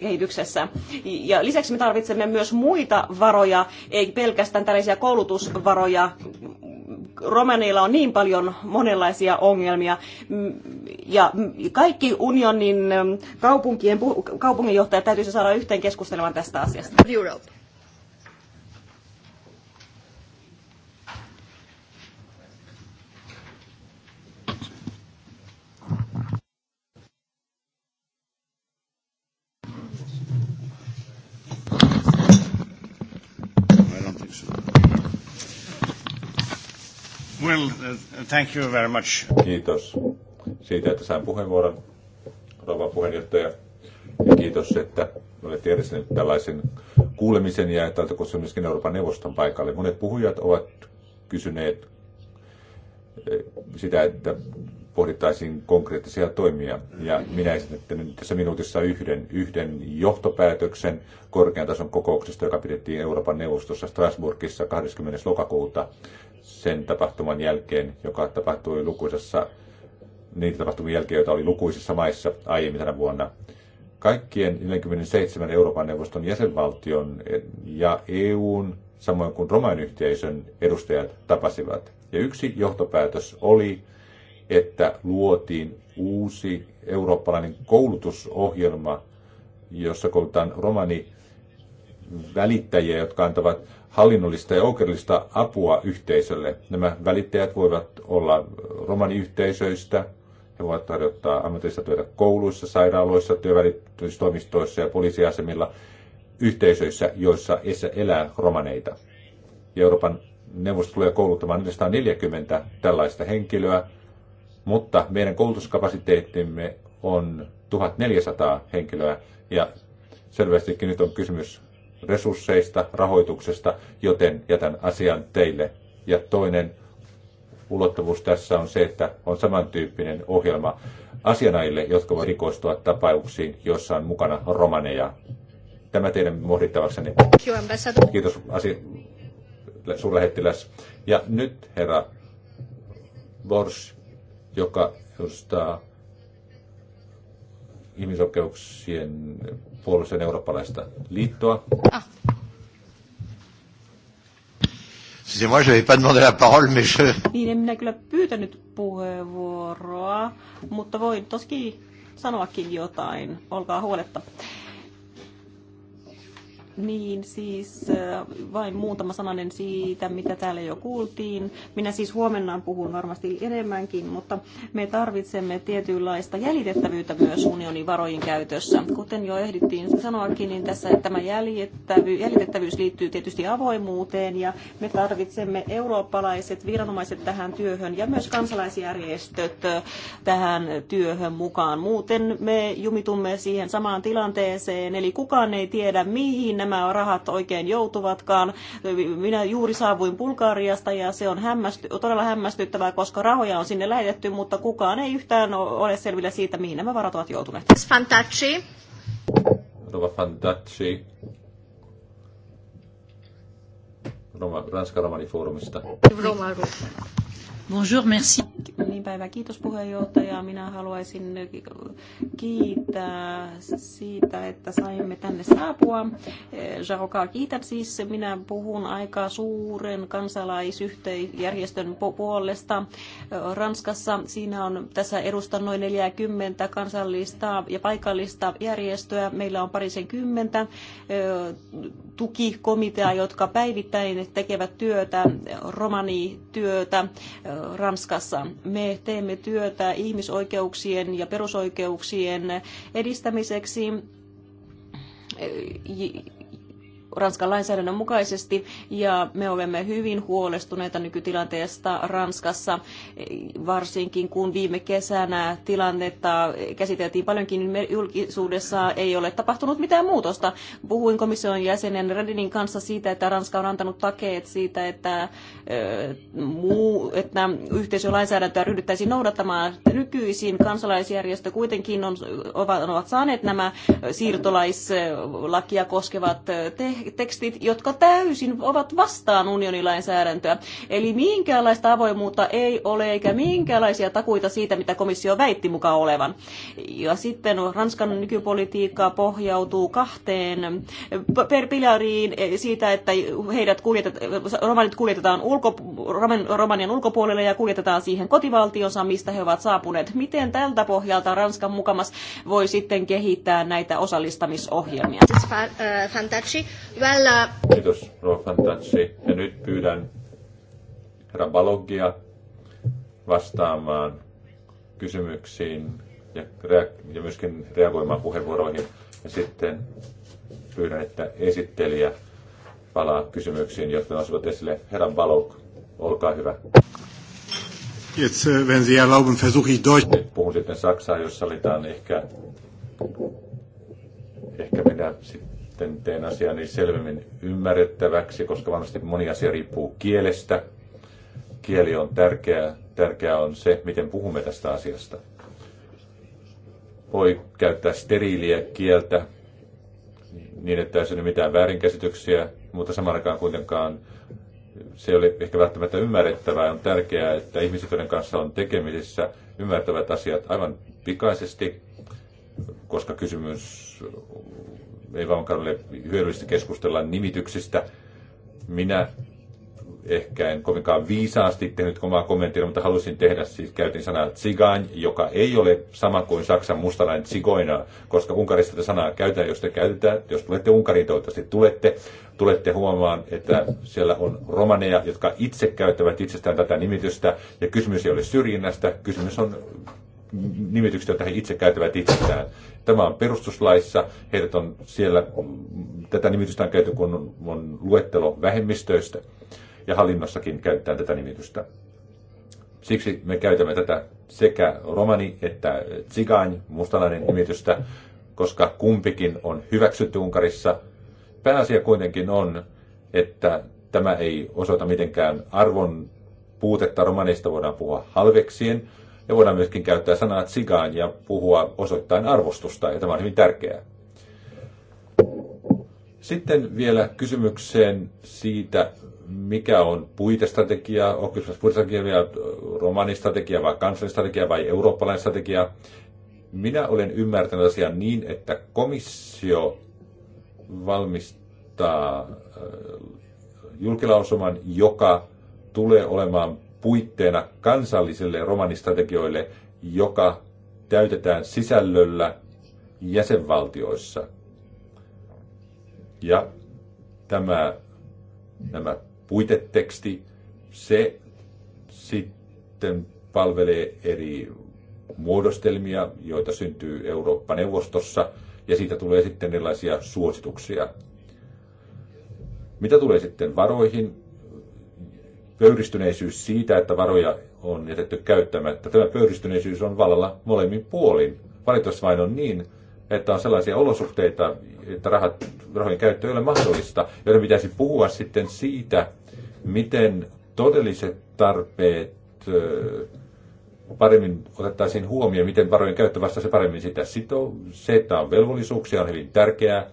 kehityksessä. Ja lisäksi me tarvitsemme myös muita varoja, ei pelkästään tällaisia koulutusvaroja romaneilla on niin paljon monenlaisia ongelmia ja kaikki unionin kaupunkien, kaupunginjohtajat täytyisi saada yhteen keskustelemaan tästä asiasta. Europe. Well, uh, thank you very much. Kiitos siitä, että sain puheenvuoron, rouva puheenjohtaja. Ja kiitos, että olette järjestänyt tällaisen kuulemisen ja että olette kutsunut myöskin Euroopan neuvoston paikalle. Monet puhujat ovat kysyneet eh, sitä, että pohdittaisiin konkreettisia toimia. Ja minä esittelen tässä minuutissa yhden, yhden johtopäätöksen korkean tason kokouksesta, joka pidettiin Euroopan neuvostossa Strasbourgissa 20. lokakuuta sen tapahtuman jälkeen, joka tapahtui lukuisessa, niitä tapahtumien jälkeen, joita oli lukuisissa maissa aiemmin tänä vuonna. Kaikkien 47 Euroopan neuvoston jäsenvaltion ja EUn, samoin kuin Roman yhteisön edustajat tapasivat. Ja yksi johtopäätös oli, että luotiin uusi eurooppalainen koulutusohjelma, jossa koulutetaan romani välittäjiä, jotka antavat hallinnollista ja oikeudellista apua yhteisölle. Nämä välittäjät voivat olla romaniyhteisöistä, he voivat tarjottaa ammatillista työtä kouluissa, sairaaloissa, työvälitystoimistoissa ja poliisiasemilla yhteisöissä, joissa elää romaneita. Ja Euroopan neuvosto tulee kouluttamaan 440 tällaista henkilöä, mutta meidän koulutuskapasiteettimme on 1400 henkilöä ja selvästikin nyt on kysymys resursseista, rahoituksesta, joten jätän asian teille. Ja toinen ulottuvuus tässä on se, että on samantyyppinen ohjelma asianajille, jotka voivat rikoistua tapauksiin, joissa on mukana romaneja. Tämä teidän mohdittavaksenne. Kiitos asi- suurlähettiläs. Ja nyt herra Bors, joka edustaa ihmisoikeuksien puolustan eurooppalaista liittoa. Ah. moi je n'avais pas demandé la parole, mais je... Niin, en minä kyllä pyytänyt puheenvuoroa, mutta voin toski sanoakin jotain. Olkaa huoletta. Niin, siis äh, vain muutama sananen siitä, mitä täällä jo kuultiin. Minä siis huomenna puhun varmasti enemmänkin, mutta me tarvitsemme tietynlaista jäljitettävyyttä myös unionin varojen käytössä. Kuten jo ehdittiin sanoakin, niin tässä tämä jäljittävy, jäljitettävyys liittyy tietysti avoimuuteen ja me tarvitsemme eurooppalaiset viranomaiset tähän työhön ja myös kansalaisjärjestöt äh, tähän työhön mukaan. Muuten me jumitumme siihen samaan tilanteeseen, eli kukaan ei tiedä mihin nämä rahat oikein joutuvatkaan. Minä juuri saavuin Bulgariasta ja se on hämmästy, todella hämmästyttävää, koska rahoja on sinne lähetetty, mutta kukaan ei yhtään ole selvillä siitä, mihin nämä varat ovat joutuneet. Fantacci. Rova Fantacci. Roma, Ranskan romanifoorumista. Roma. Bonjour, merci. Niin päivä. Kiitos puheenjohtaja. Minä haluaisin kiittää siitä, että saimme tänne saapua. Jaroka, kiitän siis. Minä puhun aika suuren kansalaisyhteisjärjestön puolesta Ranskassa. Siinä on tässä edustan noin 40 kansallista ja paikallista järjestöä. Meillä on parisen kymmentä tukikomitea, jotka päivittäin tekevät työtä, romanityötä Ranskassa me teemme työtä ihmisoikeuksien ja perusoikeuksien edistämiseksi Ranskan lainsäädännön mukaisesti ja me olemme hyvin huolestuneita nykytilanteesta Ranskassa, varsinkin kun viime kesänä tilannetta käsiteltiin paljonkin, julkisuudessa ei ole tapahtunut mitään muutosta. Puhuin komission jäsenen Redinin kanssa siitä, että Ranska on antanut takeet siitä, että, muu, että yhteisölainsäädäntöä ryhdyttäisiin noudattamaan. Nykyisin kansalaisjärjestö kuitenkin on, ovat, ovat saaneet nämä siirtolaislakia koskevat tehtävät tekstit, jotka täysin ovat vastaan unionilainsäädäntöä. Eli minkäänlaista avoimuutta ei ole eikä minkäänlaisia takuita siitä, mitä komissio väitti mukaan olevan. Ja sitten Ranskan nykypolitiikka pohjautuu kahteen eh, per pilariin eh, siitä, että heidät kuljetet, romanit kuljetetaan ulko, Romanian ulkopuolelle ja kuljetetaan siihen kotivaltionsa, mistä he ovat saapuneet. Miten tältä pohjalta Ranskan mukamas voi sitten kehittää näitä osallistamisohjelmia? Well, Kiitos, Kiitos, Tatsi. Ja nyt pyydän herra Balogia vastaamaan kysymyksiin ja, rea- ja myöskin reagoimaan puheenvuoroihin. Ja sitten pyydän, että esittelijä palaa kysymyksiin, jotka nousivat esille. Herra Balog, olkaa hyvä. Jetzt, äh, wenn Sie erlauben, versuche ich Deutsch. Nyt puhun sitten Saksaa, jos salitaan ehkä, ehkä minä sitten sitten teen asiani niin selvemmin ymmärrettäväksi, koska varmasti moni asia riippuu kielestä. Kieli on tärkeää. Tärkeää on se, miten puhumme tästä asiasta. Voi käyttää steriiliä kieltä niin, että ei synny mitään väärinkäsityksiä, mutta samaan kuitenkaan se ei ole ehkä välttämättä ymmärrettävää. On tärkeää, että ihmiset, joiden kanssa on tekemisissä, ymmärtävät asiat aivan pikaisesti, koska kysymys ei vaan hyödyllistä keskustella nimityksistä. Minä ehkä en kovinkaan viisaasti tehnyt omaa kommenttia, mutta halusin tehdä, siis käytin sanaa tsigain, joka ei ole sama kuin saksan mustalainen tsigoina, koska Unkarissa tätä sanaa käytetään, jos te käytetään, jos tulette Unkariin, toivottavasti tulette, tulette huomaan, että siellä on romaneja, jotka itse käyttävät itsestään tätä nimitystä, ja kysymys ei ole syrjinnästä, kysymys on nimitykset, joita he itse käytävät itsestään. Tämä on perustuslaissa. Heidät on siellä, tätä nimitystä on käyty, kun on luettelo vähemmistöistä, ja hallinnossakin käytetään tätä nimitystä. Siksi me käytämme tätä sekä romani että tsigain, mustalainen nimitystä, koska kumpikin on hyväksytty Unkarissa. Pääasia kuitenkin on, että tämä ei osoita mitenkään arvon puutetta romaneista voidaan puhua halveksien, ja voidaan myöskin käyttää sanaa tsigaan ja puhua osoittain arvostusta, ja tämä on hyvin tärkeää. Sitten vielä kysymykseen siitä, mikä on puitestrategia, onko kysymys puitestrategia, romanistrategia vai kansallistrategia vai eurooppalainen strategia. Minä olen ymmärtänyt asian niin, että komissio valmistaa äh, julkilausuman, joka tulee olemaan puitteena kansallisille romanistrategioille, joka täytetään sisällöllä jäsenvaltioissa. Ja tämä, nämä puiteteksti, se sitten palvelee eri muodostelmia, joita syntyy Eurooppa-neuvostossa, ja siitä tulee sitten erilaisia suosituksia. Mitä tulee sitten varoihin, pöyristyneisyys siitä, että varoja on jätetty käyttämättä. Tämä pöyristyneisyys on vallalla molemmin puolin. Valitettavasti vain on niin, että on sellaisia olosuhteita, että rahat, rahojen käyttö ei ole mahdollista, joten pitäisi puhua sitten siitä, miten todelliset tarpeet paremmin otettaisiin huomioon, miten varojen käyttö vastasi paremmin sitä sitoo. Se, että on velvollisuuksia, on hyvin tärkeää.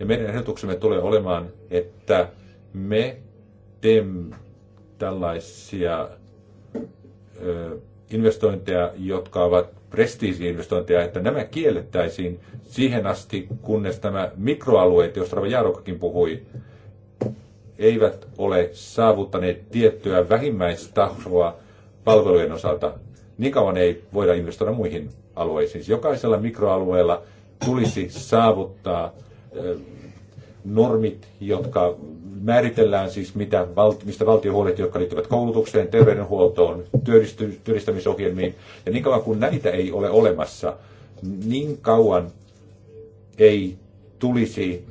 Ja meidän ehdotuksemme tulee olemaan, että me teemme tällaisia investointeja, jotka ovat investointeja, että nämä kiellettäisiin siihen asti, kunnes tämä mikroalueet, joista Rava Jaarokakin puhui, eivät ole saavuttaneet tiettyä vähimmäistasoa palvelujen osalta. Niin kauan ei voida investoida muihin alueisiin. Siis jokaisella mikroalueella tulisi saavuttaa normit, jotka määritellään siis, mitä, mistä valtio huolehtii, jotka liittyvät koulutukseen, terveydenhuoltoon, työllistämisohjelmiin. Ja niin kauan kuin näitä ei ole olemassa, niin kauan ei tulisi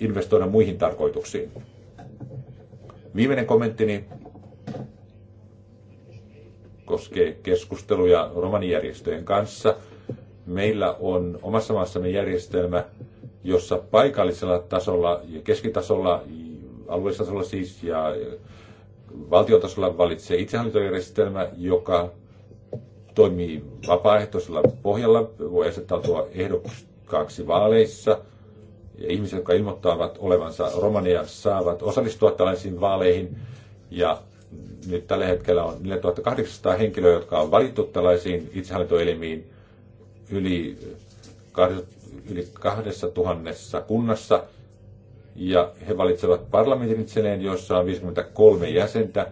investoida muihin tarkoituksiin. Viimeinen kommenttini koskee keskusteluja romanijärjestöjen kanssa. Meillä on omassa maassamme järjestelmä, jossa paikallisella tasolla ja keskitasolla, alueellisella siis ja valtiotasolla valitsee itsehallintojärjestelmä, joka toimii vapaaehtoisella pohjalla, voi asettautua ehdokkaaksi vaaleissa. Ja ihmiset, jotka ilmoittavat olevansa Romania, saavat osallistua tällaisiin vaaleihin. Ja nyt tällä hetkellä on 4800 henkilöä, jotka on valittu tällaisiin itsehallintoelimiin yli yli kahdessa tuhannessa kunnassa, ja he valitsevat parlamentin itselleen, jossa on 53 jäsentä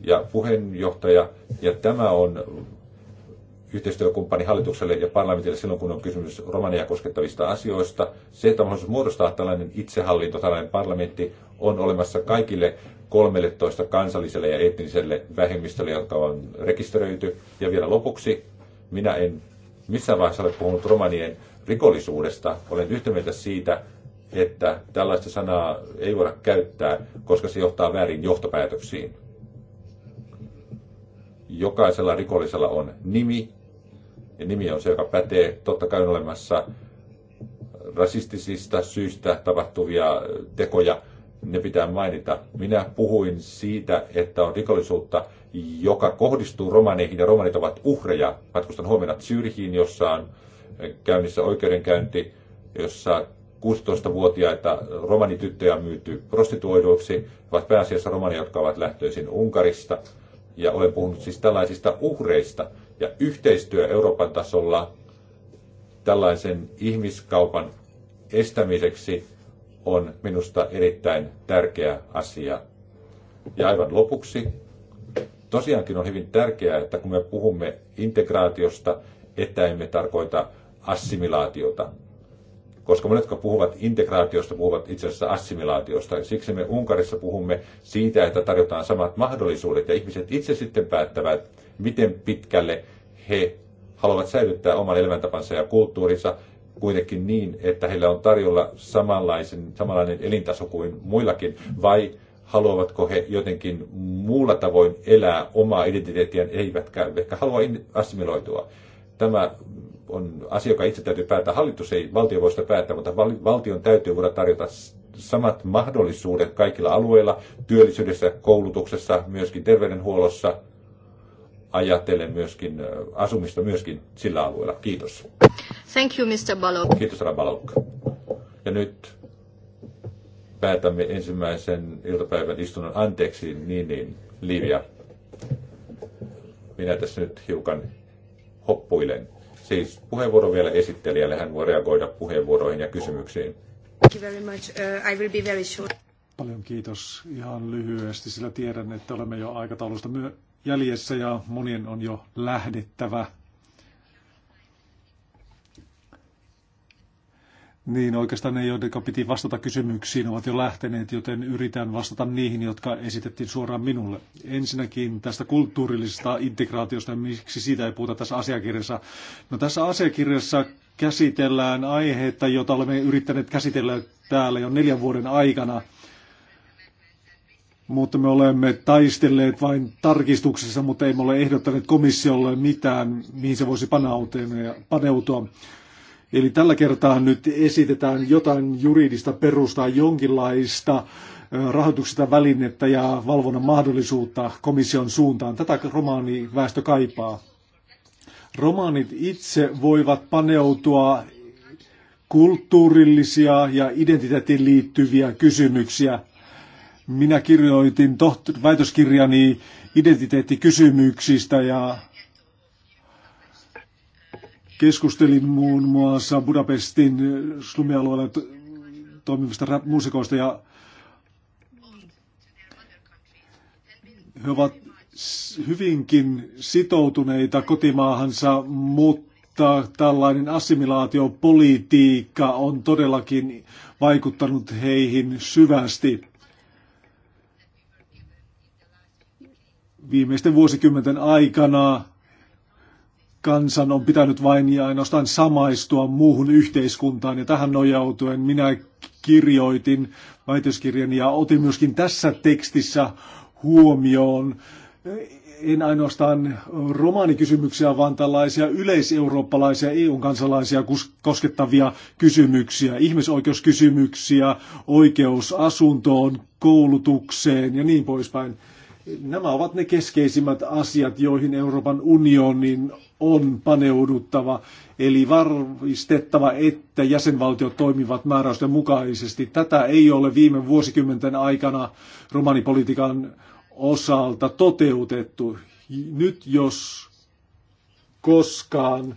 ja puheenjohtaja, ja tämä on yhteistyökumppani hallitukselle ja parlamentille silloin, kun on kysymys Romania koskettavista asioista. Se, että mahdollisuus muodostaa tällainen itsehallinto, tällainen parlamentti, on olemassa kaikille 13 kansalliselle ja etniselle vähemmistölle, jotka on rekisteröity. Ja vielä lopuksi, minä en missään vaiheessa ole puhunut romanien rikollisuudesta. Olen yhtä mieltä siitä, että tällaista sanaa ei voida käyttää, koska se johtaa väärin johtopäätöksiin. Jokaisella rikollisella on nimi, ja nimi on se, joka pätee. Totta kai on olemassa rasistisista syistä tapahtuvia tekoja, ne pitää mainita. Minä puhuin siitä, että on rikollisuutta, joka kohdistuu romaneihin ja romanit ovat uhreja. Matkustan huomenna Zyrhiin, jossa on käynnissä oikeudenkäynti, jossa 16-vuotiaita romanityttöjä on myyty prostituoiduiksi, ovat pääasiassa romania, jotka ovat lähtöisin Unkarista. Ja olen puhunut siis tällaisista uhreista. Ja yhteistyö Euroopan tasolla tällaisen ihmiskaupan estämiseksi on minusta erittäin tärkeä asia. Ja aivan lopuksi, tosiaankin on hyvin tärkeää, että kun me puhumme integraatiosta, että emme tarkoita assimilaatiota. Koska monet, jotka puhuvat integraatiosta, puhuvat itse asiassa assimilaatiosta. Siksi me Unkarissa puhumme siitä, että tarjotaan samat mahdollisuudet ja ihmiset itse sitten päättävät, miten pitkälle he haluavat säilyttää oman elämäntapansa ja kulttuurinsa kuitenkin niin, että heillä on tarjolla samanlaisen, samanlainen elintaso kuin muillakin, vai haluavatko he jotenkin muulla tavoin elää omaa identiteettiään, eivätkä ehkä halua assimiloitua. Tämä on asia, joka itse täytyy päättää. Hallitus ei, valtio voi sitä päättää, mutta valtion täytyy voida tarjota samat mahdollisuudet kaikilla alueilla, työllisyydessä, koulutuksessa, myöskin terveydenhuollossa, ajatellen myöskin asumista myöskin sillä alueella. Kiitos. Thank you, Mr. Balok. Kiitos, herra Balok. Ja nyt päätämme ensimmäisen iltapäivän istunnon anteeksi, niin niin, Livia. Minä tässä nyt hiukan hoppuilen. Siis puheenvuoro vielä esittelijälle, hän voi reagoida puheenvuoroihin ja kysymyksiin. Thank you very much. Uh, I will be very short. Paljon kiitos ihan lyhyesti, sillä tiedän, että olemme jo aikataulusta myö- jäljessä ja monien on jo lähdettävä. Niin, oikeastaan ne, joiden piti vastata kysymyksiin, ovat jo lähteneet, joten yritän vastata niihin, jotka esitettiin suoraan minulle. Ensinnäkin tästä kulttuurillisesta integraatiosta, miksi siitä ei puhuta tässä asiakirjassa. No tässä asiakirjassa käsitellään aiheita, jota olemme yrittäneet käsitellä täällä jo neljän vuoden aikana. Mutta me olemme taistelleet vain tarkistuksessa, mutta emme ole ehdottaneet komissiolle mitään, mihin se voisi paneutua. Eli tällä kertaa nyt esitetään jotain juridista perustaa, jonkinlaista rahoituksesta välinettä ja valvonnan mahdollisuutta komission suuntaan. Tätä romaani väestö kaipaa. Romaanit itse voivat paneutua kulttuurillisia ja identiteettiin liittyviä kysymyksiä. Minä kirjoitin tohtori, väitöskirjani identiteettikysymyksistä ja Keskustelin muun muassa Budapestin slumialueella toimivista rap-muusikoista ja he ovat hyvinkin sitoutuneita kotimaahansa, mutta tällainen assimilaatiopolitiikka on todellakin vaikuttanut heihin syvästi. Viimeisten vuosikymmenten aikana kansan on pitänyt vain ja ainoastaan samaistua muuhun yhteiskuntaan ja tähän nojautuen minä kirjoitin väitöskirjan ja otin myöskin tässä tekstissä huomioon eh, en ainoastaan romaanikysymyksiä, vaan tällaisia yleiseurooppalaisia EU-kansalaisia koskettavia kysymyksiä, ihmisoikeuskysymyksiä, oikeus asuntoon, koulutukseen ja niin poispäin. Nämä ovat ne keskeisimmät asiat, joihin Euroopan unionin on paneuduttava, eli varmistettava, että jäsenvaltiot toimivat määräysten mukaisesti. Tätä ei ole viime vuosikymmenten aikana romanipolitiikan osalta toteutettu. Nyt jos koskaan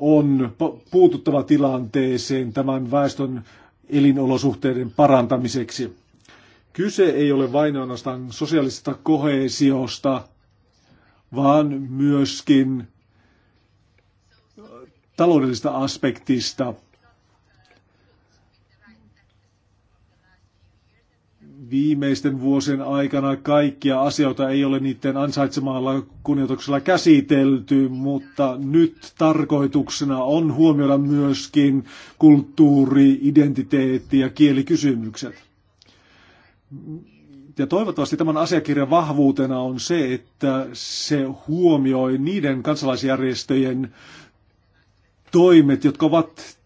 on puututtava tilanteeseen tämän väestön elinolosuhteiden parantamiseksi. Kyse ei ole vain ainoastaan sosiaalisesta kohesiosta, vaan myöskin taloudellisesta aspektista. Viimeisten vuosien aikana kaikkia asioita ei ole niiden ansaitsemalla kunnioituksella käsitelty, mutta nyt tarkoituksena on huomioida myöskin kulttuuri, identiteetti ja kielikysymykset. Ja toivottavasti tämän asiakirjan vahvuutena on se, että se huomioi niiden kansalaisjärjestöjen toimet, jotka ovat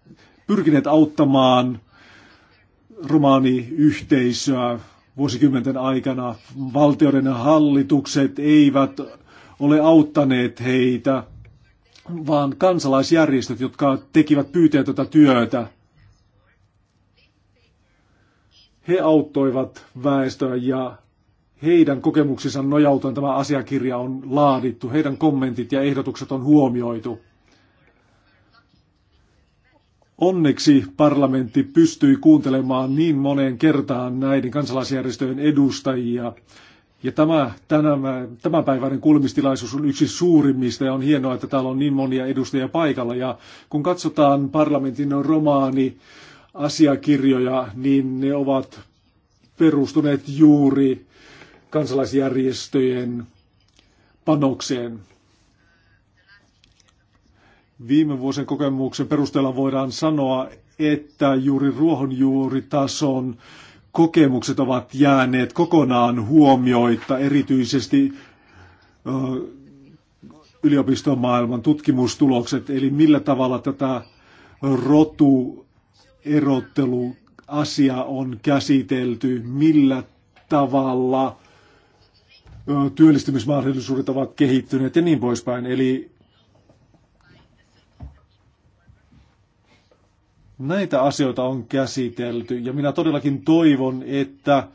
pyrkineet auttamaan romaaniyhteisöä vuosikymmenten aikana. Valtioiden hallitukset eivät ole auttaneet heitä, vaan kansalaisjärjestöt, jotka tekivät pyyteen tätä työtä. He auttoivat väestöä ja heidän kokemuksensa nojautuen tämä asiakirja on laadittu, heidän kommentit ja ehdotukset on huomioitu. Onneksi parlamentti pystyi kuuntelemaan niin moneen kertaan näiden kansalaisjärjestöjen edustajia. Ja tämä tänä, tämänpäiväinen kuulemistilaisuus on yksi suurimmista ja on hienoa, että täällä on niin monia edustajia paikalla. Ja kun katsotaan parlamentin romaani asiakirjoja, niin ne ovat perustuneet juuri kansalaisjärjestöjen panokseen. Viime vuosien kokemuksen perusteella voidaan sanoa, että juuri ruohonjuuritason kokemukset ovat jääneet kokonaan huomioita, erityisesti yliopistomaailman tutkimustulokset, eli millä tavalla tätä rotuerotteluasia on käsitelty, millä tavalla työllistymismahdollisuudet ovat kehittyneet ja niin poispäin. Eli Näitä asioita on käsitelty ja minä todellakin toivon, että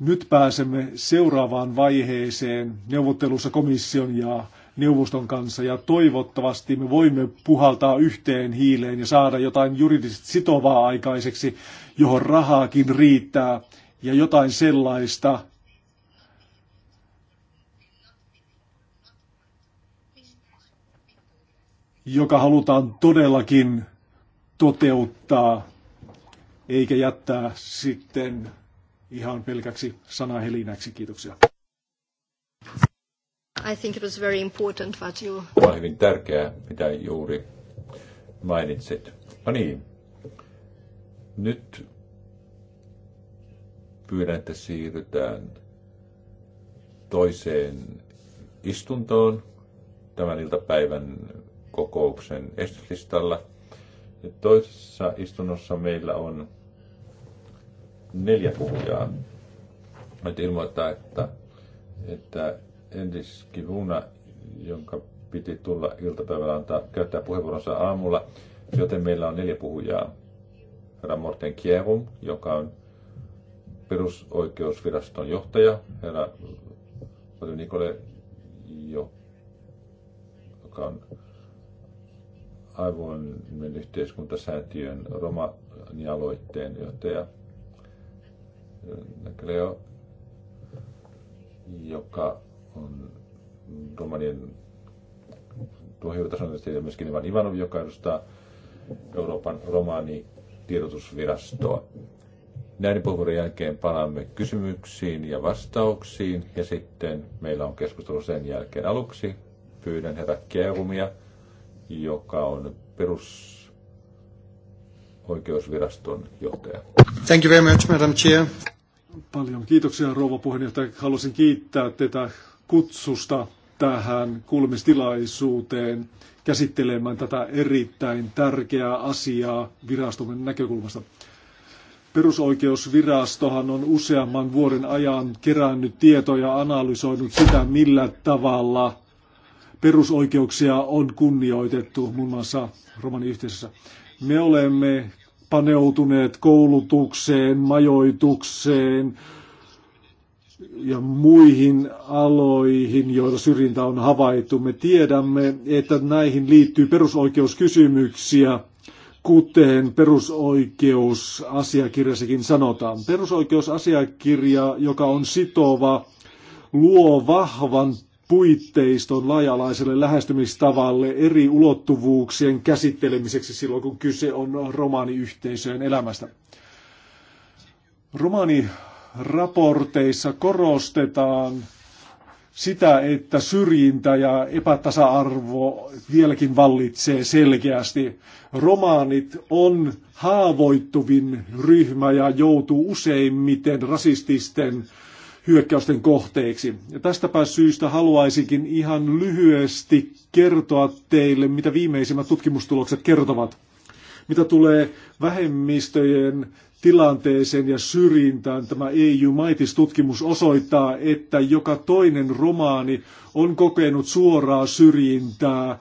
nyt pääsemme seuraavaan vaiheeseen neuvottelussa komission ja neuvoston kanssa ja toivottavasti me voimme puhaltaa yhteen hiileen ja saada jotain juridisesti sitovaa aikaiseksi, johon rahaakin riittää ja jotain sellaista, joka halutaan todellakin toteuttaa, eikä jättää sitten ihan pelkäksi sanahelinäksi. Kiitoksia. I think it was very important what you... Tämä on hyvin tärkeää, mitä juuri mainitsit. No niin, nyt pyydän, että siirrytään toiseen istuntoon tämän iltapäivän kokouksen esityslistalla – toisessa istunnossa meillä on neljä puhujaa. Nyt ilmoittaa, että, että Endis Kivuna, jonka piti tulla iltapäivällä antaa käyttää puheenvuoronsa aamulla, joten meillä on neljä puhujaa. Herra Morten Kievum, joka on perusoikeusviraston johtaja, herra Nikole, joka on avoimen yhteiskuntasäätiön romanialoitteen johtaja eh, Leo, joka on romanien tuohonjohtaja ja myöskin Ivan Ivanov, joka edustaa Euroopan romaanitiedotusvirastoa. Näiden puheenvuorojen jälkeen palaamme kysymyksiin ja vastauksiin ja sitten meillä on keskustelu sen jälkeen aluksi. Pyydän herra Kierumia – joka on oikeusviraston johtaja. Thank you very much, Madam Chair. Paljon kiitoksia, rouva puheenjohtaja. Haluaisin kiittää tätä kutsusta tähän kuulemistilaisuuteen käsittelemään tätä erittäin tärkeää asiaa viraston näkökulmasta. Perusoikeusvirastohan on useamman vuoden ajan kerännyt tietoja ja analysoinut sitä, millä tavalla perusoikeuksia on kunnioitettu muun muassa romaniyhteisössä. Me olemme paneutuneet koulutukseen, majoitukseen ja muihin aloihin, joilla syrjintä on havaittu. Me tiedämme, että näihin liittyy perusoikeuskysymyksiä, kuten perusoikeusasiakirjassakin sanotaan. Perusoikeusasiakirja, joka on sitova, luo vahvan puitteiston laajalaiselle lähestymistavalle eri ulottuvuuksien käsittelemiseksi silloin, kun kyse on romaaniyhteisöjen elämästä. Romaaniraporteissa korostetaan sitä, että syrjintä ja epätasa-arvo vieläkin vallitsee selkeästi. Romaanit on haavoittuvin ryhmä ja joutuu useimmiten rasististen hyökkäysten kohteeksi. Ja tästäpä syystä haluaisinkin ihan lyhyesti kertoa teille, mitä viimeisimmät tutkimustulokset kertovat. Mitä tulee vähemmistöjen tilanteeseen ja syrjintään, tämä EU Maitis-tutkimus osoittaa, että joka toinen romaani on kokenut suoraa syrjintää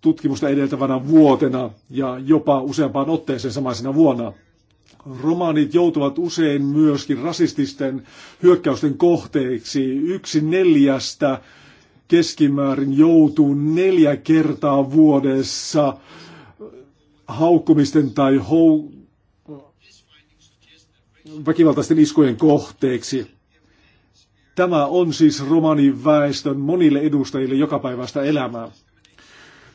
tutkimusta edeltävänä vuotena ja jopa useampaan otteeseen samaisena vuonna romanit joutuvat usein myöskin rasististen hyökkäysten kohteeksi. Yksi neljästä keskimäärin joutuu neljä kertaa vuodessa haukkumisten tai hou- väkivaltaisten iskujen kohteeksi. Tämä on siis romaniväestön monille edustajille jokapäiväistä elämää.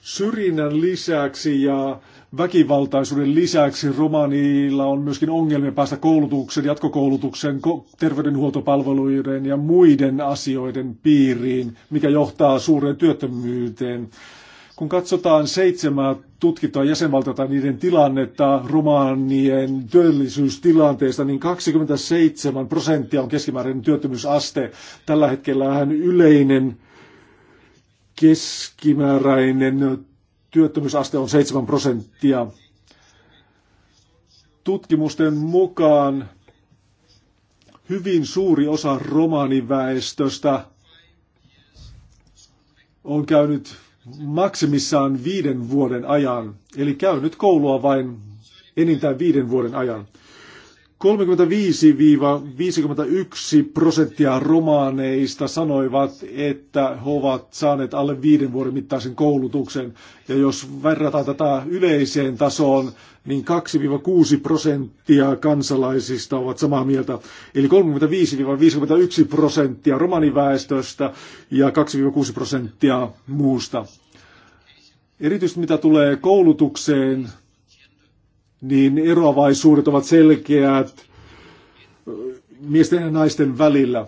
Syrjinnän lisäksi ja väkivaltaisuuden lisäksi romaniilla on myöskin ongelmia päästä koulutuksen, jatkokoulutuksen, terveydenhuoltopalveluiden ja muiden asioiden piiriin, mikä johtaa suureen työttömyyteen. Kun katsotaan seitsemää tutkittua jäsenvaltiota niiden tilannetta romaanien työllisyystilanteesta, niin 27 prosenttia on keskimääräinen työttömyysaste. Tällä hetkellä yleinen keskimääräinen työttömyysaste on 7 prosenttia. Tutkimusten mukaan hyvin suuri osa romaniväestöstä on käynyt maksimissaan viiden vuoden ajan, eli käynyt koulua vain enintään viiden vuoden ajan. 35-51 prosenttia romaaneista sanoivat, että he ovat saaneet alle viiden vuoden mittaisen koulutuksen. Ja jos verrataan tätä yleiseen tasoon, niin 2-6 prosenttia kansalaisista ovat samaa mieltä. Eli 35-51 prosenttia romaniväestöstä ja 2-6 prosenttia muusta. Erityisesti mitä tulee koulutukseen, niin eroavaisuudet ovat selkeät äh, miesten ja naisten välillä.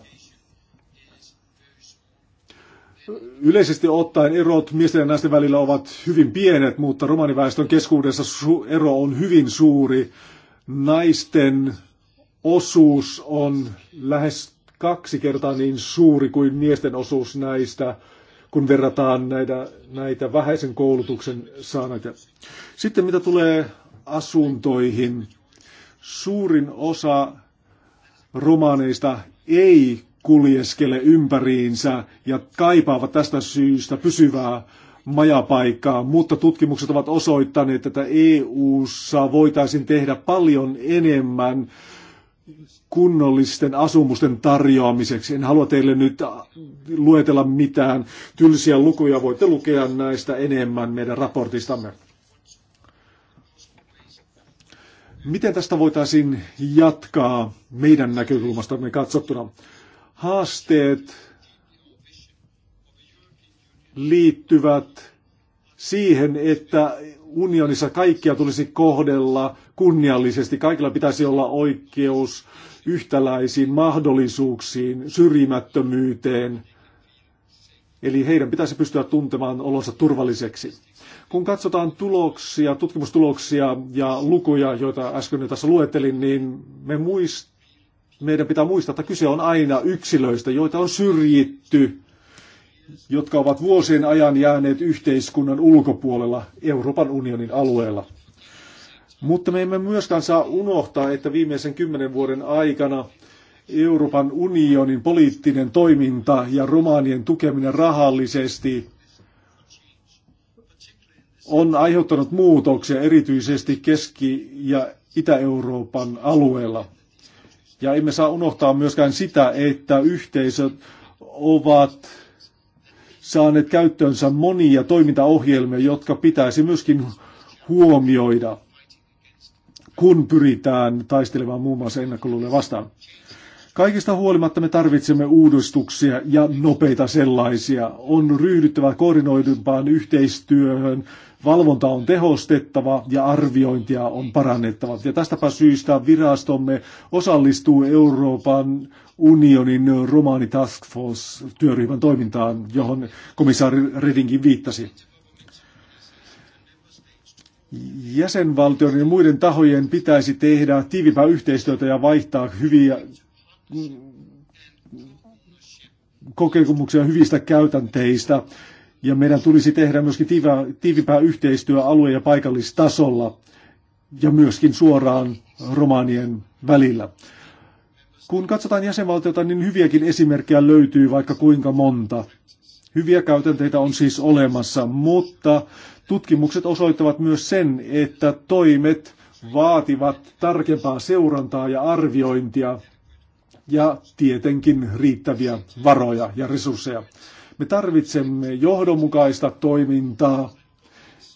Yleisesti ottaen erot miesten ja naisten välillä ovat hyvin pienet, mutta romaniväestön keskuudessa ero on hyvin suuri. Naisten osuus on lähes kaksi kertaa niin suuri kuin miesten osuus näistä, kun verrataan näitä, näitä vähäisen koulutuksen saaneita. Sitten mitä tulee asuntoihin. Suurin osa romaneista ei kuljeskele ympäriinsä ja kaipaavat tästä syystä pysyvää majapaikkaa, mutta tutkimukset ovat osoittaneet, että EU-ssa voitaisiin tehdä paljon enemmän kunnollisten asumusten tarjoamiseksi. En halua teille nyt luetella mitään tylsiä lukuja, voitte lukea näistä enemmän meidän raportistamme. Miten tästä voitaisiin jatkaa meidän näkökulmastamme katsottuna? Haasteet liittyvät siihen, että unionissa kaikkia tulisi kohdella kunniallisesti. Kaikilla pitäisi olla oikeus yhtäläisiin mahdollisuuksiin, syrjimättömyyteen. Eli heidän pitäisi pystyä tuntemaan olonsa turvalliseksi. Kun katsotaan tuloksia, tutkimustuloksia ja lukuja, joita äsken tässä luettelin, niin me muist, meidän pitää muistaa, että kyse on aina yksilöistä, joita on syrjitty, jotka ovat vuosien ajan jääneet yhteiskunnan ulkopuolella Euroopan unionin alueella. Mutta me emme myöskään saa unohtaa, että viimeisen kymmenen vuoden aikana Euroopan unionin poliittinen toiminta ja romaanien tukeminen rahallisesti on aiheuttanut muutoksia erityisesti Keski- ja Itä-Euroopan alueella. Ja emme saa unohtaa myöskään sitä, että yhteisöt ovat saaneet käyttöönsä monia toimintaohjelmia, jotka pitäisi myöskin huomioida, kun pyritään taistelemaan muun muassa ennakkoluuloja vastaan. Kaikista huolimatta me tarvitsemme uudistuksia ja nopeita sellaisia. On ryhdyttävä koordinoidumpaan yhteistyöhön Valvonta on tehostettava ja arviointia on parannettava. Ja tästäpä syystä virastomme osallistuu Euroopan unionin Romani Task Force-työryhmän toimintaan, johon komissaari Redingin viittasi. Jäsenvaltioiden ja muiden tahojen pitäisi tehdä tiiviimpää yhteistyötä ja vaihtaa hyviä kokemuksia hyvistä käytänteistä ja meidän tulisi tehdä myöskin tiivimpää yhteistyö alue- ja paikallistasolla ja myöskin suoraan romaanien välillä. Kun katsotaan jäsenvaltiota, niin hyviäkin esimerkkejä löytyy vaikka kuinka monta. Hyviä käytänteitä on siis olemassa, mutta tutkimukset osoittavat myös sen, että toimet vaativat tarkempaa seurantaa ja arviointia ja tietenkin riittäviä varoja ja resursseja. Me tarvitsemme johdonmukaista toimintaa,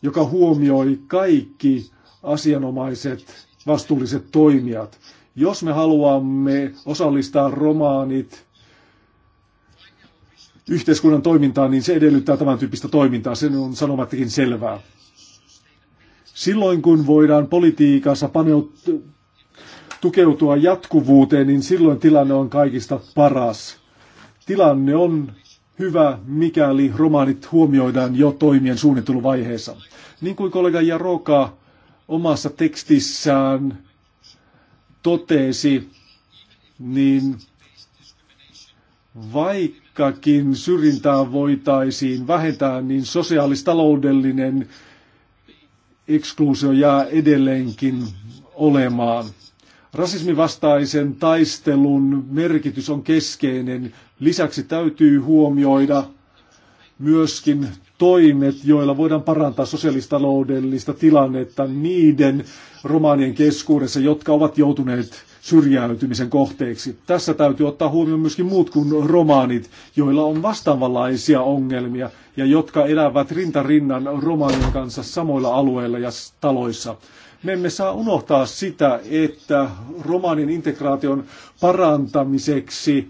joka huomioi kaikki asianomaiset vastuulliset toimijat. Jos me haluamme osallistaa romaanit yhteiskunnan toimintaan, niin se edellyttää tämän tyyppistä toimintaa. Se on sanomattakin selvää. Silloin kun voidaan politiikassa paneut- tukeutua jatkuvuuteen, niin silloin tilanne on kaikista paras. Tilanne on hyvä, mikäli romaanit huomioidaan jo toimien suunnitteluvaiheessa. Niin kuin kollega Jaroka omassa tekstissään totesi, niin vaikkakin syrjintää voitaisiin vähentää, niin sosiaalistaloudellinen ekskluusio jää edelleenkin olemaan. Rasismin vastaisen taistelun merkitys on keskeinen. Lisäksi täytyy huomioida myöskin toimet, joilla voidaan parantaa sosiaalistaloudellista tilannetta niiden romaanien keskuudessa, jotka ovat joutuneet syrjäytymisen kohteeksi. Tässä täytyy ottaa huomioon myöskin muut kuin romaanit, joilla on vastaavanlaisia ongelmia ja jotka elävät rintarinnan romaanien kanssa samoilla alueilla ja taloissa. Me emme saa unohtaa sitä, että romanin integraation parantamiseksi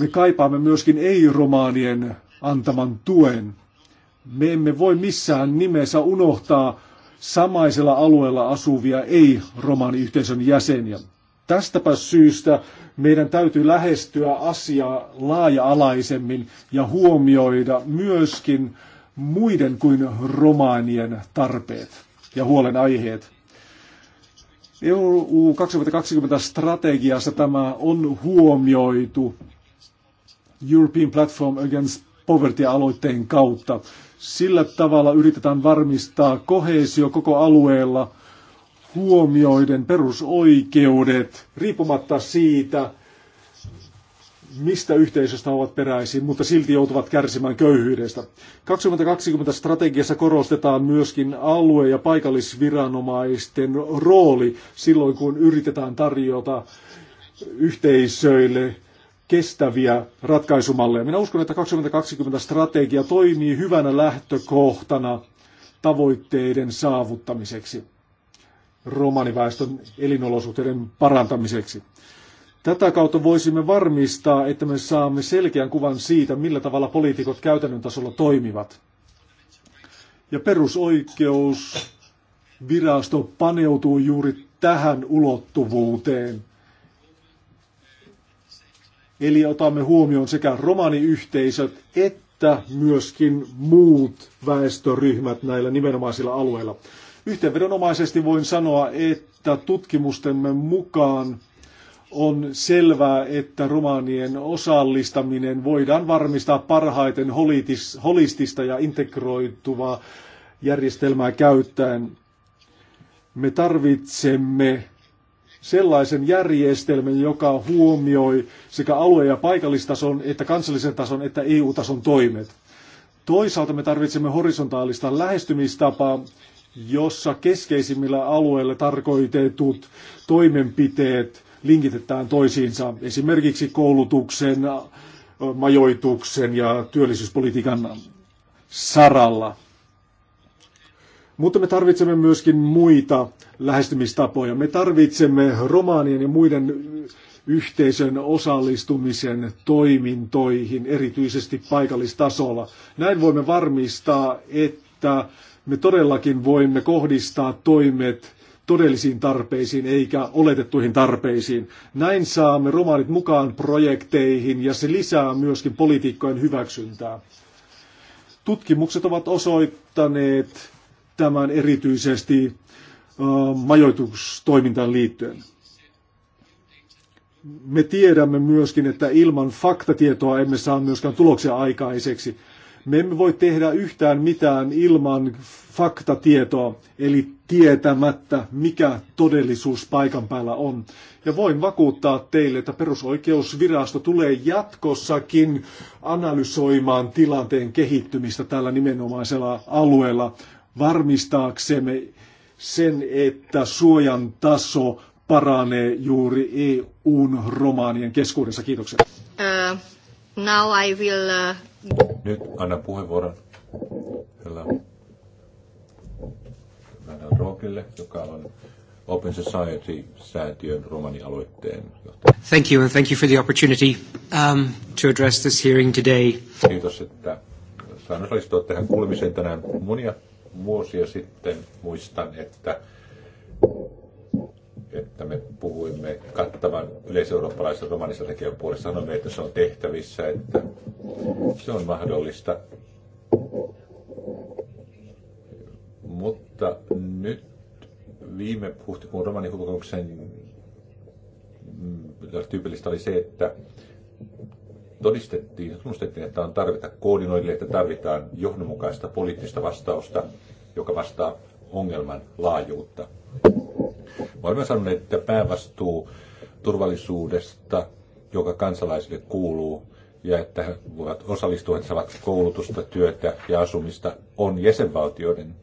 me kaipaamme myöskin ei-romaanien antaman tuen. Me emme voi missään nimessä unohtaa samaisella alueella asuvia ei-romaaniyhteisön jäseniä. Tästäpä syystä meidän täytyy lähestyä asiaa laaja-alaisemmin ja huomioida myöskin muiden kuin romaanien tarpeet ja huolenaiheet. EU 2020 strategiassa tämä on huomioitu European Platform Against Poverty-aloitteen kautta. Sillä tavalla yritetään varmistaa kohesio koko alueella huomioiden perusoikeudet, riippumatta siitä, mistä yhteisöstä ovat peräisin, mutta silti joutuvat kärsimään köyhyydestä. 2020 strategiassa korostetaan myöskin alue- ja paikallisviranomaisten rooli silloin, kun yritetään tarjota yhteisöille kestäviä ratkaisumalleja. Minä uskon, että 2020 strategia toimii hyvänä lähtökohtana tavoitteiden saavuttamiseksi romaniväestön elinolosuhteiden parantamiseksi. Tätä kautta voisimme varmistaa, että me saamme selkeän kuvan siitä, millä tavalla poliitikot käytännön tasolla toimivat. Ja perusoikeusvirasto paneutuu juuri tähän ulottuvuuteen. Eli otamme huomioon sekä romaniyhteisöt että myöskin muut väestöryhmät näillä nimenomaisilla alueilla. Yhteenvedonomaisesti voin sanoa, että tutkimustemme mukaan on selvää, että romaanien osallistaminen voidaan varmistaa parhaiten holistista ja integroituvaa järjestelmää käyttäen. Me tarvitsemme sellaisen järjestelmän, joka huomioi sekä alue- ja paikallistason, että kansallisen tason, että EU-tason toimet. Toisaalta me tarvitsemme horisontaalista lähestymistapaa, jossa keskeisimmillä alueilla tarkoitetut toimenpiteet – linkitetään toisiinsa, esimerkiksi koulutuksen, majoituksen ja työllisyyspolitiikan saralla. Mutta me tarvitsemme myöskin muita lähestymistapoja. Me tarvitsemme romaanien ja muiden yhteisön osallistumisen toimintoihin, erityisesti paikallistasolla. Näin voimme varmistaa, että me todellakin voimme kohdistaa toimet todellisiin tarpeisiin eikä oletettuihin tarpeisiin. Näin saamme romaanit mukaan projekteihin ja se lisää myöskin poliitikkojen hyväksyntää. Tutkimukset ovat osoittaneet tämän erityisesti majoitustoimintaan liittyen. Me tiedämme myöskin, että ilman faktatietoa emme saa myöskään tuloksia aikaiseksi. Me emme voi tehdä yhtään mitään ilman faktatietoa, eli tietämättä, mikä todellisuus paikan päällä on. Ja voin vakuuttaa teille, että perusoikeusvirasto tulee jatkossakin analysoimaan tilanteen kehittymistä tällä nimenomaisella alueella varmistaaksemme sen, että suojan taso paranee juuri EUn romaanien keskuudessa. Kiitoksia. Ää, Now I will... Uh... Nyt anna puheenvuoron. Hello. Annan Rookille, joka on Open Society-säätiön romanialoitteen johtaja. Thank you and thank you for the opportunity um, to address this hearing today. Kiitos, että saan osallistua tähän kuulemiseen tänään. Monia vuosia sitten muistan, että että me puhuimme kattavan yleiseurooppalaisen romanisatekijan puolesta. Sanoimme, että se on tehtävissä, että se on mahdollista. Mutta nyt viime huhtikuun romanikokouksen mm, tyypillistä oli se, että todistettiin, tunnustettiin, että on tarvita koordinoille, että tarvitaan johdonmukaista poliittista vastausta, joka vastaa ongelman laajuutta. Me olemme sanoneet, että päävastuu turvallisuudesta, joka kansalaisille kuuluu, ja että he voivat osallistua, että saavat koulutusta, työtä ja asumista, on jäsenvaltioiden,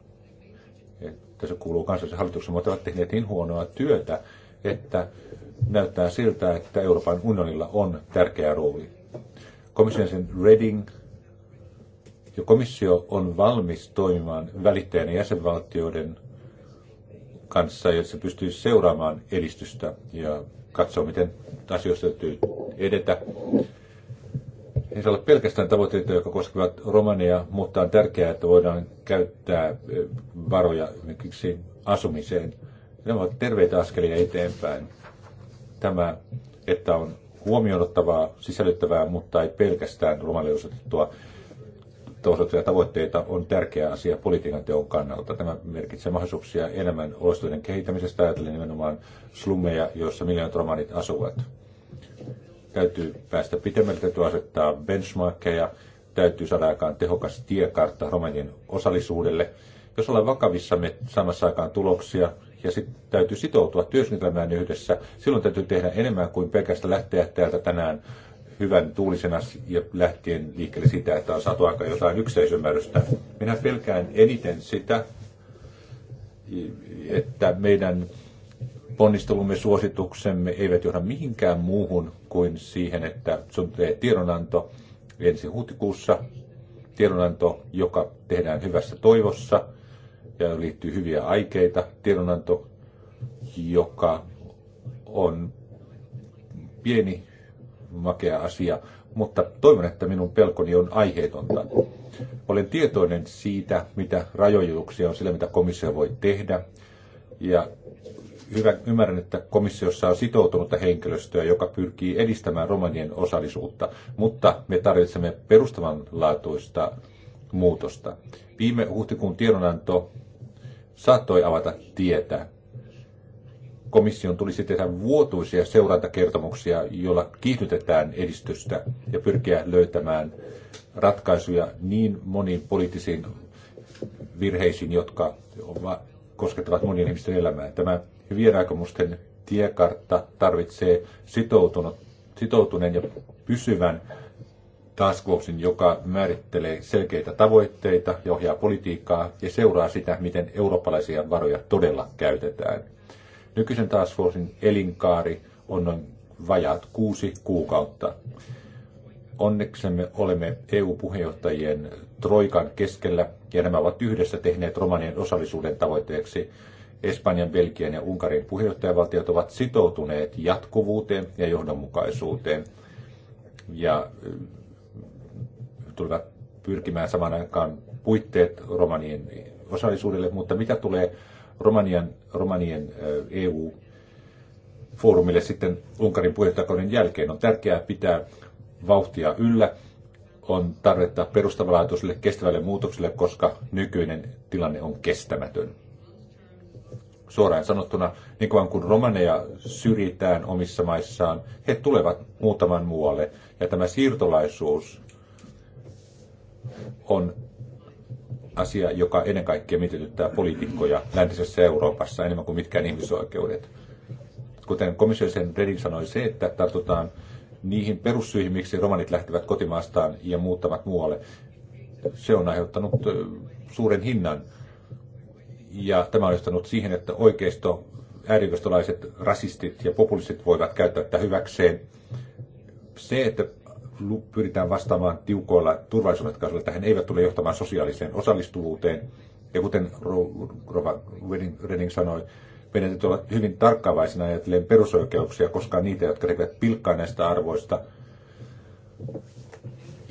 että se kuuluu kansallisen hallituksen, mutta ovat tehneet niin huonoa työtä, että näyttää siltä, että Euroopan unionilla on tärkeä rooli. Komission sen Reading ja komissio on valmis toimimaan välittäjänä jäsenvaltioiden kanssa, jossa pystyy seuraamaan edistystä ja katsoa, miten asioista täytyy edetä. Ei olla pelkästään tavoitteita, jotka koskevat Romania, mutta on tärkeää, että voidaan käyttää eh, varoja esimerkiksi asumiseen. Nämä ovat terveitä askelia eteenpäin. Tämä, että on huomioon ottavaa, sisällyttävää, mutta ei pelkästään romanille osoitettua osoitettuja tavoitteita on tärkeä asia politiikan teon kannalta. Tämä merkitsee mahdollisuuksia enemmän olosuhteiden kehittämisestä ajatellen nimenomaan slummeja, joissa miljoonat romanit asuvat. Täytyy päästä pitemmälle, täytyy asettaa benchmarkkeja, täytyy saada aikaan tehokas tiekartta romanien osallisuudelle. Jos ollaan me samassa aikaan tuloksia, ja sit täytyy sitoutua työskentelemään yhdessä. Silloin täytyy tehdä enemmän kuin pelkästään lähteä täältä tänään hyvän tuulisena ja lähtien liikkeelle sitä, että on saatu aika jotain ykseisymmärrystä. Minä pelkään eniten sitä, että meidän ponnistelumme suosituksemme eivät johda mihinkään muuhun kuin siihen, että sun tulee tiedonanto ensi huhtikuussa, tiedonanto, joka tehdään hyvässä toivossa ja liittyy hyviä aikeita, tiedonanto, joka on pieni makea asia, mutta toivon, että minun pelkoni on aiheetonta. Olen tietoinen siitä, mitä rajoituksia on sillä, mitä komissio voi tehdä. Ja hyvä, ymmärrän, että komissiossa on sitoutunutta henkilöstöä, joka pyrkii edistämään romanien osallisuutta, mutta me tarvitsemme perustavanlaatuista muutosta. Viime huhtikuun tiedonanto saattoi avata tietä komission tulisi tehdä vuotuisia seurantakertomuksia, joilla kiihdytetään edistystä ja pyrkiä löytämään ratkaisuja niin moniin poliittisiin virheisiin, jotka koskettavat monien ihmisten elämää. Tämä hyvien aikomusten tiekartta tarvitsee sitoutunut, sitoutuneen ja pysyvän task forcein, joka määrittelee selkeitä tavoitteita ja ohjaa politiikkaa ja seuraa sitä, miten eurooppalaisia varoja todella käytetään. Nykyisen taas vuosin elinkaari on noin vajaat kuusi kuukautta. Onneksemme olemme EU-puheenjohtajien troikan keskellä, ja nämä ovat yhdessä tehneet romanien osallisuuden tavoitteeksi. Espanjan, Belgian ja Unkarin puheenjohtajavaltiot ovat sitoutuneet jatkuvuuteen ja johdonmukaisuuteen ja äh, tulevat pyrkimään saman aikaan puitteet romanien osallisuudelle, mutta mitä tulee Romanian, Romanien äh, EU-foorumille sitten Unkarin puheenjohtajakauden jälkeen. On tärkeää pitää vauhtia yllä. On tarvetta perustavanlaatuiselle kestävälle muutokselle, koska nykyinen tilanne on kestämätön. Suoraan sanottuna, niin kuin kun romaneja syrjitään omissa maissaan, he tulevat muutaman muualle. Ja tämä siirtolaisuus on asia, joka ennen kaikkea mietityttää poliitikkoja läntisessä Euroopassa enemmän kuin mitkään ihmisoikeudet. Kuten komission sen Reding sanoi, se, että tartutaan niihin perussyihin, miksi romanit lähtevät kotimaastaan ja muuttavat muualle, se on aiheuttanut suuren hinnan. Ja tämä on johtanut siihen, että oikeisto, äärioikeistolaiset rasistit ja populistit voivat käyttää tätä hyväkseen. Se, että pyritään vastaamaan tiukoilla turvallisuusratkaisuilla, että hän eivät tule johtamaan sosiaaliseen osallistuvuuteen. Ja kuten Rova Redding sanoi, meidän täytyy olla hyvin tarkkaavaisena ajatellen perusoikeuksia, koska niitä, jotka tekevät pilkkaa näistä arvoista,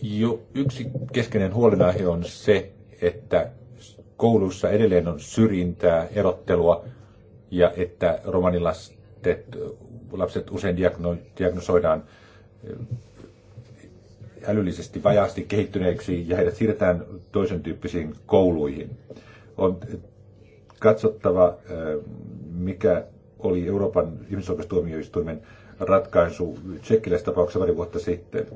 jo yksi keskeinen huolenaihe on se, että kouluissa edelleen on syrjintää, erottelua ja että romanilastet, lapset usein diagnosoidaan älyllisesti vajaasti kehittyneiksi ja heidät siirretään toisen tyyppisiin kouluihin. On katsottava, eh, mikä oli Euroopan ihmisoikeustuomioistuimen ratkaisu tapauksessa pari vuotta sitten.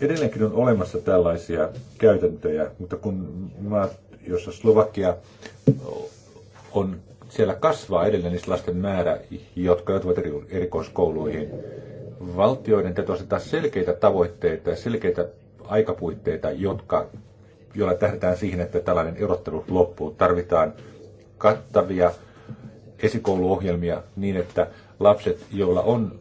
Edelleenkin on olemassa tällaisia käytäntöjä, mutta kun maat, jossa Slovakia on, siellä kasvaa edelleen niistä lasten määrä, jotka joutuvat erikoiskouluihin valtioiden täytyy asettaa selkeitä tavoitteita ja selkeitä aikapuitteita, jotka, joilla tähdätään siihen, että tällainen erottelu loppuu. Tarvitaan kattavia esikouluohjelmia niin, että lapset, joilla on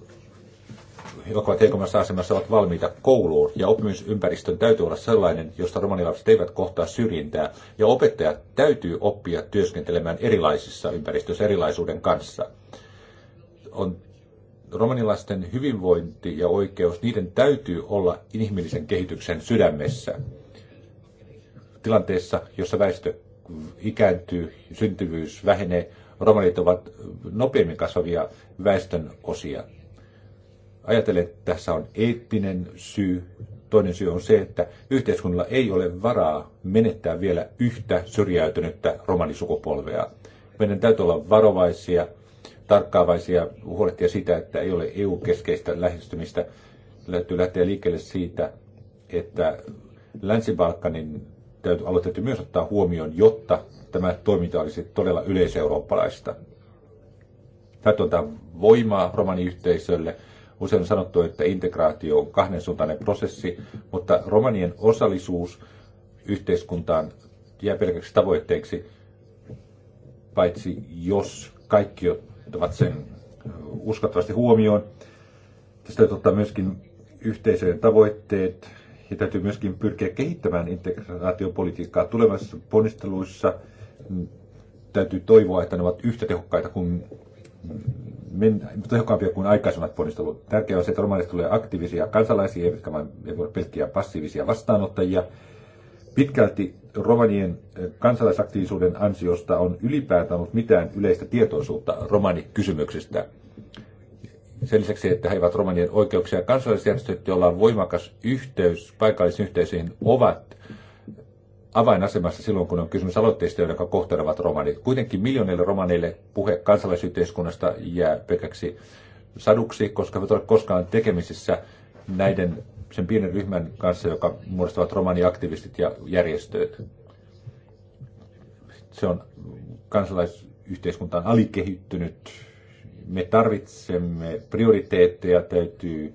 jotka ovat heikommassa asemassa, ovat valmiita kouluun. Ja oppimisympäristön täytyy olla sellainen, josta romanilapset eivät kohtaa syrjintää. Ja opettajat täytyy oppia työskentelemään erilaisissa ympäristöissä erilaisuuden kanssa. On romanilaisten hyvinvointi ja oikeus, niiden täytyy olla inhimillisen kehityksen sydämessä. Tilanteessa, jossa väestö ikääntyy, syntyvyys vähenee, romanit ovat nopeammin kasvavia väestön osia. Ajatellen, että tässä on eettinen syy. Toinen syy on se, että yhteiskunnalla ei ole varaa menettää vielä yhtä syrjäytynyttä romanisukupolvea. Meidän täytyy olla varovaisia – tarkkaavaisia huolehtia sitä, että ei ole EU-keskeistä lähestymistä. Täytyy lähteä liikkeelle siitä, että Länsi-Balkanin alue täytyy myös ottaa huomioon, jotta tämä toiminta olisi todella yleiseurooppalaista. Täytyy antaa voimaa romaniyhteisölle. Usein on sanottu, että integraatio on kahden suuntainen prosessi, mutta romanien osallisuus yhteiskuntaan jää pelkäksi tavoitteeksi, paitsi jos kaikki ottavat sen uskottavasti huomioon. Tästä täytyy ottaa myöskin yhteisöjen tavoitteet ja täytyy myöskin pyrkiä kehittämään integraatiopolitiikkaa tulevaisissa ponnisteluissa. Täytyy toivoa, että ne ovat yhtä tehokkaita kuin tehokkaampia kuin aikaisemmat ponnistelut. Tärkeää on se, että romaanista tulee aktiivisia kansalaisia, eivätkä vain pelkkiä passiivisia vastaanottajia. Pitkälti romanien eh, kansalaisaktiivisuuden ansiosta on ylipäätään ollut mitään yleistä tietoisuutta romanikysymyksistä. Sen lisäksi, että he eivät romanien oikeuksia, kansalaisjärjestöt, joilla on voimakas yhteys paikallisiin yhteisöihin, ovat avainasemassa silloin, kun on kysymys aloitteista, joiden kohtelevat romanit. Kuitenkin miljoonille romaneille puhe kansalaisyhteiskunnasta jää pekäksi saduksi, koska he eivät ole koskaan tekemisissä näiden sen pienen ryhmän kanssa, joka muodostavat romaniaktivistit ja järjestöt. Se on kansalaisyhteiskuntaan alikehittynyt. Me tarvitsemme prioriteetteja, täytyy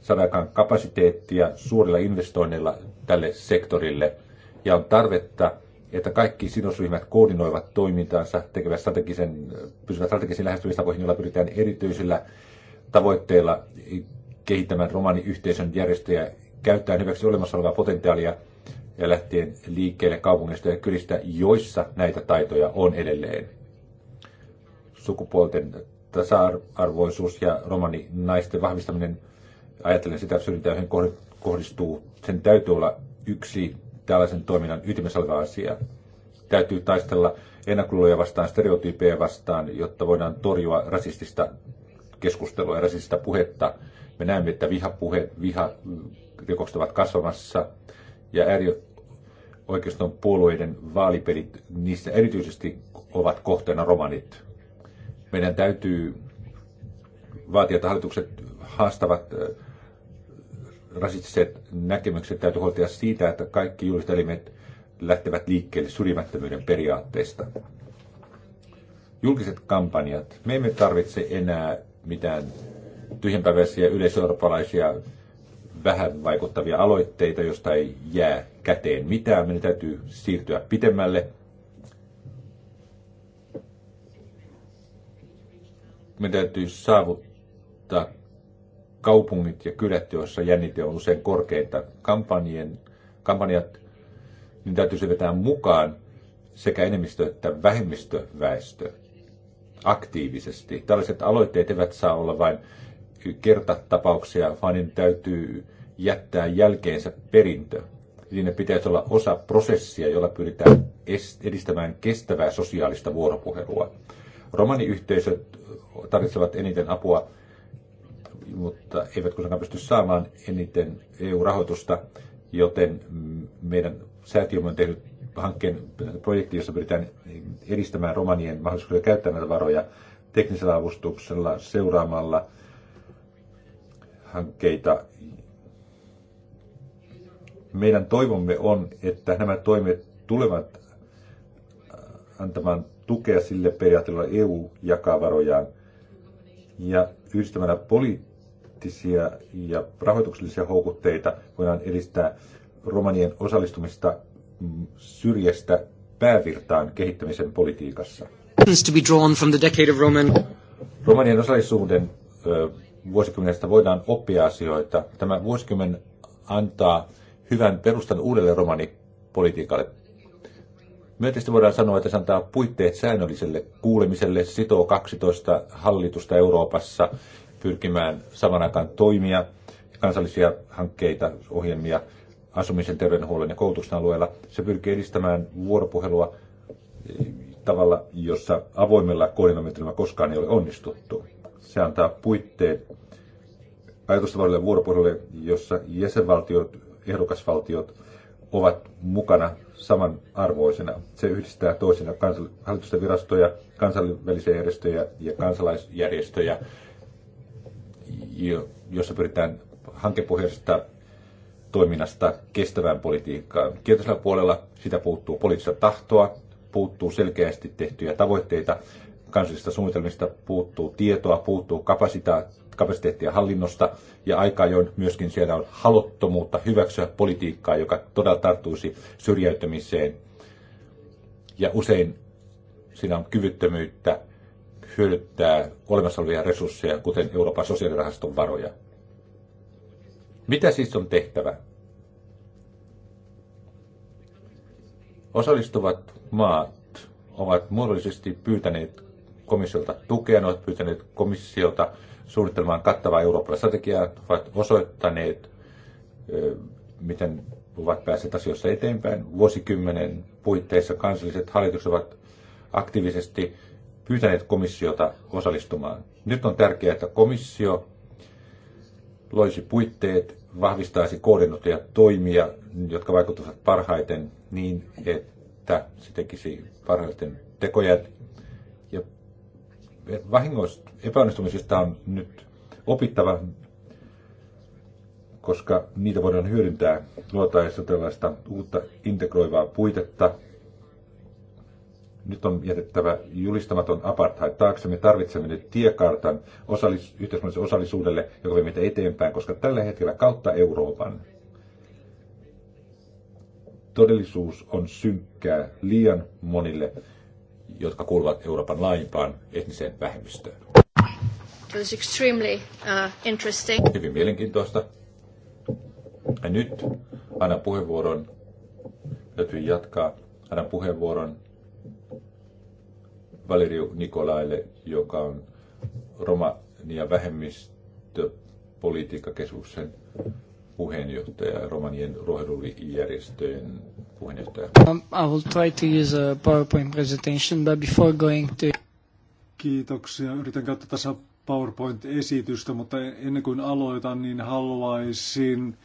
saada aikaan kapasiteettia suurilla investoinneilla tälle sektorille. Ja on tarvetta, että kaikki sidosryhmät koordinoivat toimintaansa, tekevät strategisen, pysyvät strategisiin lähestymistapoihin, joilla pyritään erityisillä tavoitteilla kehittämään romaniyhteisön järjestöjä käyttää hyväksi olemassa olevaa potentiaalia ja lähtien liikkeelle kaupungeista ja kylistä, joissa näitä taitoja on edelleen. Sukupuolten tasa-arvoisuus ja romani naisten vahvistaminen, ajatellen sitä syrjintää, kohdistuu, sen täytyy olla yksi tällaisen toiminnan ytimessä oleva asia. Täytyy taistella ennakkoluuloja vastaan, stereotyypejä vastaan, jotta voidaan torjua rasistista keskustelua ja rasistista puhetta. Me näemme, että vihapuhe, viharikokset ovat kasvamassa ja äärioikeiston puolueiden vaalipelit, niissä erityisesti ovat kohteena romanit. Meidän täytyy vaatia, että hallitukset haastavat rasistiset näkemykset. Täytyy huolehtia siitä, että kaikki julkiset elimet lähtevät liikkeelle syrjimättömyyden periaatteesta. Julkiset kampanjat. Me emme tarvitse enää mitään tyhjänpäiväisiä yleiseurooppalaisia vähän vaikuttavia aloitteita, josta ei jää käteen mitään. Meidän täytyy siirtyä pitemmälle. Meidän täytyy saavuttaa kaupungit ja kylät, joissa jännite on usein korkeinta. Kampanjien, kampanjat niin se vetää mukaan sekä enemmistö- että vähemmistöväestö aktiivisesti. Tällaiset aloitteet eivät saa olla vain kertatapauksia, vaan niin täytyy jättää jälkeensä perintö. Siinä pitäisi olla osa prosessia, jolla pyritään edistämään kestävää sosiaalista vuoropuhelua. Romaniyhteisöt tarvitsevat eniten apua, mutta eivät kuitenkaan pysty saamaan eniten EU-rahoitusta, joten meidän säätiömme on tehnyt hankkeen projekti, jossa pyritään edistämään romanien mahdollisuuksia käyttää näitä varoja teknisellä avustuksella, seuraamalla – hankkeita. Meidän toivomme on, että nämä toimet tulevat äh, antamaan tukea sille periaatteella EU e jakaa varojaan ja yhdistämällä poliittisia ja rahoituksellisia houkutteita voidaan edistää romanien osallistumista mm, syrjästä päävirtaan kehittämisen politiikassa. Romanien osallisuuden vuosikymmenestä voidaan oppia asioita. Tämä vuosikymmen antaa hyvän perustan uudelle romanipolitiikalle. Myönteisesti voidaan sanoa, että se antaa puitteet säännölliselle kuulemiselle, sitoo 12 hallitusta Euroopassa pyrkimään saman aikaan toimia, kansallisia hankkeita, ohjelmia asumisen, terveydenhuollon ja koulutuksen alueella. Se pyrkii edistämään vuoropuhelua eh, tavalla, jossa avoimella koordinoimetelmalla koskaan ei ole onnistuttu. Se antaa puitteet ajatustavalliselle vuoropuhelulle, jossa jäsenvaltiot, ehdokasvaltiot ovat mukana samanarvoisena. Se yhdistää toisina kansall- hallitusten virastoja, kansainvälisiä järjestöjä ja kansalaisjärjestöjä, jossa pyritään hankepohjaisesta toiminnasta kestävään politiikkaan. Kielteisellä puolella sitä puuttuu poliittista tahtoa, puuttuu selkeästi tehtyjä tavoitteita kansallisista suunnitelmista puuttuu tietoa, puuttuu kapasiteettia hallinnosta ja aika ajoin myöskin siellä on halottomuutta hyväksyä politiikkaa, joka todella tarttuisi syrjäytymiseen. Ja usein siinä on kyvyttömyyttä hyödyttää olemassa olevia resursseja, kuten Euroopan sosiaalirahaston varoja. Mitä siis on tehtävä? Osallistuvat maat ovat muodollisesti pyytäneet komissiolta tukea, ne ovat pyytäneet komissiolta suunnittelemaan kattavaa eurooppalaista strategiaa, ovat osoittaneet, miten ovat päässeet asioissa eteenpäin. Vuosikymmenen puitteissa kansalliset hallitukset ovat aktiivisesti pyytäneet komissiota osallistumaan. Nyt on tärkeää, että komissio loisi puitteet, vahvistaisi koordinoituja toimia, jotka vaikuttavat parhaiten niin, että se tekisi parhaiten tekoja vahingoista, epäonnistumisista on nyt opittava, koska niitä voidaan hyödyntää luotaessa tällaista uutta integroivaa puitetta. Nyt on jätettävä julistamaton apartheid taakse. Me tarvitsemme nyt tiekartan osallis- yhteiskunnallisen osallisuudelle, joka vie meitä eteenpäin, koska tällä hetkellä kautta Euroopan todellisuus on synkkää liian monille jotka kuuluvat Euroopan laajimpaan etniseen vähemmistöön. It was extremely, uh, interesting. Hyvin mielenkiintoista. Ja nyt annan puheenvuoron, täytyy jatkaa, annan puheenvuoron Valeriu Nikolaille, joka on Romanian vähemmistöpolitiikkakeskuksen puheenjohtaja Romanien ruohonjuurijärjestöjen puheenjohtaja. Um, I will try to use a PowerPoint presentation, but before going to... Kiitoksia. Yritän käyttää tässä PowerPoint-esitystä, mutta ennen kuin aloitan, niin haluaisin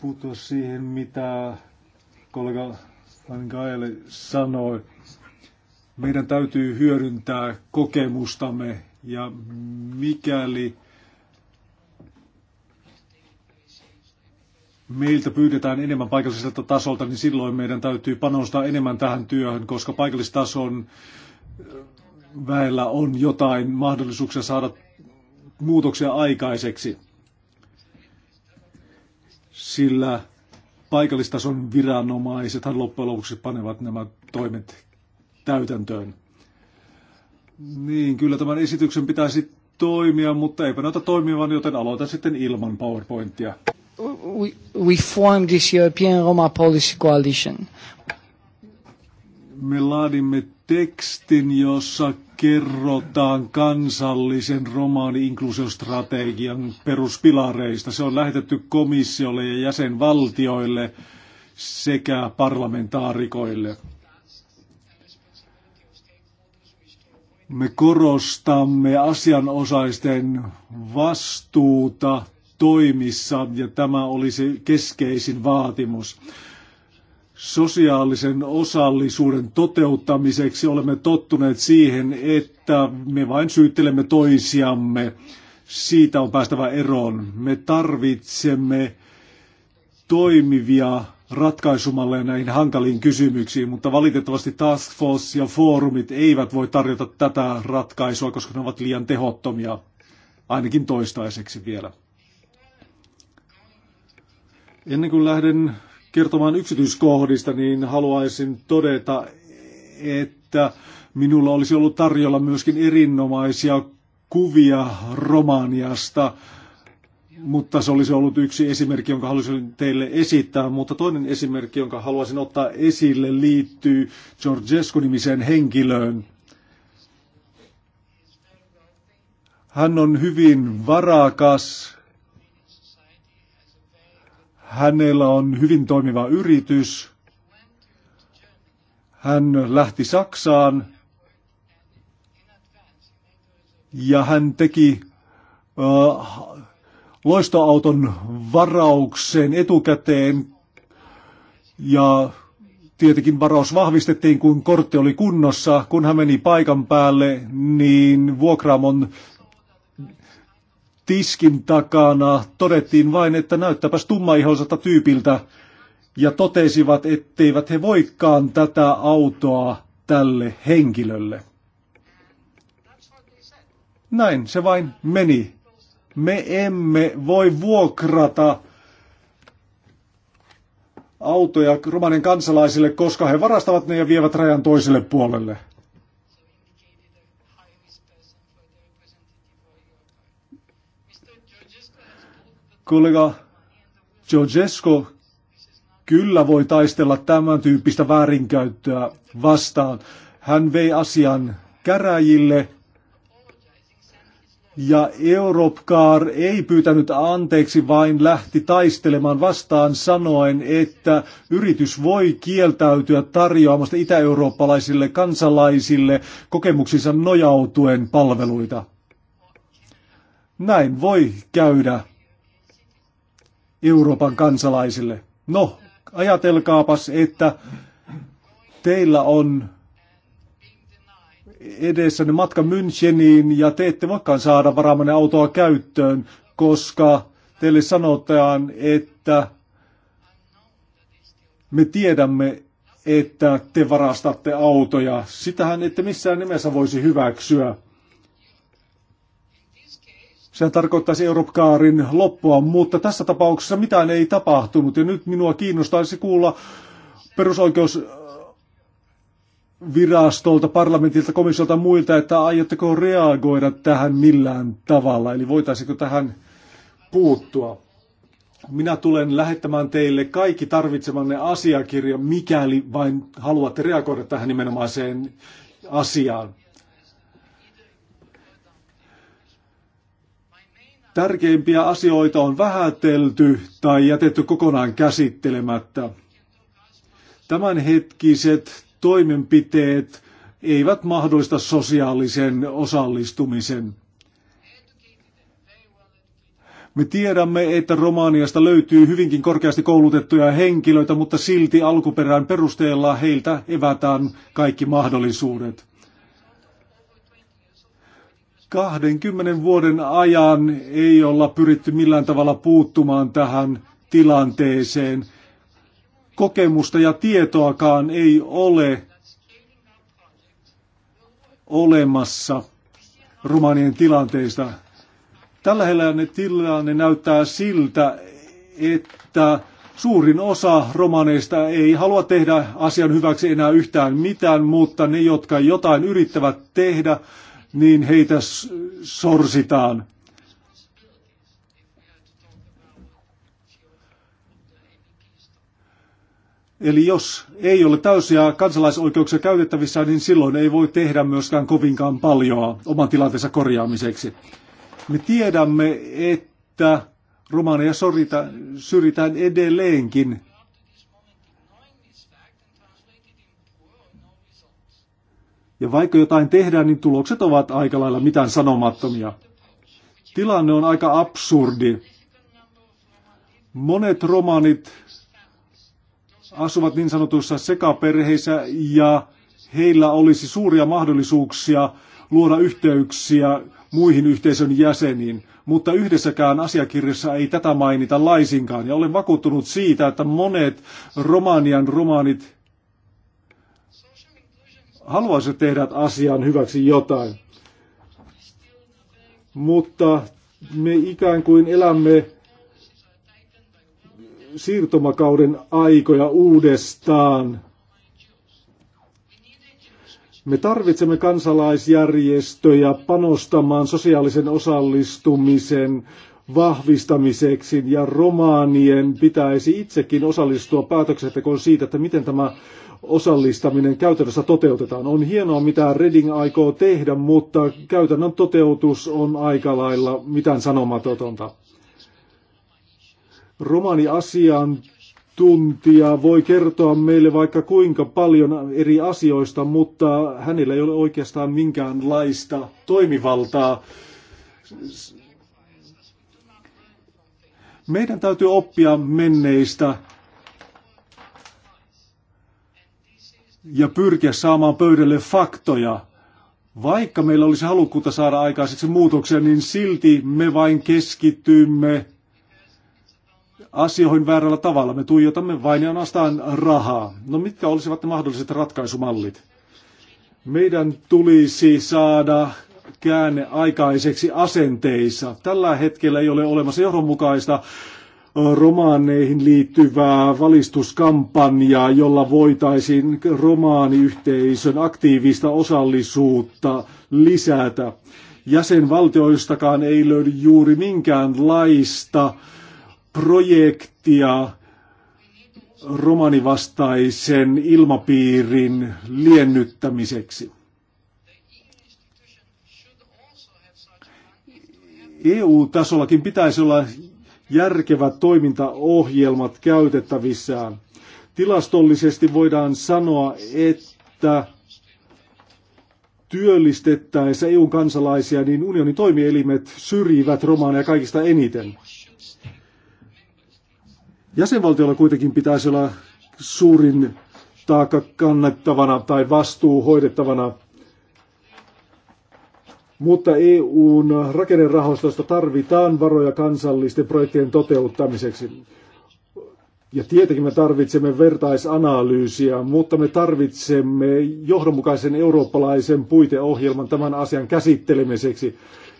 puuttua siihen, mitä kollega Van Gaeli sanoi. Meidän täytyy hyödyntää kokemustamme ja mikäli meiltä pyydetään enemmän paikalliselta tasolta, niin silloin meidän täytyy panostaa enemmän tähän työhön, koska paikallistason väellä on jotain mahdollisuuksia saada muutoksia aikaiseksi. Sillä paikallistason viranomaisethan loppujen lopuksi panevat nämä toimet täytäntöön. Niin, kyllä tämän esityksen pitäisi toimia, mutta eipä näytä toimivan, joten aloitan sitten ilman PowerPointia we, we formed this European Roma Policy Coalition. Me laadimme tekstin, jossa kerrotaan kansallisen romaani inklusiostrategian peruspilareista. Se on lähetetty komissiolle ja jäsenvaltioille sekä parlamentaarikoille. Me korostamme asianosaisten vastuuta toimissa ja tämä se keskeisin vaatimus. Sosiaalisen osallisuuden toteuttamiseksi olemme tottuneet siihen, että me vain syyttelemme toisiamme. Siitä on päästävä eroon. Me tarvitsemme toimivia ratkaisumalleja näihin hankaliin kysymyksiin, mutta valitettavasti Task Force ja foorumit eivät voi tarjota tätä ratkaisua, koska ne ovat liian tehottomia, ainakin toistaiseksi vielä. Ennen kuin lähden kertomaan yksityiskohdista, niin haluaisin todeta, että minulla olisi ollut tarjolla myöskin erinomaisia kuvia Romaniasta, mutta se olisi ollut yksi esimerkki, jonka haluaisin teille esittää. Mutta toinen esimerkki, jonka haluaisin ottaa esille, liittyy Georgescu-nimiseen henkilöön. Hän on hyvin varakas Hänellä on hyvin toimiva yritys. Hän lähti Saksaan ja hän teki äh, loistoauton varaukseen etukäteen ja tietenkin varaus vahvistettiin, kun kortti oli kunnossa. Kun hän meni paikan päälle, niin vuokraamon tiskin takana todettiin vain, että näyttäpäs tummaihoiselta tyypiltä ja totesivat, etteivät he voikaan tätä autoa tälle henkilölle. Näin se vain meni. Me emme voi vuokrata autoja romanin kansalaisille, koska he varastavat ne ja vievät rajan toiselle puolelle. Kollega Georgesco kyllä voi taistella tämän tyyppistä väärinkäyttöä vastaan. Hän vei asian käräjille ja Europcar ei pyytänyt anteeksi, vain lähti taistelemaan vastaan sanoen, että yritys voi kieltäytyä tarjoamasta itä-eurooppalaisille kansalaisille kokemuksiinsa nojautuen palveluita. Näin voi käydä. Euroopan kansalaisille. No, ajatelkaapas, että teillä on ne matka Müncheniin ja te ette voikaan saada varaamanne autoa käyttöön, koska teille sanotaan, että me tiedämme, että te varastatte autoja. Sitähän ette missään nimessä voisi hyväksyä. Sehän tarkoittaisi Europcarin loppua, mutta tässä tapauksessa mitään ei tapahtunut. Ja nyt minua kiinnostaisi kuulla perusoikeus virastolta, parlamentilta, komissiolta ja muilta, että aiotteko reagoida tähän millään tavalla, eli voitaisiko tähän puuttua. Minä tulen lähettämään teille kaikki tarvitsemanne asiakirja, mikäli vain haluatte reagoida tähän nimenomaiseen asiaan. Tärkeimpiä asioita on vähätelty tai jätetty kokonaan käsittelemättä. Tämänhetkiset toimenpiteet eivät mahdollista sosiaalisen osallistumisen. Me tiedämme, että Romaniasta löytyy hyvinkin korkeasti koulutettuja henkilöitä, mutta silti alkuperään perusteella heiltä evätään kaikki mahdollisuudet. 20 vuoden ajan ei olla pyritty millään tavalla puuttumaan tähän tilanteeseen. Kokemusta ja tietoakaan ei ole olemassa romanien tilanteista. Tällä hetkellä tilanne näyttää siltä, että suurin osa romaneista ei halua tehdä asian hyväksi enää yhtään mitään, mutta ne, jotka jotain yrittävät tehdä, niin heitä sorsitaan. Eli jos ei ole täysiä kansalaisoikeuksia käytettävissä, niin silloin ei voi tehdä myöskään kovinkaan paljoa oman tilanteensa korjaamiseksi. Me tiedämme, että romaneja syrjitään edelleenkin Ja vaikka jotain tehdään, niin tulokset ovat aika lailla mitään sanomattomia. Tilanne on aika absurdi. Monet romanit asuvat niin sanotuissa sekaperheissä ja heillä olisi suuria mahdollisuuksia luoda yhteyksiä muihin yhteisön jäseniin, mutta yhdessäkään asiakirjassa ei tätä mainita laisinkaan. Ja olen vakuuttunut siitä, että monet Romanian romanit haluaisi tehdä asian hyväksi jotain. Mutta me ikään kuin elämme siirtomakauden aikoja uudestaan. Me tarvitsemme kansalaisjärjestöjä panostamaan sosiaalisen osallistumisen vahvistamiseksi ja romaanien pitäisi itsekin osallistua päätöksentekoon siitä, että miten tämä osallistaminen käytännössä toteutetaan. On hienoa, mitä Reding aikoo tehdä, mutta käytännön toteutus on aika lailla mitään sanomatonta. Romani asiantuntija voi kertoa meille vaikka kuinka paljon eri asioista, mutta hänellä ei ole oikeastaan minkäänlaista toimivaltaa. Meidän täytyy oppia menneistä ja pyrkiä saamaan pöydälle faktoja. Vaikka meillä olisi halukkuutta saada aikaiseksi muutoksia, niin silti me vain keskitymme asioihin väärällä tavalla. Me tuijotamme vain ja ainoastaan rahaa. No mitkä olisivat ne mahdolliset ratkaisumallit? Meidän tulisi saada käänne aikaiseksi asenteissa. Tällä hetkellä ei ole olemassa johdonmukaista romaaneihin liittyvää valistuskampanjaa, jolla voitaisiin romaaniyhteisön aktiivista osallisuutta lisätä. Jäsenvaltioistakaan ei löydy juuri minkäänlaista projektia romanivastaisen ilmapiirin liennyttämiseksi. EU-tasollakin pitäisi olla järkevät toimintaohjelmat käytettävissään. Tilastollisesti voidaan sanoa, että työllistettäessä EU-kansalaisia, niin unionin toimielimet syrjivät romaaneja kaikista eniten. Jäsenvaltiolla kuitenkin pitäisi olla suurin taakka kannettavana tai vastuu hoidettavana mutta EUn rakennerahastosta tarvitaan varoja kansallisten projektien toteuttamiseksi. Ja tietenkin me tarvitsemme vertaisanalyysiä, mutta me tarvitsemme johdonmukaisen eurooppalaisen puiteohjelman tämän asian käsittelemiseksi.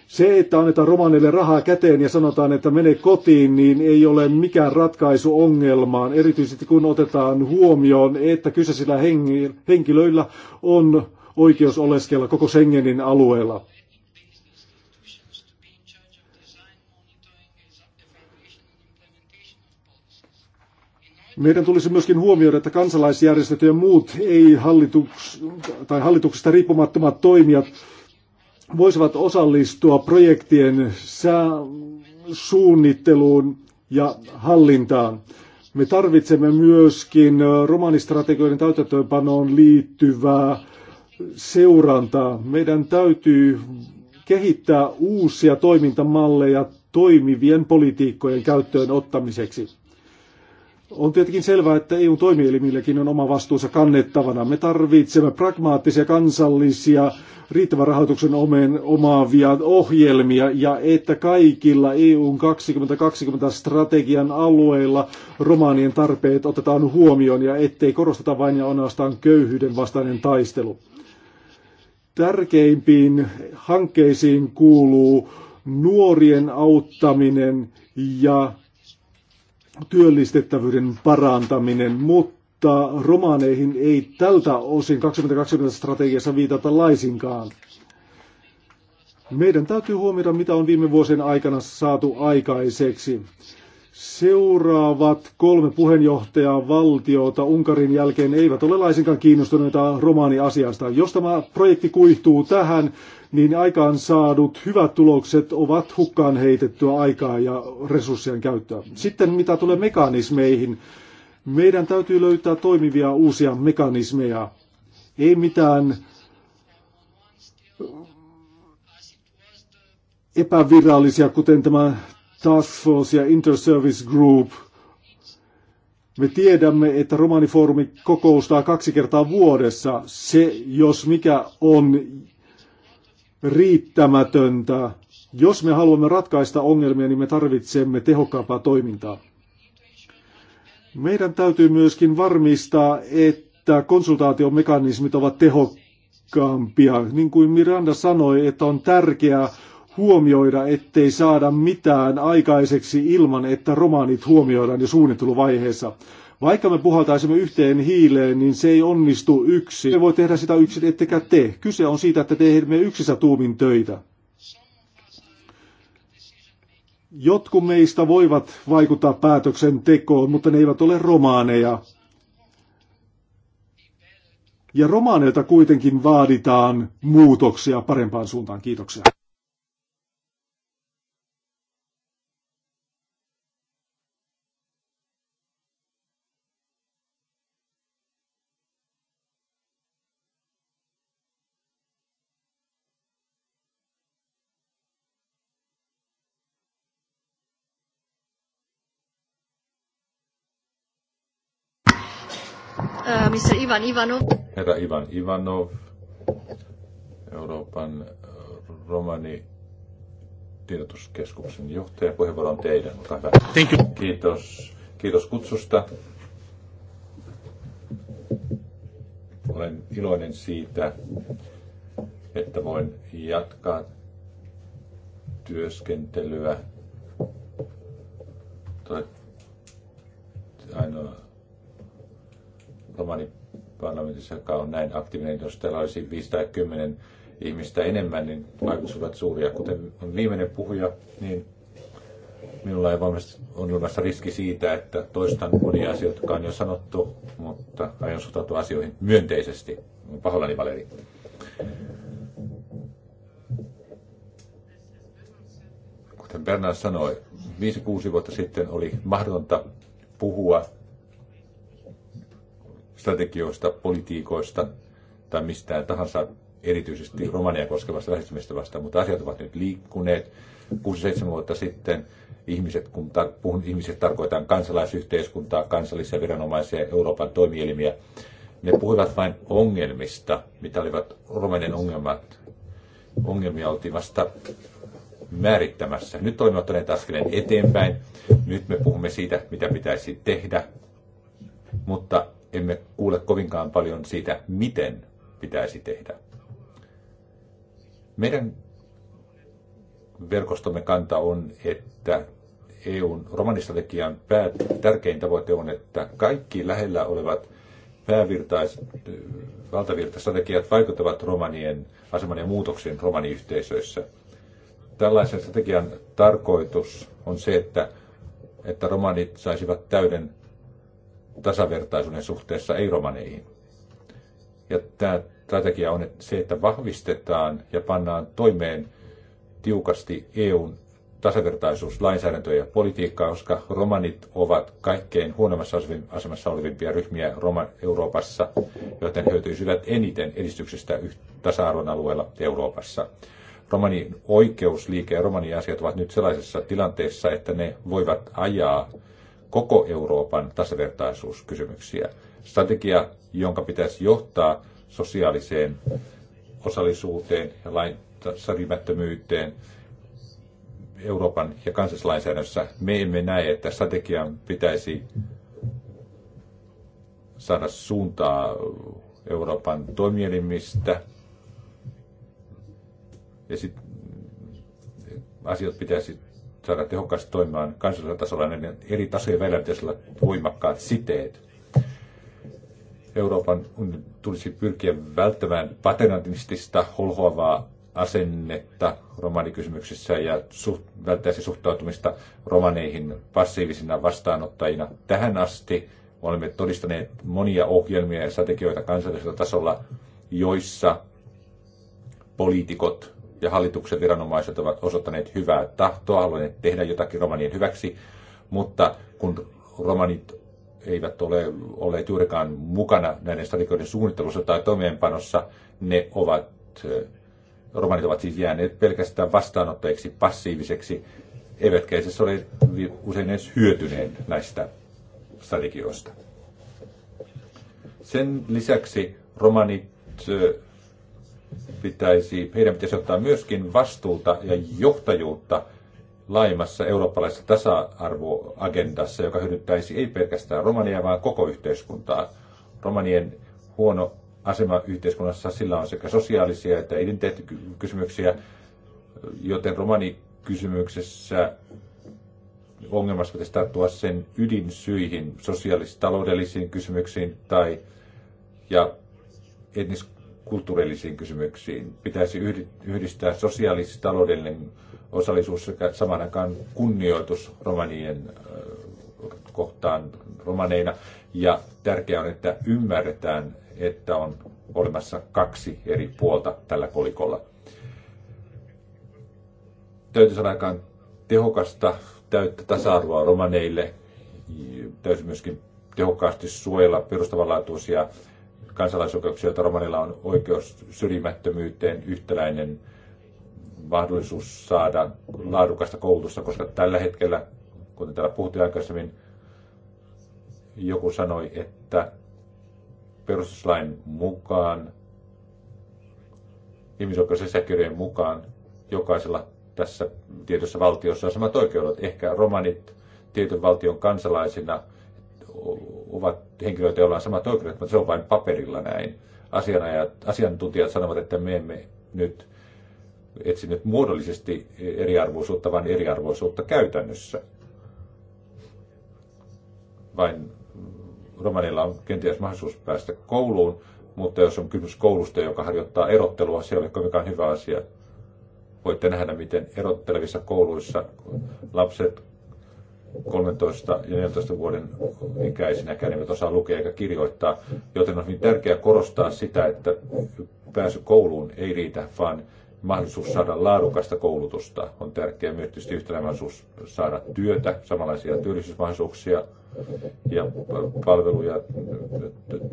Se, että annetaan romaneille rahaa käteen ja sanotaan, että mene kotiin, niin ei ole mikään ratkaisu ongelmaan, erityisesti kun otetaan huomioon, että kyseisillä henkilöillä on oikeus oleskella koko Schengenin alueella. Meidän tulisi myöskin huomioida, että kansalaisjärjestöt ja muut ei hallituks, tai hallituksesta riippumattomat toimijat voisivat osallistua projektien suunnitteluun ja hallintaan. Me tarvitsemme myöskin romanistrategioiden täytäntöönpanoon liittyvää seurantaa. Meidän täytyy kehittää uusia toimintamalleja toimivien politiikkojen käyttöön ottamiseksi. On tietenkin selvää, että eu toimielimilläkin on oma vastuunsa kannettavana. Me tarvitsemme pragmaattisia, kansallisia, riittävän rahoituksen omeen omaavia ohjelmia ja että kaikilla EUn 2020-strategian alueilla romaanien tarpeet otetaan huomioon ja ettei korosteta vain ja ainoastaan köyhyyden vastainen taistelu. Tärkeimpiin hankkeisiin kuuluu nuorien auttaminen ja työllistettävyyden parantaminen, mutta romaaneihin ei tältä osin 2020-strategiassa viitata laisinkaan. Meidän täytyy huomioida, mitä on viime vuosien aikana saatu aikaiseksi. Seuraavat kolme puheenjohtajaa valtiota Unkarin jälkeen eivät ole laisinkaan kiinnostuneita romaaniasiasta. Jos tämä projekti kuihtuu tähän, niin aikaan saadut hyvät tulokset ovat hukkaan heitettyä aikaa ja resurssien käyttöä. Sitten mitä tulee mekanismeihin, meidän täytyy löytää toimivia uusia mekanismeja. Ei mitään epävirallisia, kuten tämä Task Force ja Interservice Group. Me tiedämme, että romanifoorumi kokoustaa kaksi kertaa vuodessa. Se, jos mikä on riittämätöntä. Jos me haluamme ratkaista ongelmia, niin me tarvitsemme tehokkaampaa toimintaa. Meidän täytyy myöskin varmistaa, että konsultaatiomekanismit ovat tehokkaampia. Niin kuin Miranda sanoi, että on tärkeää huomioida, ettei saada mitään aikaiseksi ilman, että romaanit huomioidaan jo suunnitteluvaiheessa. Vaikka me puhaltaisimme yhteen hiileen, niin se ei onnistu yksi. Me voi tehdä sitä yksin, ettekä te. Kyse on siitä, että teemme yksissä tuumin töitä. Jotkut meistä voivat vaikuttaa päätöksentekoon, mutta ne eivät ole romaaneja. Ja romaaneilta kuitenkin vaaditaan muutoksia parempaan suuntaan. Kiitoksia. Äh, Mr. Ivan Ivanov. Herra Ivan Ivanov, Euroopan äh, romani tiedotuskeskuksen johtaja. Puheenvuoro on teidän, olkaa hyvä. Thank you. Kiitos. Kiitos kutsusta. Olen iloinen siitä, että voin jatkaa työskentelyä. Ainoa romani parlamentissa, joka on näin aktiivinen, jos täällä olisi 510 ihmistä enemmän, niin vaikutukset suuria. Kuten on viimeinen puhuja, niin minulla ei varmasti on olemassa riski siitä, että toistan monia asioita, jotka on jo sanottu, mutta aion suhtautua asioihin myönteisesti. Pahoillani Valeri. Kuten Bernard sanoi, 5-6 vuotta sitten oli mahdotonta puhua strategioista, politiikoista tai mistään tahansa erityisesti Romania koskevasta lähestymistavasta, mutta asiat ovat nyt liikkuneet. 6-7 vuotta sitten ihmiset, kun tar- puhun ihmiset tarkoitan kansalaisyhteiskuntaa, kansallisia viranomaisia, Euroopan toimielimiä, ne puhuivat vain ongelmista, mitä olivat Romanian ongelmat. Ongelmia oltiin vasta määrittämässä. Nyt olemme ottaneet askeleen eteenpäin. Nyt me puhumme siitä, mitä pitäisi tehdä. Mutta emme kuule kovinkaan paljon siitä, miten pitäisi tehdä. Meidän verkostomme kanta on, että EUn romanistrategian päät tärkein tavoite on, että kaikki lähellä olevat päävirtais, valtavirtastrategiat vaikuttavat romanien aseman ja muutoksiin romaniyhteisöissä. Tällaisen strategian tarkoitus on se, että, että romanit saisivat täyden tasavertaisuuden suhteessa ei-romaneihin. Ja tämä strategia on että se, että vahvistetaan ja pannaan toimeen tiukasti EUn tasavertaisuuslainsäädäntöä ja politiikkaa, koska romanit ovat kaikkein huonommassa asemassa olevimpia ryhmiä Roma- Euroopassa, joten hyötyisivät eniten edistyksestä tasa-arvon alueella Euroopassa. Romanin oikeusliike ja asiat ovat nyt sellaisessa tilanteessa, että ne voivat ajaa koko Euroopan tasavertaisuuskysymyksiä. Strategia, jonka pitäisi johtaa sosiaaliseen osallisuuteen ja lain Euroopan ja kansallislainsäädännössä. Me emme näe, että strategian pitäisi saada suuntaa Euroopan toimielimistä. Ja sitten asiat pitäisi saada tehokkaasti toimimaan kansallisella tasolla, niin eri tasojen välillä pitäisi olla voimakkaat siteet. Euroopan tulisi pyrkiä välttämään paternalistista holhoavaa asennetta romanikysymyksissä ja suht, välttäisi suhtautumista romaneihin passiivisina vastaanottajina. Tähän asti olemme todistaneet monia ohjelmia ja strategioita kansallisella tasolla, joissa poliitikot ja hallituksen viranomaiset ovat osoittaneet hyvää tahtoa, halunneet tehdä jotakin romanien hyväksi, mutta kun romanit eivät ole olleet juurikaan mukana näiden strategioiden suunnittelussa tai toimeenpanossa, ne ovat, romanit ovat siis jääneet pelkästään vastaanottajiksi, passiiviseksi, eivätkä siis ole usein edes hyötyneet näistä strategioista. Sen lisäksi romanit pitäisi, heidän pitäisi ottaa myöskin vastuuta ja johtajuutta laajemmassa eurooppalaisessa tasa-arvoagendassa, joka hyödyttäisi ei pelkästään Romania, vaan koko yhteiskuntaa. Romanien huono asema yhteiskunnassa, sillä on sekä sosiaalisia että identiteettikysymyksiä, joten romanikysymyksessä ongelmassa pitäisi tarttua sen ydinsyihin, sosiaalis-taloudellisiin kysymyksiin tai ja etnis- kulttuurillisiin kysymyksiin. Pitäisi yhdistää sosiaalis-taloudellinen osallisuus sekä saman aikaan kunnioitus romanien kohtaan romaneina. Ja tärkeää on, että ymmärretään, että on olemassa kaksi eri puolta tällä kolikolla. Täytyy saada aikaan tehokasta täyttä tasa-arvoa romaneille. Täytyy myöskin tehokkaasti suojella perustavanlaatuisia kansalaisoikeuksia, että romanilla on oikeus syrjimättömyyteen, yhtäläinen mahdollisuus saada laadukasta koulutusta, koska tällä hetkellä, kuten täällä puhuttiin aikaisemmin, joku sanoi, että perustuslain mukaan, ihmisoikeusesäkirjojen mukaan, jokaisella tässä tietyssä valtiossa on samat oikeudet. Ehkä romanit tietyn valtion kansalaisina – ovat henkilöitä, joilla on samat oikeudet, mutta se on vain paperilla näin. Asianajat, asiantuntijat sanovat, että me emme nyt etsi nyt muodollisesti eriarvoisuutta, vaan eriarvoisuutta käytännössä. Vain romanilla on kenties mahdollisuus päästä kouluun, mutta jos on kysymys koulusta, joka harjoittaa erottelua, se ei ole mikään hyvä asia. Voitte nähdä, miten erottelevissa kouluissa lapset 13 ja 14 vuoden ikäisinäkään niin eivät osaa lukea eikä kirjoittaa, joten on hyvin tärkeää korostaa sitä, että pääsy kouluun ei riitä, vaan mahdollisuus saada laadukasta koulutusta on tärkeää. Myös tietysti yhtenä mahdollisuus saada työtä, samanlaisia työllisyysmahdollisuuksia ja palveluja.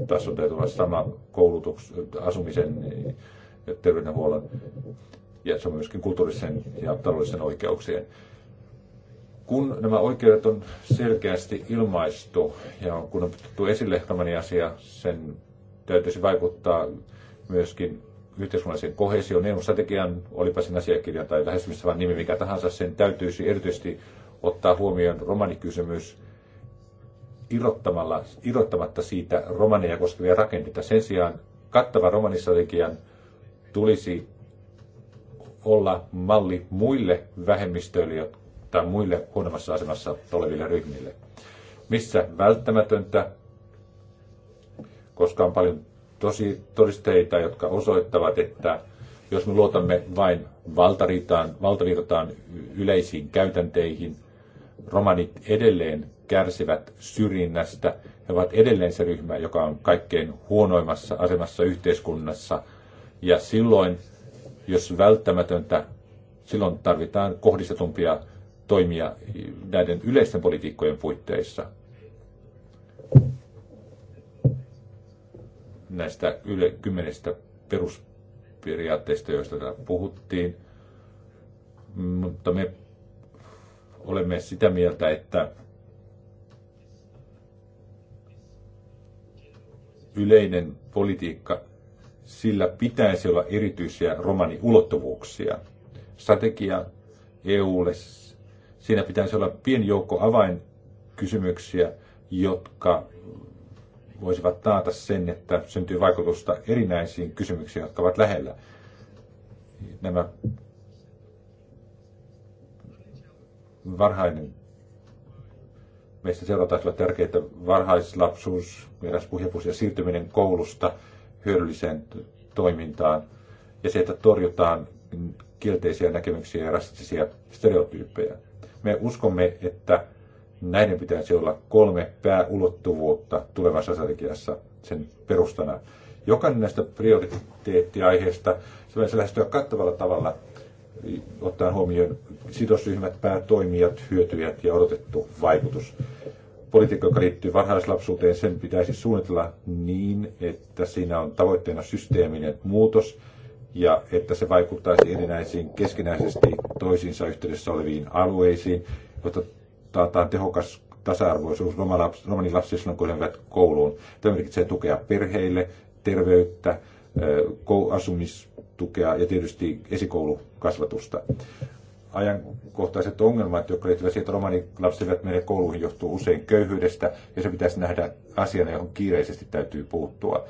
Tässä on täytyy olla sama koulutus, asumisen ja terveydenhuollon ja se on myöskin kulttuurisen ja taloudellisen oikeuksien kun nämä oikeudet on selkeästi ilmaistu ja kun on tuttu esille tämmöinen asia, sen täytyisi vaikuttaa myöskin yhteiskunnallisen kohesion EU-strategian, olipa sen asiakirja tai lähestymistä vaan nimi mikä tahansa, sen täytyisi erityisesti ottaa huomioon romanikysymys irrottamalla, irrottamatta siitä romaneja koskevia rakenteita. Sen sijaan kattava romanistrategian tulisi olla malli muille vähemmistöille, tai muille huonommassa asemassa oleville ryhmille. Missä välttämätöntä, koska on paljon tosi todisteita, jotka osoittavat, että jos me luotamme vain valtariitaan, valtavirtaan yleisiin käytänteihin, romanit edelleen kärsivät syrjinnästä. He ovat edelleen se ryhmä, joka on kaikkein huonoimmassa asemassa yhteiskunnassa. Ja silloin, jos välttämätöntä, silloin tarvitaan kohdistetumpia toimia näiden yleisten politiikkojen puitteissa. Näistä yle, kymmenestä perusperiaatteista, joista täällä puhuttiin. Mutta me olemme sitä mieltä, että yleinen politiikka, sillä pitäisi olla erityisiä romaniulottuvuuksia. Strategia EUlle Siinä pitäisi olla pieni joukko avainkysymyksiä, jotka voisivat taata sen, että syntyy vaikutusta erinäisiin kysymyksiin, jotka ovat lähellä. Nämä varhainen meistä seurataan tärkeää, tärkeitä varhaislapsuus, eräs ja siirtyminen koulusta hyödylliseen toimintaan ja se, että torjutaan kielteisiä näkemyksiä ja rasistisia stereotyyppejä. Me uskomme, että näiden pitäisi olla kolme pääulottuvuutta tulevassa strategiassa sen perustana. Jokainen näistä prioriteettiaiheista se lähestyä kattavalla tavalla ottaen huomioon sidosryhmät, päätoimijat, hyötyjät ja odotettu vaikutus. Politiikka, joka liittyy varhaislapsuuteen, sen pitäisi suunnitella niin, että siinä on tavoitteena systeeminen muutos – ja että se vaikuttaisi erinäisiin keskinäisesti toisiinsa yhteydessä oleviin alueisiin, jotta taataan tehokas tasa-arvoisuus romanilapsille silloin, kun he menevät kouluun. Tämä merkitsee tukea perheille, terveyttä, asumistukea ja tietysti esikoulukasvatusta. Ajankohtaiset ongelmat, jotka liittyvät siihen, että romanilapset eivät mene kouluihin, johtuu usein köyhyydestä, ja se pitäisi nähdä asiana, johon kiireisesti täytyy puuttua.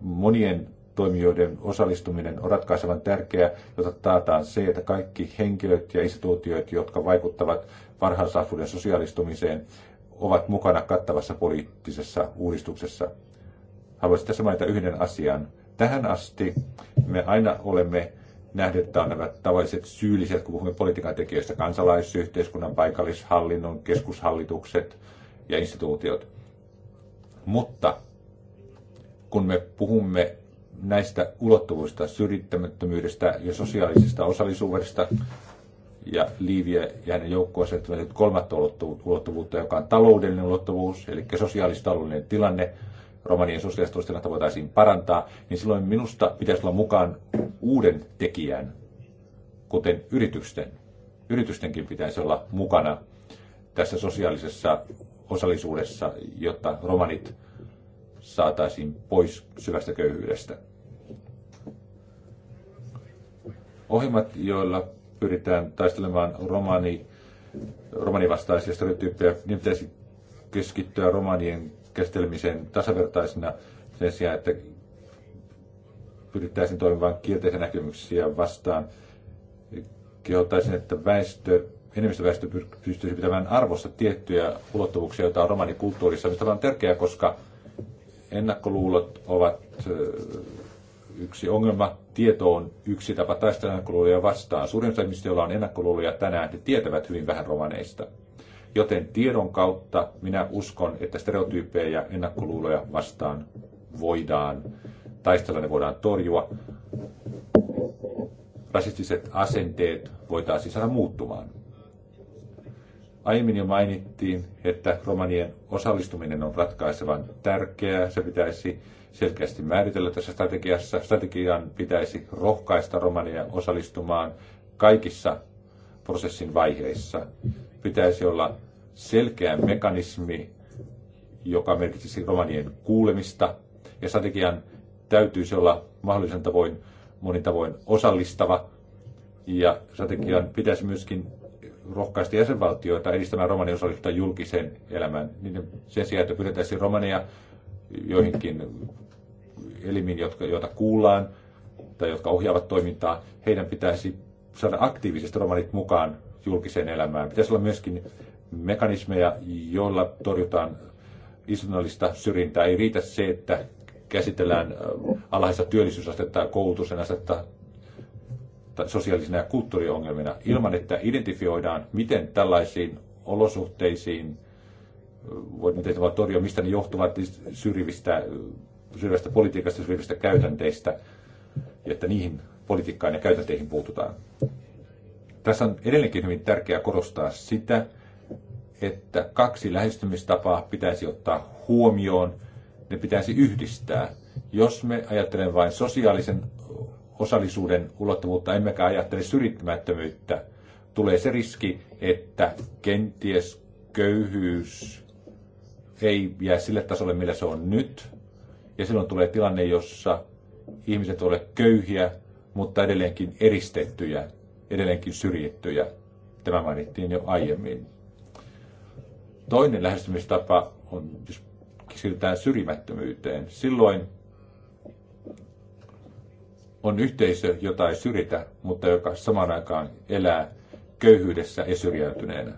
Monien toimijoiden osallistuminen on ratkaisevan tärkeää, jotta taataan se, että kaikki henkilöt ja instituutiot, jotka vaikuttavat varhaislapsuuden sosiaalistumiseen, ovat mukana kattavassa poliittisessa uudistuksessa. Haluaisin tässä mainita yhden asian. Tähän asti me aina olemme nähneet, että on nämä tavalliset syylliset, kun puhumme politiikan tekijöistä, kansalaisyhteiskunnan, paikallishallinnon, keskushallitukset ja instituutiot. Mutta kun me puhumme näistä ulottuvuista, syrjittämättömyydestä ja sosiaalisesta osallisuudesta. Ja Liiviä ja hänen joukkueensa asettavat kolmatta ulottuvuutta, joka on taloudellinen ulottuvuus, eli sosiaalistaloudellinen tilanne, romanien sosiaalistustilannetta voitaisiin parantaa, niin silloin minusta pitäisi olla mukaan uuden tekijän, kuten yritysten. Yritystenkin pitäisi olla mukana tässä sosiaalisessa osallisuudessa, jotta romanit saataisiin pois syvästä köyhyydestä. Ohjelmat, joilla pyritään taistelemaan romani, romanivastaisia stereotyyppejä, niin pitäisi keskittyä romanien käsittelemiseen tasavertaisena sen sijaan, että pyrittäisiin toimimaan kielteisiä näkemyksiä vastaan. Kehottaisin, että väestö, enemmistöväestö pystyisi pitämään arvossa tiettyjä ulottuvuuksia, joita on romanikulttuurissa, mistä on tärkeää, koska ennakkoluulot ovat yksi ongelma. Tieto on yksi tapa taistella ennakkoluuloja vastaan. Suurin osa ihmisistä, joilla on ennakkoluuloja tänään, ne tietävät hyvin vähän romaneista. Joten tiedon kautta minä uskon, että stereotyyppejä ja ennakkoluuloja vastaan voidaan taistella, ne voidaan torjua. Rasistiset asenteet voitaisiin saada muuttumaan. Aiemmin jo mainittiin, että romanien osallistuminen on ratkaisevan tärkeää. Se pitäisi selkeästi määritellä tässä strategiassa. Strategian pitäisi rohkaista Romania osallistumaan kaikissa prosessin vaiheissa. Pitäisi olla selkeä mekanismi, joka merkitsisi romanien kuulemista, ja strategian täytyisi olla mahdollisen tavoin, monin tavoin osallistava, ja strategian pitäisi myöskin rohkaista jäsenvaltioita edistämään romanien osallistumista julkiseen elämään. Niin sen sijaan, että pyydettäisiin romania joihinkin elimiin, jotka, joita kuullaan tai jotka ohjaavat toimintaa, heidän pitäisi saada aktiivisesti romanit mukaan julkiseen elämään. Pitäisi olla myöskin mekanismeja, joilla torjutaan islamista syrjintää. Ei riitä se, että käsitellään äh, alhaista työllisyysastetta, koulutuksen astetta sosiaalisina ja kulttuuriongelmina, ilman että identifioidaan, miten tällaisiin olosuhteisiin – voidaan tehtävä torjua, mistä ne johtuvat niin syrjivistä, syrjivästä politiikasta, syrjivistä käytänteistä, ja että niihin politiikkaan ja käytänteihin puututaan. Tässä on edelleenkin hyvin tärkeää korostaa sitä, että kaksi lähestymistapaa pitäisi ottaa huomioon, ne pitäisi yhdistää. Jos me ajattelemme vain sosiaalisen osallisuuden ulottuvuutta, emmekä ajattele syrjittämättömyyttä, tulee se riski, että kenties köyhyys ei jää sille tasolle, millä se on nyt. Ja silloin tulee tilanne, jossa ihmiset ovat köyhiä, mutta edelleenkin eristettyjä, edelleenkin syrjittyjä. Tämä mainittiin jo aiemmin. Toinen lähestymistapa on, jos siirrytään syrjimättömyyteen. Silloin on yhteisö, jota ei syrjitä, mutta joka samaan aikaan elää köyhyydessä ja syrjäytyneenä.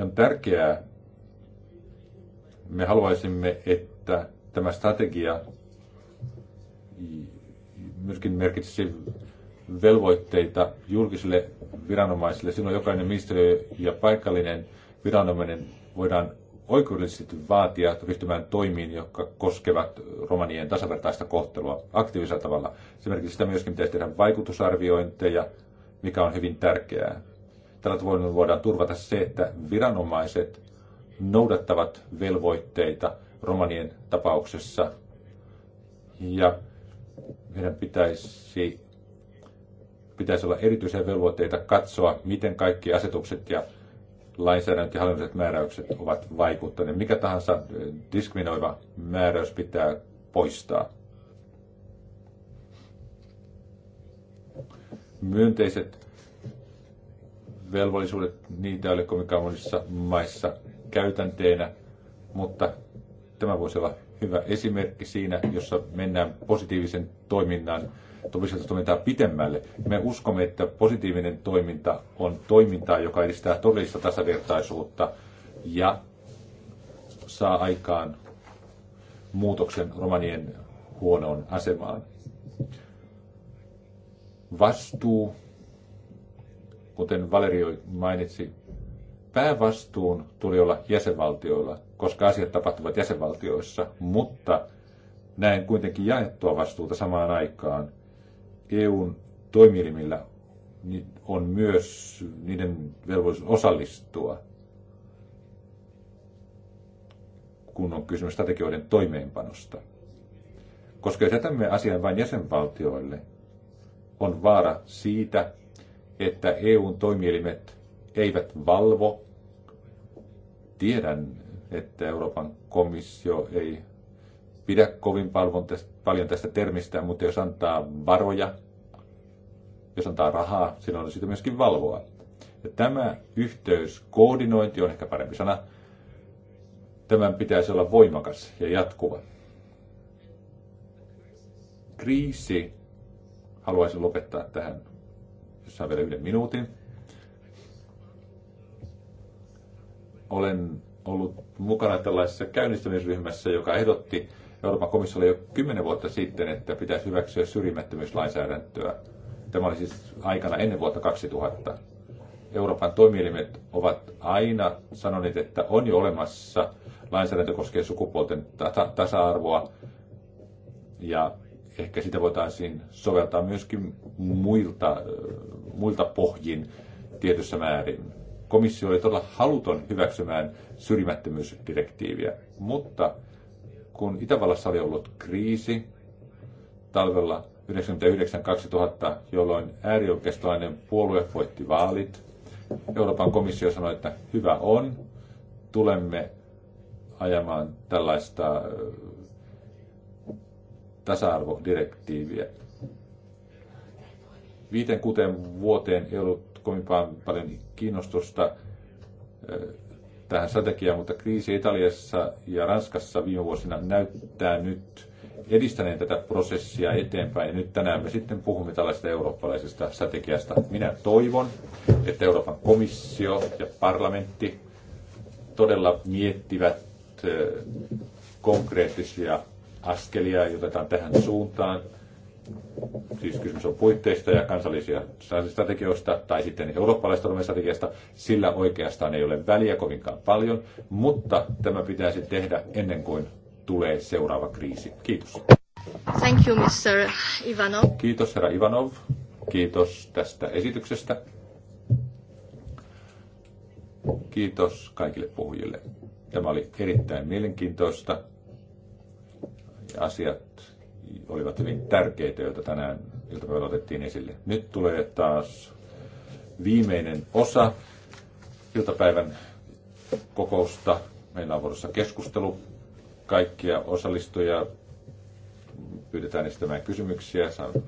Ja on tärkeää, me haluaisimme, että tämä strategia myöskin merkitsisi velvoitteita julkisille viranomaisille. Silloin jokainen ministeriö ja paikallinen viranomainen voidaan oikeudellisesti vaatia ryhtymään toimiin, jotka koskevat romanien tasavertaista kohtelua aktiivisella tavalla. Se merkitsee sitä myöskin pitäisi tehdä vaikutusarviointeja, mikä on hyvin tärkeää. Tällä tavoin voidaan turvata se, että viranomaiset noudattavat velvoitteita romanien tapauksessa ja meidän pitäisi, pitäisi olla erityisiä velvoitteita katsoa, miten kaikki asetukset ja lainsäädäntö ja hallinnolliset määräykset ovat vaikuttaneet. Mikä tahansa eh, diskriminoiva määräys pitää poistaa. Myönteiset velvollisuudet, niitä ei ole kovinkaan monissa maissa käytänteenä, mutta tämä voisi olla hyvä esimerkki siinä, jossa mennään positiivisen toiminnan toimintaa pitemmälle. Me uskomme, että positiivinen toiminta on toimintaa, joka edistää todellista tasavertaisuutta ja saa aikaan muutoksen romanien huonoon asemaan. Vastuu kuten Valerio mainitsi, päävastuun tuli olla jäsenvaltioilla, koska asiat tapahtuvat jäsenvaltioissa, mutta näen kuitenkin jaettua vastuuta samaan aikaan. EUn toimielimillä on myös niiden velvollisuus osallistua, kun on kysymys strategioiden toimeenpanosta. Koska jos jätämme asian vain jäsenvaltioille, on vaara siitä, että EUn toimielimet eivät valvo. Tiedän, että Euroopan komissio ei pidä kovin paljon tästä termistä, mutta jos antaa varoja, jos antaa rahaa, silloin on sitä myöskin valvoa. Ja tämä yhteys, koordinointi on ehkä parempi sana, tämän pitäisi olla voimakas ja jatkuva. Kriisi, haluaisin lopettaa tähän saa vielä yhden minuutin. Olen ollut mukana tällaisessa käynnistämisryhmässä, joka ehdotti Euroopan komissiolle jo kymmenen vuotta sitten, että pitäisi hyväksyä syrjimättömyyslainsäädäntöä. Tämä oli siis aikana ennen vuotta 2000. Euroopan toimielimet ovat aina sanoneet, että on jo olemassa lainsäädäntö koskee sukupuolten tasa-arvoa ja ehkä sitä voitaisiin soveltaa myöskin muilta, muilta pohjin tietyssä määrin. Komissio oli todella haluton hyväksymään syrjimättömyysdirektiiviä, mutta kun Itävallassa oli ollut kriisi talvella 1999-2000, jolloin äärioikeistolainen puolue voitti vaalit, Euroopan komissio sanoi, että hyvä on, tulemme ajamaan tällaista tasa-arvodirektiiviä. Viiteen kuuteen vuoteen ei ollut kovin paljon kiinnostusta tähän strategiaan, mutta kriisi Italiassa ja Ranskassa viime vuosina näyttää nyt edistäneen tätä prosessia eteenpäin. Ja nyt tänään me sitten puhumme tällaista eurooppalaisesta strategiasta. Minä toivon, että Euroopan komissio ja parlamentti todella miettivät konkreettisia askelia, otetaan tähän suuntaan. Siis kysymys on puitteista ja kansallisia strategioista tai sitten eurooppalaista strategiasta. Sillä oikeastaan ei ole väliä kovinkaan paljon, mutta tämä pitäisi tehdä ennen kuin tulee seuraava kriisi. Kiitos. Thank you, Mr. Ivanov. Kiitos, herra Ivanov. Kiitos tästä esityksestä. Kiitos kaikille puhujille. Tämä oli erittäin mielenkiintoista asiat olivat hyvin tärkeitä, joita tänään iltapäivällä otettiin esille. Nyt tulee taas viimeinen osa iltapäivän kokousta. Meillä on vuorossa keskustelu. Kaikkia osallistujia pyydetään esittämään kysymyksiä, saamme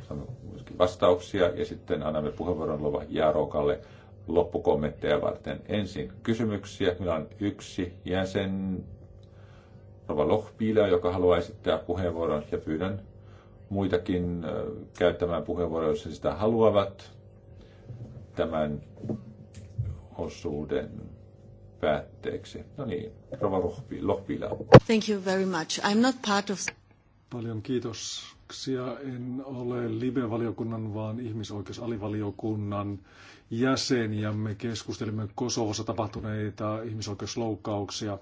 myöskin vastauksia ja sitten annamme puheenvuoron luova Jaarokalle loppukommentteja varten. Ensin kysymyksiä. Meillä on yksi jäsen Rova Lohpiilä, joka haluaa esittää puheenvuoron ja pyydän muitakin käyttämään puheenvuoroja, jos he sitä haluavat. Tämän osuuden päätteeksi. No niin, Rova Lohpiilä. Thank you very much. I'm not part of... Paljon kiitoksia. En ole libe valiokunnan vaan ihmisoikeusalivaliokunnan jäsen, ja me keskustelimme Kosovossa tapahtuneita ihmisoikeusloukkauksia.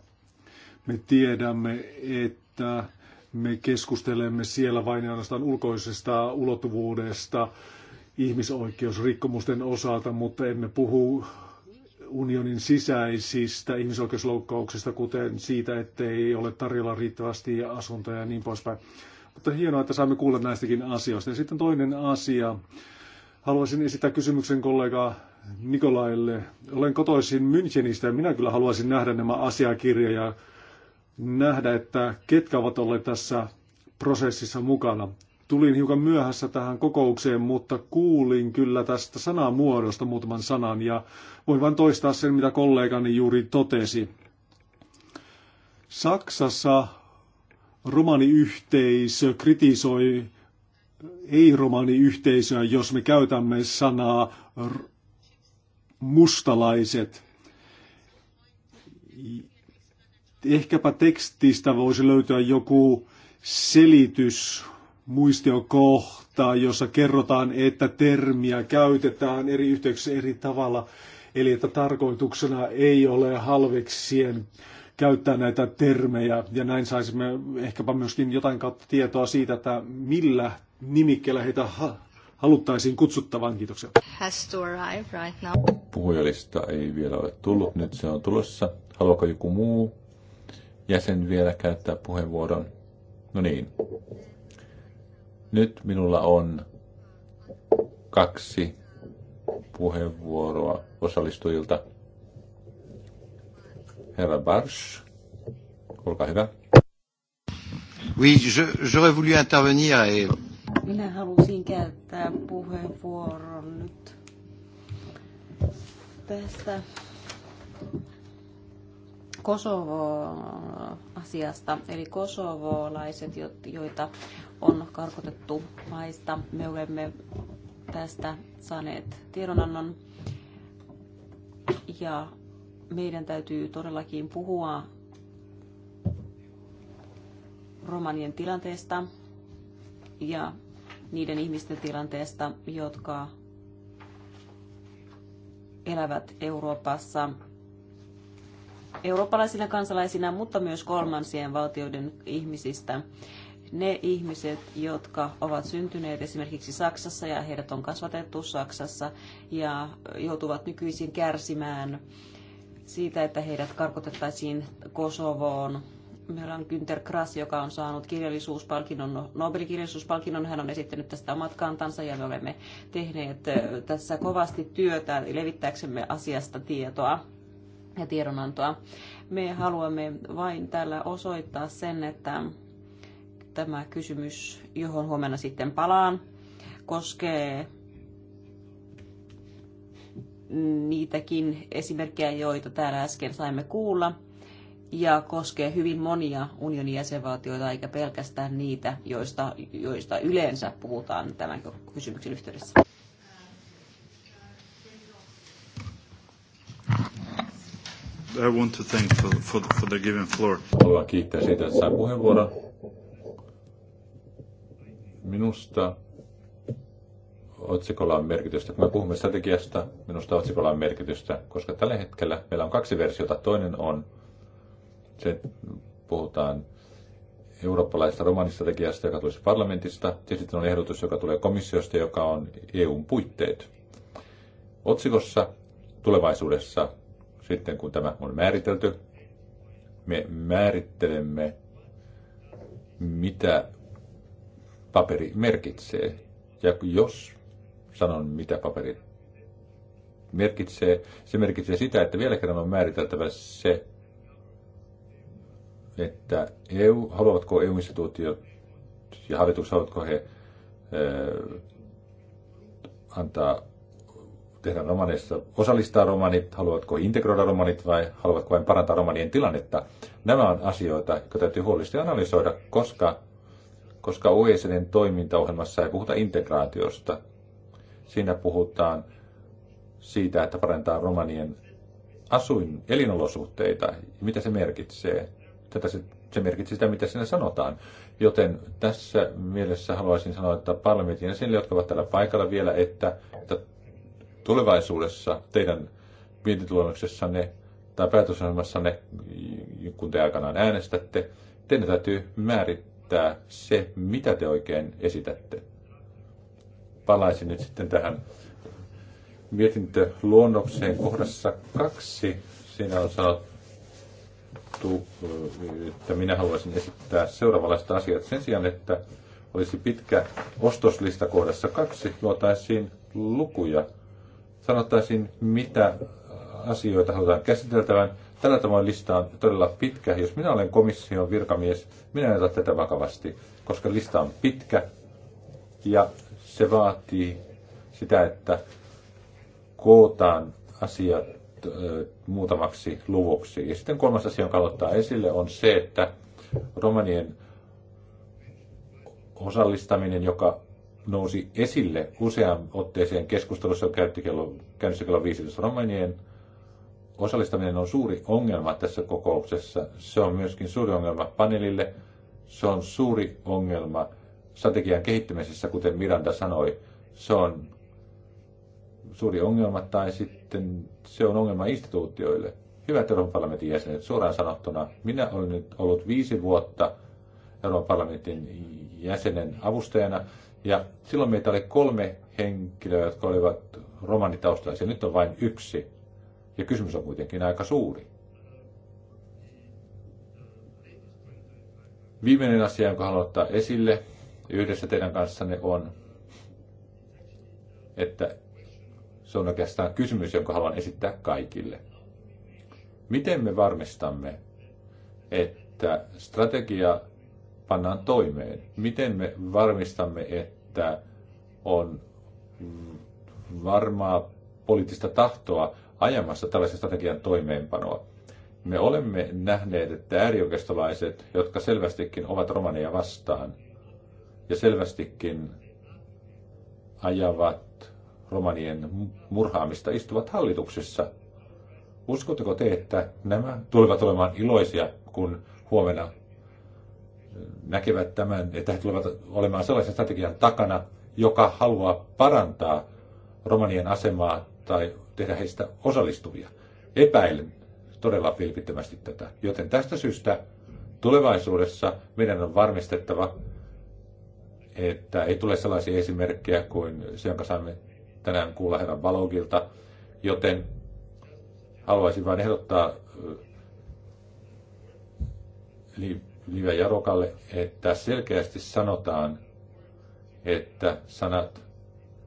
Me tiedämme, että me keskustelemme siellä vain ainoastaan ulkoisesta ulottuvuudesta ihmisoikeusrikkomusten osalta, mutta emme puhu unionin sisäisistä ihmisoikeusloukkauksista, kuten siitä, ettei ole tarjolla riittävästi asuntoja ja niin poispäin. Mutta hienoa, että saamme kuulla näistäkin asioista. Ja sitten toinen asia. Haluaisin esittää kysymyksen kollega Nikolaille. Olen kotoisin Münchenistä ja minä kyllä haluaisin nähdä nämä asiakirja- ja nähdä, että ketkä ovat olleet tässä prosessissa mukana. Tulin hiukan myöhässä tähän kokoukseen, mutta kuulin kyllä tästä sanamuodosta muutaman sanan ja voin vain toistaa sen, mitä kollegani juuri totesi. Saksassa romaniyhteisö kritisoi ei-romaniyhteisöä, jos me käytämme sanaa mustalaiset. Ehkäpä tekstistä voisi löytyä joku selitys, muistiokohta, jossa kerrotaan, että termiä käytetään eri yhteyksissä eri tavalla. Eli että tarkoituksena ei ole halveksien käyttää näitä termejä ja näin saisimme ehkäpä myöskin jotain kautta tietoa siitä, että millä nimikkeellä heitä ha- haluttaisiin kutsuttavan. Kiitoksia. Has to arrive right now. Puhujalista ei vielä ole tullut, nyt se on tulossa. Haluaako joku muu jäsen vielä käyttää puheenvuoron? No niin. Nyt minulla on kaksi puheenvuoroa osallistujilta. Herra Barsch, olkaa hyvä. Oui, j'aurais voulu intervenir et... Minä halusin käyttää puheenvuoron nyt tästä Kosovo-asiasta, eli kosovolaiset, joita on karkotettu maista. Me olemme tästä saaneet tiedonannon ja meidän täytyy todellakin puhua romanien tilanteesta ja niiden ihmisten tilanteesta, jotka elävät Euroopassa eurooppalaisina kansalaisina, mutta myös kolmansien valtioiden ihmisistä. Ne ihmiset, jotka ovat syntyneet esimerkiksi Saksassa ja heidät on kasvatettu Saksassa ja joutuvat nykyisin kärsimään siitä, että heidät karkotettaisiin Kosovoon. Meillä on Günter Grass, joka on saanut kirjallisuuspalkinnon, Nobel-kirjallisuuspalkinnon. Hän on esittänyt tästä omat kantansa ja me olemme tehneet tässä kovasti työtä levittääksemme asiasta tietoa ja tiedonantoa. Me haluamme vain tällä osoittaa sen, että tämä kysymys, johon huomenna sitten palaan, koskee niitäkin esimerkkejä, joita täällä äsken saimme kuulla, ja koskee hyvin monia unionin jäsenvaltioita, eikä pelkästään niitä, joista, joista yleensä puhutaan tämän kysymyksen yhteydessä. I want to thank for, for, for the given floor. Haluan kiittää siitä, että sain puheenvuoron. Minusta otsikolla on merkitystä. Kun me puhumme strategiasta, minusta otsikolla on merkitystä, koska tällä hetkellä meillä on kaksi versiota. Toinen on, se puhutaan eurooppalaisesta romanistrategiasta, joka tulisi parlamentista, ja sitten on ehdotus, joka tulee komissiosta, joka on EUn puitteet. Otsikossa tulevaisuudessa sitten kun tämä on määritelty, me määrittelemme, mitä paperi merkitsee. Ja jos sanon, mitä paperi merkitsee, se merkitsee sitä, että vielä kerran on määriteltävä se, että EU, haluavatko EU-instituutiot ja hallitukset, haluavatko he ö, antaa tehdä romaneista, osallistaa romanit, haluatko integroida romanit vai haluatko vain parantaa romanien tilannetta. Nämä on asioita, jotka täytyy huolellisesti analysoida, koska, koska OECDn toimintaohjelmassa ei puhuta integraatiosta. Siinä puhutaan siitä, että parantaa romanien asuin elinolosuhteita, mitä se merkitsee. Tätä se, se merkitsee sitä, mitä siinä sanotaan. Joten tässä mielessä haluaisin sanoa, että parlamentin sille, jotka ovat täällä paikalla vielä, että, että tulevaisuudessa teidän vientituloksessanne tai päätösohjelmassanne, kun te aikanaan äänestätte, teidän täytyy määrittää se, mitä te oikein esitätte. Palaisin nyt sitten tähän mietintöluonnokseen kohdassa kaksi. Siinä on sanottu, että minä haluaisin esittää seuraavanlaista asiaa. Sen sijaan, että olisi pitkä ostoslista kohdassa kaksi, luotaisiin lukuja – sanottaisin, mitä asioita halutaan käsiteltävän. Tällä tavoin lista on todella pitkä. Jos minä olen komission virkamies, minä en ota tätä vakavasti, koska lista on pitkä ja se vaatii sitä, että kootaan asiat muutamaksi luvuksi. Ja sitten kolmas asia, jonka aloittaa esille, on se, että romanien osallistaminen, joka nousi esille usean otteeseen keskustelussa, joka käytti kello, käynnissä kello 15 romanien. Osallistaminen on suuri ongelma tässä kokouksessa. Se on myöskin suuri ongelma paneelille. Se on suuri ongelma strategian kehittämisessä kuten Miranda sanoi. Se on suuri ongelma tai sitten se on ongelma instituutioille. Hyvät Euroopan parlamentin jäsenet, suoraan sanottuna, minä olen nyt ollut viisi vuotta Euroopan parlamentin jäsenen avustajana ja silloin meitä oli kolme henkilöä, jotka olivat romanitaustaisia. Nyt on vain yksi. Ja kysymys on kuitenkin aika suuri. Viimeinen asia, jonka haluan ottaa esille yhdessä teidän kanssanne on, että se on oikeastaan kysymys, jonka haluan esittää kaikille. Miten me varmistamme, että strategia pannaan toimeen. Miten me varmistamme, että on varmaa poliittista tahtoa ajamassa tällaisen strategian toimeenpanoa. Me olemme nähneet, että äärioikeistolaiset, jotka selvästikin ovat romaneja vastaan ja selvästikin ajavat romanien murhaamista, istuvat hallituksessa. Uskotteko te, että nämä tulevat olemaan iloisia, kun huomenna näkevät tämän, että he tulevat olemaan sellaisen strategian takana, joka haluaa parantaa romanien asemaa tai tehdä heistä osallistuvia. Epäilen todella vilpittömästi tätä. Joten tästä syystä tulevaisuudessa meidän on varmistettava, että ei tule sellaisia esimerkkejä kuin se, jonka saimme tänään kuulla herran Balogilta, joten haluaisin vain ehdottaa, eli Livia Jarokalle, että selkeästi sanotaan, että sanat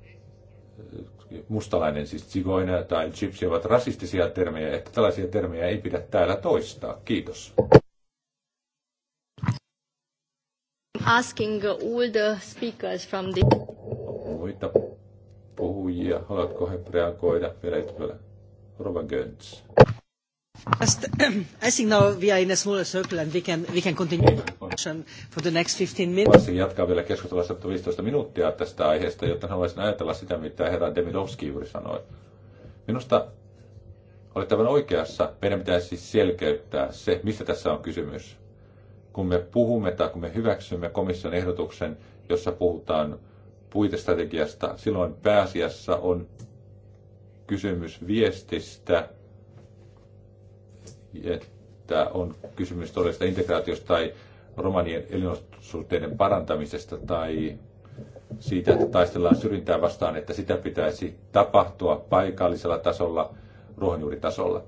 äh, mustalainen, siis tsigoina tai chipsi ovat rasistisia termejä, että tällaisia termejä ei pidä täällä toistaa. Kiitos. Asking all the speakers from the... Muita puhujia, haluatko he reagoida vielä? Rova Göns. Just, I think now we are in a smaller circle and we can, we can continue for the next 15 minutes. Voisin jatkaa vielä keskustelua 115 minuuttia tästä aiheesta, jotta haluaisin ajatella sitä, mitä herra Demidovski juuri sanoi. Minusta olet aivan oikeassa. Meidän pitäisi siis selkeyttää se, mistä tässä on kysymys. Kun me puhumme tai kun me hyväksymme komission ehdotuksen, jossa puhutaan puitestrategiasta, silloin pääasiassa on kysymys viestistä – että on kysymys todellisesta integraatiosta tai romanien elinolosuhteiden parantamisesta tai siitä, että taistellaan syrjintää vastaan, että sitä pitäisi tapahtua paikallisella tasolla, ruohonjuuritasolla.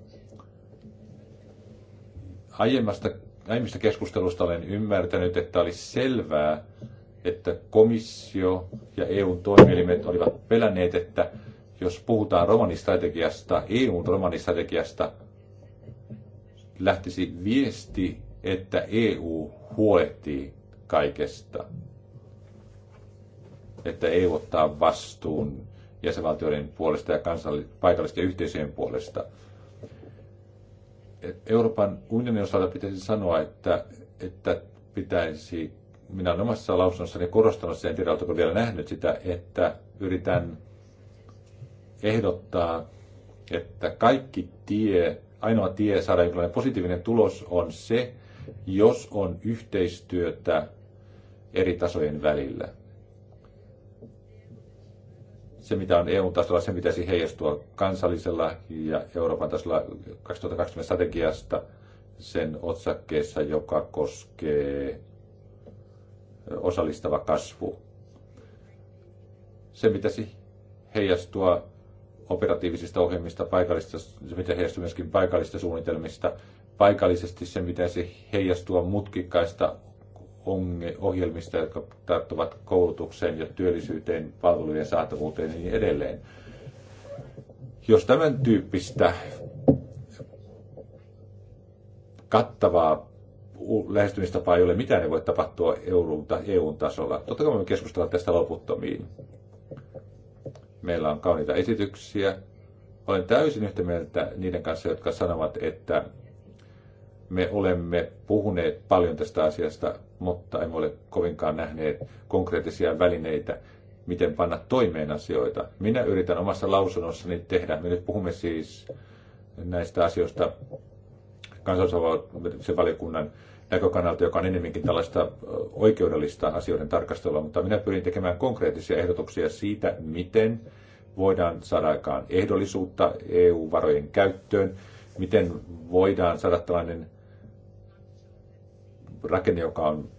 Aiemmasta, aiemmista keskustelusta olen ymmärtänyt, että oli selvää, että komissio ja EUn toimielimet olivat pelänneet, että jos puhutaan romanistrategiasta, EUn romanistrategiasta, lähtisi viesti, että EU huolehtii kaikesta. Että EU ottaa vastuun jäsenvaltioiden puolesta ja paikallisten yhteisöjen puolesta. Euroopan unionin osalta pitäisi sanoa, että, että pitäisi, minä olen omassa lausunnossani korostanut sen, en tiedä, oletko vielä nähnyt sitä, että yritän ehdottaa, että kaikki tie ainoa tie saada jonkinlainen positiivinen tulos on se, jos on yhteistyötä eri tasojen välillä. Se, mitä on EU-tasolla, se pitäisi heijastua kansallisella ja Euroopan tasolla 2020 strategiasta sen otsakkeessa, joka koskee osallistava kasvu. Se pitäisi heijastua operatiivisista ohjelmista, paikallista, se miten heijastuu myöskin paikallisista suunnitelmista, paikallisesti se, miten se heijastuu mutkikkaista ohjelmista, jotka tarttuvat koulutukseen ja työllisyyteen, palvelujen saatavuuteen ja niin edelleen. Jos tämän tyyppistä kattavaa lähestymistapaa ei ole mitään, ei voi tapahtua EUn e tasolla. Totta kai me keskustellaan tästä loputtomiin meillä on kauniita esityksiä. Olen täysin yhtä mieltä niiden kanssa, jotka sanovat, että me olemme puhuneet paljon tästä asiasta, mutta emme ole kovinkaan nähneet konkreettisia välineitä, miten panna toimeen asioita. Minä yritän omassa lausunnossani tehdä, me nyt puhumme siis näistä asioista valiokunnan näkökannalta, joka on enemmänkin tällaista oikeudellista asioiden tarkastelua, mutta minä pyrin tekemään konkreettisia ehdotuksia siitä, miten voidaan saada aikaan ehdollisuutta EU-varojen käyttöön, miten voidaan saada tällainen rakenne, joka on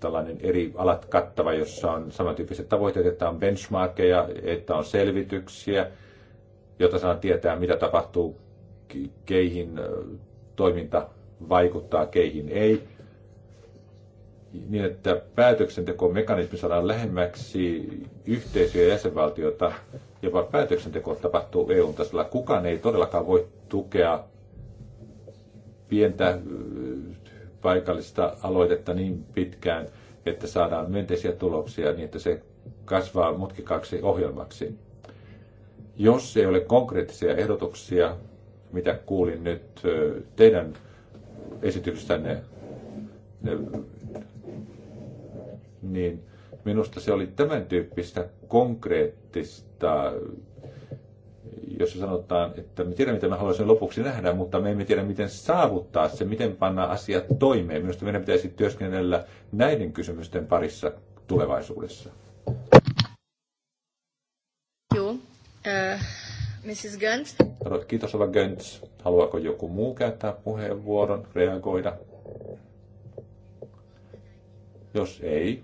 tällainen eri alat kattava, jossa on samantyyppiset tavoitteet, että on benchmarkeja, että on selvityksiä, jota saa tietää, mitä tapahtuu keihin toiminta vaikuttaa, keihin ei, niin että päätöksentekomekanismi saadaan lähemmäksi yhteisöjä ja jäsenvaltiota, jopa päätöksenteko tapahtuu EU-tasolla. Kukaan ei todellakaan voi tukea pientä paikallista aloitetta niin pitkään, että saadaan myönteisiä tuloksia niin, että se kasvaa mutkikaksi ohjelmaksi. Jos ei ole konkreettisia ehdotuksia, mitä kuulin nyt teidän ne, niin minusta se oli tämän tyyppistä konkreettista, jos sanotaan, että me tiedämme, mitä me haluaisin lopuksi nähdä, mutta me emme tiedä, miten saavuttaa se, miten panna asiat toimeen. Minusta meidän pitäisi työskennellä näiden kysymysten parissa tulevaisuudessa. Joo. Äh. Mrs. Guns. Kiitos, Ava Guns. Haluaako joku muu käyttää puheenvuoron, reagoida? Jos ei,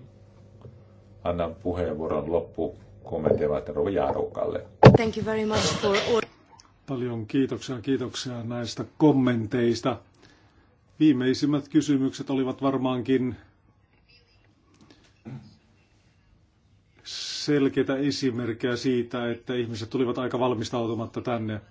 annan puheenvuoron loppu kommentteja varten Rova Jaarukalle. Thank you very much for all... Paljon kiitoksia, kiitoksia näistä kommenteista. Viimeisimmät kysymykset olivat varmaankin selkeitä esimerkkejä siitä, että ihmiset tulivat aika valmistautumatta tänne.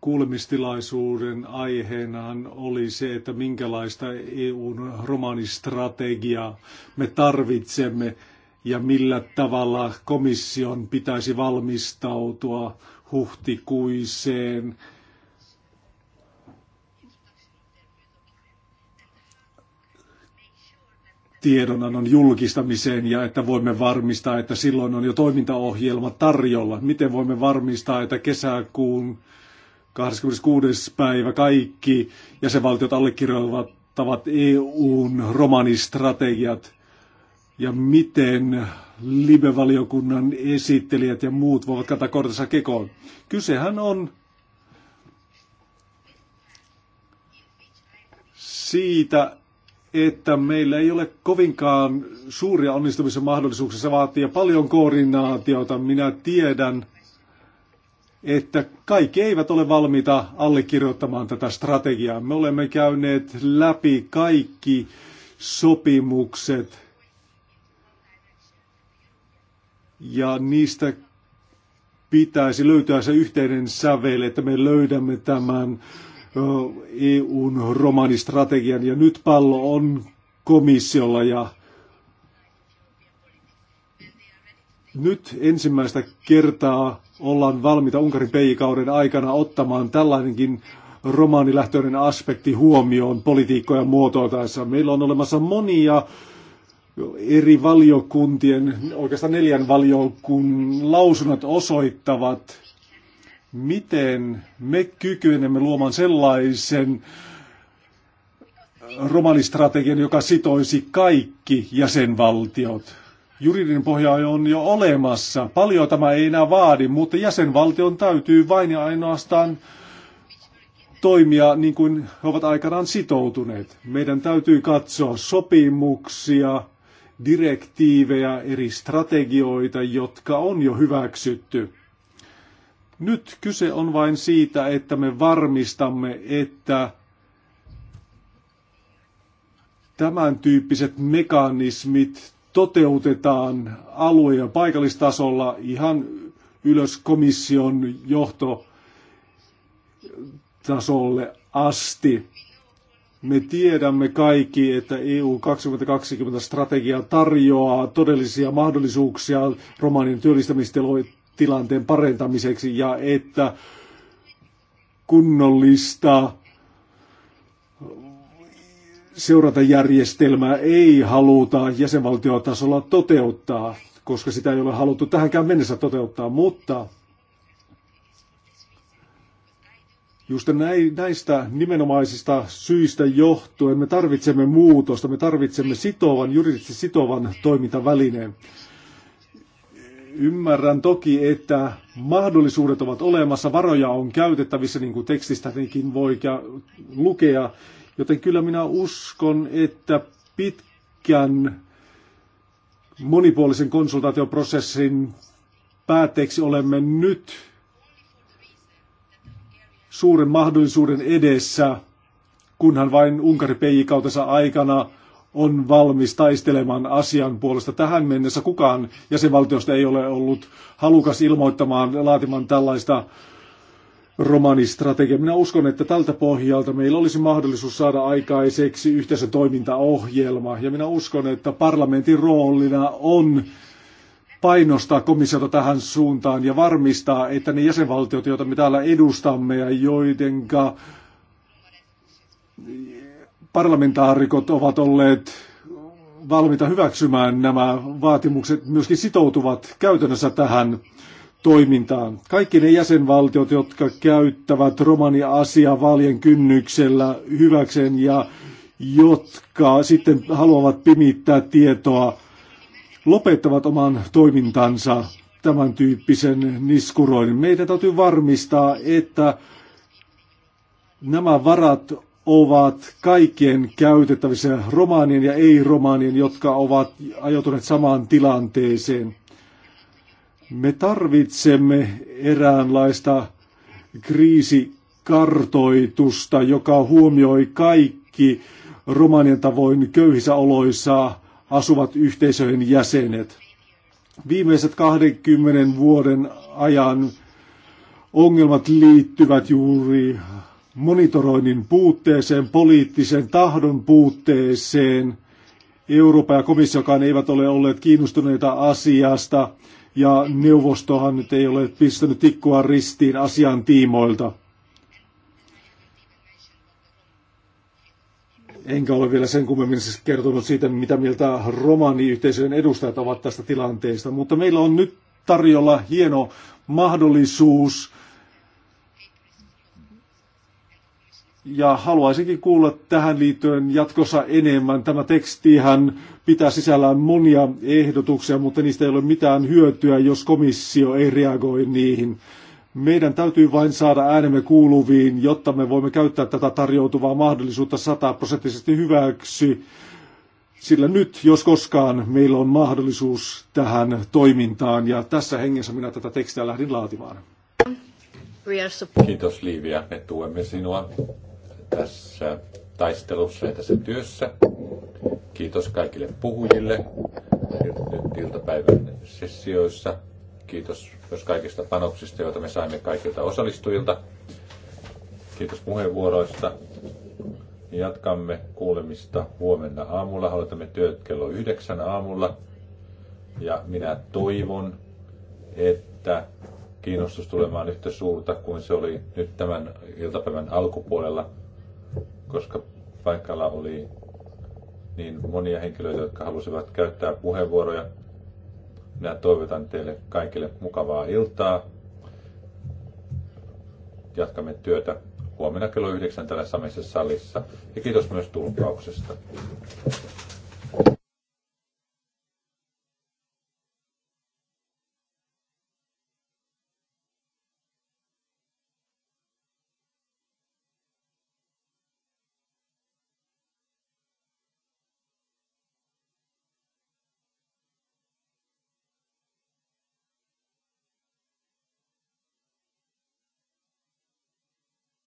Kuulemistilaisuuden aiheenaan, oli se, että minkälaista EUn romanistrategiaa me tarvitsemme ja millä tavalla komission pitäisi valmistautua huhtikuiseen tiedonannon julkistamiseen ja että voimme varmistaa, että silloin on jo toimintaohjelma tarjolla. Miten voimme varmistaa, että kesäkuun 26. päivä kaikki jäsenvaltiot allekirjoittavat EUn romanistrategiat ja miten libe valiokunnan esittelijät ja muut voivat kantaa kortensa kekoon. Kysehän on siitä, että meillä ei ole kovinkaan suuria onnistumisen mahdollisuuksia. Se vaatii paljon koordinaatiota. Minä tiedän, että kaikki eivät ole valmiita allekirjoittamaan tätä strategiaa. Me olemme käyneet läpi kaikki sopimukset ja niistä pitäisi löytää se yhteinen sävel, että me löydämme tämän EUn romanistrategian ja nyt pallo on komissiolla ja nyt ensimmäistä kertaa ollaan valmiita Unkarin peikauden aikana ottamaan tällainenkin romaanilähtöinen aspekti huomioon politiikkoja muotoiltaessa. Meillä on olemassa monia eri valiokuntien, oikeastaan neljän valiokunnan lausunnot osoittavat, miten me kykenemme luomaan sellaisen romanistrategian, joka sitoisi kaikki jäsenvaltiot. Juridinen pohja on jo olemassa. Paljon tämä ei enää vaadi, mutta jäsenvaltion täytyy vain ja ainoastaan toimia niin kuin he ovat aikanaan sitoutuneet. Meidän täytyy katsoa sopimuksia, direktiivejä, eri strategioita, jotka on jo hyväksytty. Nyt kyse on vain siitä, että me varmistamme, että tämän tyyppiset mekanismit toteutetaan alue- ja paikallistasolla ihan ylös komission johtotasolle asti. Me tiedämme kaikki, että EU 2020 strategia tarjoaa todellisia mahdollisuuksia romaanien työllistämisteloihin tilanteen parantamiseksi ja että kunnollista seurantajärjestelmää ei haluta jäsenvaltiotasolla toteuttaa, koska sitä ei ole haluttu tähänkään mennessä toteuttaa, mutta Just näistä nimenomaisista syistä johtuen me tarvitsemme muutosta, me tarvitsemme sitovan, juridisesti sitovan toimintavälineen. Ymmärrän toki, että mahdollisuudet ovat olemassa, varoja on käytettävissä, niin kuin tekstistäkin voi lukea, joten kyllä minä uskon, että pitkän monipuolisen konsultaatioprosessin päätteeksi olemme nyt suuren mahdollisuuden edessä, kunhan vain Unkari PJ-kautensa aikana – on valmis taistelemaan asian puolesta. Tähän mennessä kukaan jäsenvaltiosta ei ole ollut halukas ilmoittamaan, laatimaan tällaista romanistrategiaa. Minä uskon, että tältä pohjalta meillä olisi mahdollisuus saada aikaiseksi yhteisen toimintaohjelma. Ja minä uskon, että parlamentin roolina on painostaa komissiota tähän suuntaan ja varmistaa, että ne jäsenvaltiot, joita me täällä edustamme ja joidenka parlamentaarikot ovat olleet valmiita hyväksymään nämä vaatimukset, myöskin sitoutuvat käytännössä tähän toimintaan. Kaikki ne jäsenvaltiot, jotka käyttävät romania-asiaa vaalien kynnyksellä hyväkseen ja jotka sitten haluavat pimittää tietoa, lopettavat oman toimintansa tämän tyyppisen niskuroinnin. Meidän täytyy varmistaa, että nämä varat ovat kaikkien käytettävissä romaanien ja ei-romaanien, jotka ovat ajoituneet samaan tilanteeseen. Me tarvitsemme eräänlaista kriisikartoitusta, joka huomioi kaikki romaanien tavoin köyhissä oloissa asuvat yhteisöjen jäsenet. Viimeiset 20 vuoden ajan ongelmat liittyvät juuri monitoroinnin puutteeseen, poliittisen tahdon puutteeseen. Euroopan ja komissiokaan eivät ole olleet kiinnostuneita asiasta ja neuvostohan nyt ei ole pistänyt tikkua ristiin asian tiimoilta. Enkä ole vielä sen kummemmin siis kertonut siitä, mitä mieltä romaniyhteisöjen edustajat ovat tästä tilanteesta, mutta meillä on nyt tarjolla hieno mahdollisuus – Ja haluaisinkin kuulla tähän liittyen jatkossa enemmän. Tämä tekstihän pitää sisällään monia ehdotuksia, mutta niistä ei ole mitään hyötyä, jos komissio ei reagoi niihin. Meidän täytyy vain saada äänemme kuuluviin, jotta me voimme käyttää tätä tarjoutuvaa mahdollisuutta sataprosenttisesti hyväksi. Sillä nyt, jos koskaan, meillä on mahdollisuus tähän toimintaan ja tässä hengessä minä tätä tekstiä lähdin laatimaan. Kiitos Liivia, me tuemme sinua tässä taistelussa ja tässä työssä. Kiitos kaikille puhujille nyt iltapäivän sessioissa. Kiitos myös kaikista panoksista, joita me saimme kaikilta osallistujilta. Kiitos puheenvuoroista. Jatkamme kuulemista huomenna aamulla. Aloitamme työt kello yhdeksän aamulla. Ja minä toivon, että kiinnostus tulemaan yhtä suurta kuin se oli nyt tämän iltapäivän alkupuolella koska paikalla oli niin monia henkilöitä, jotka halusivat käyttää puheenvuoroja. Minä toivotan teille kaikille mukavaa iltaa. Jatkamme työtä huomenna kello yhdeksän täällä samassa salissa. Ja kiitos myös tulkauksesta.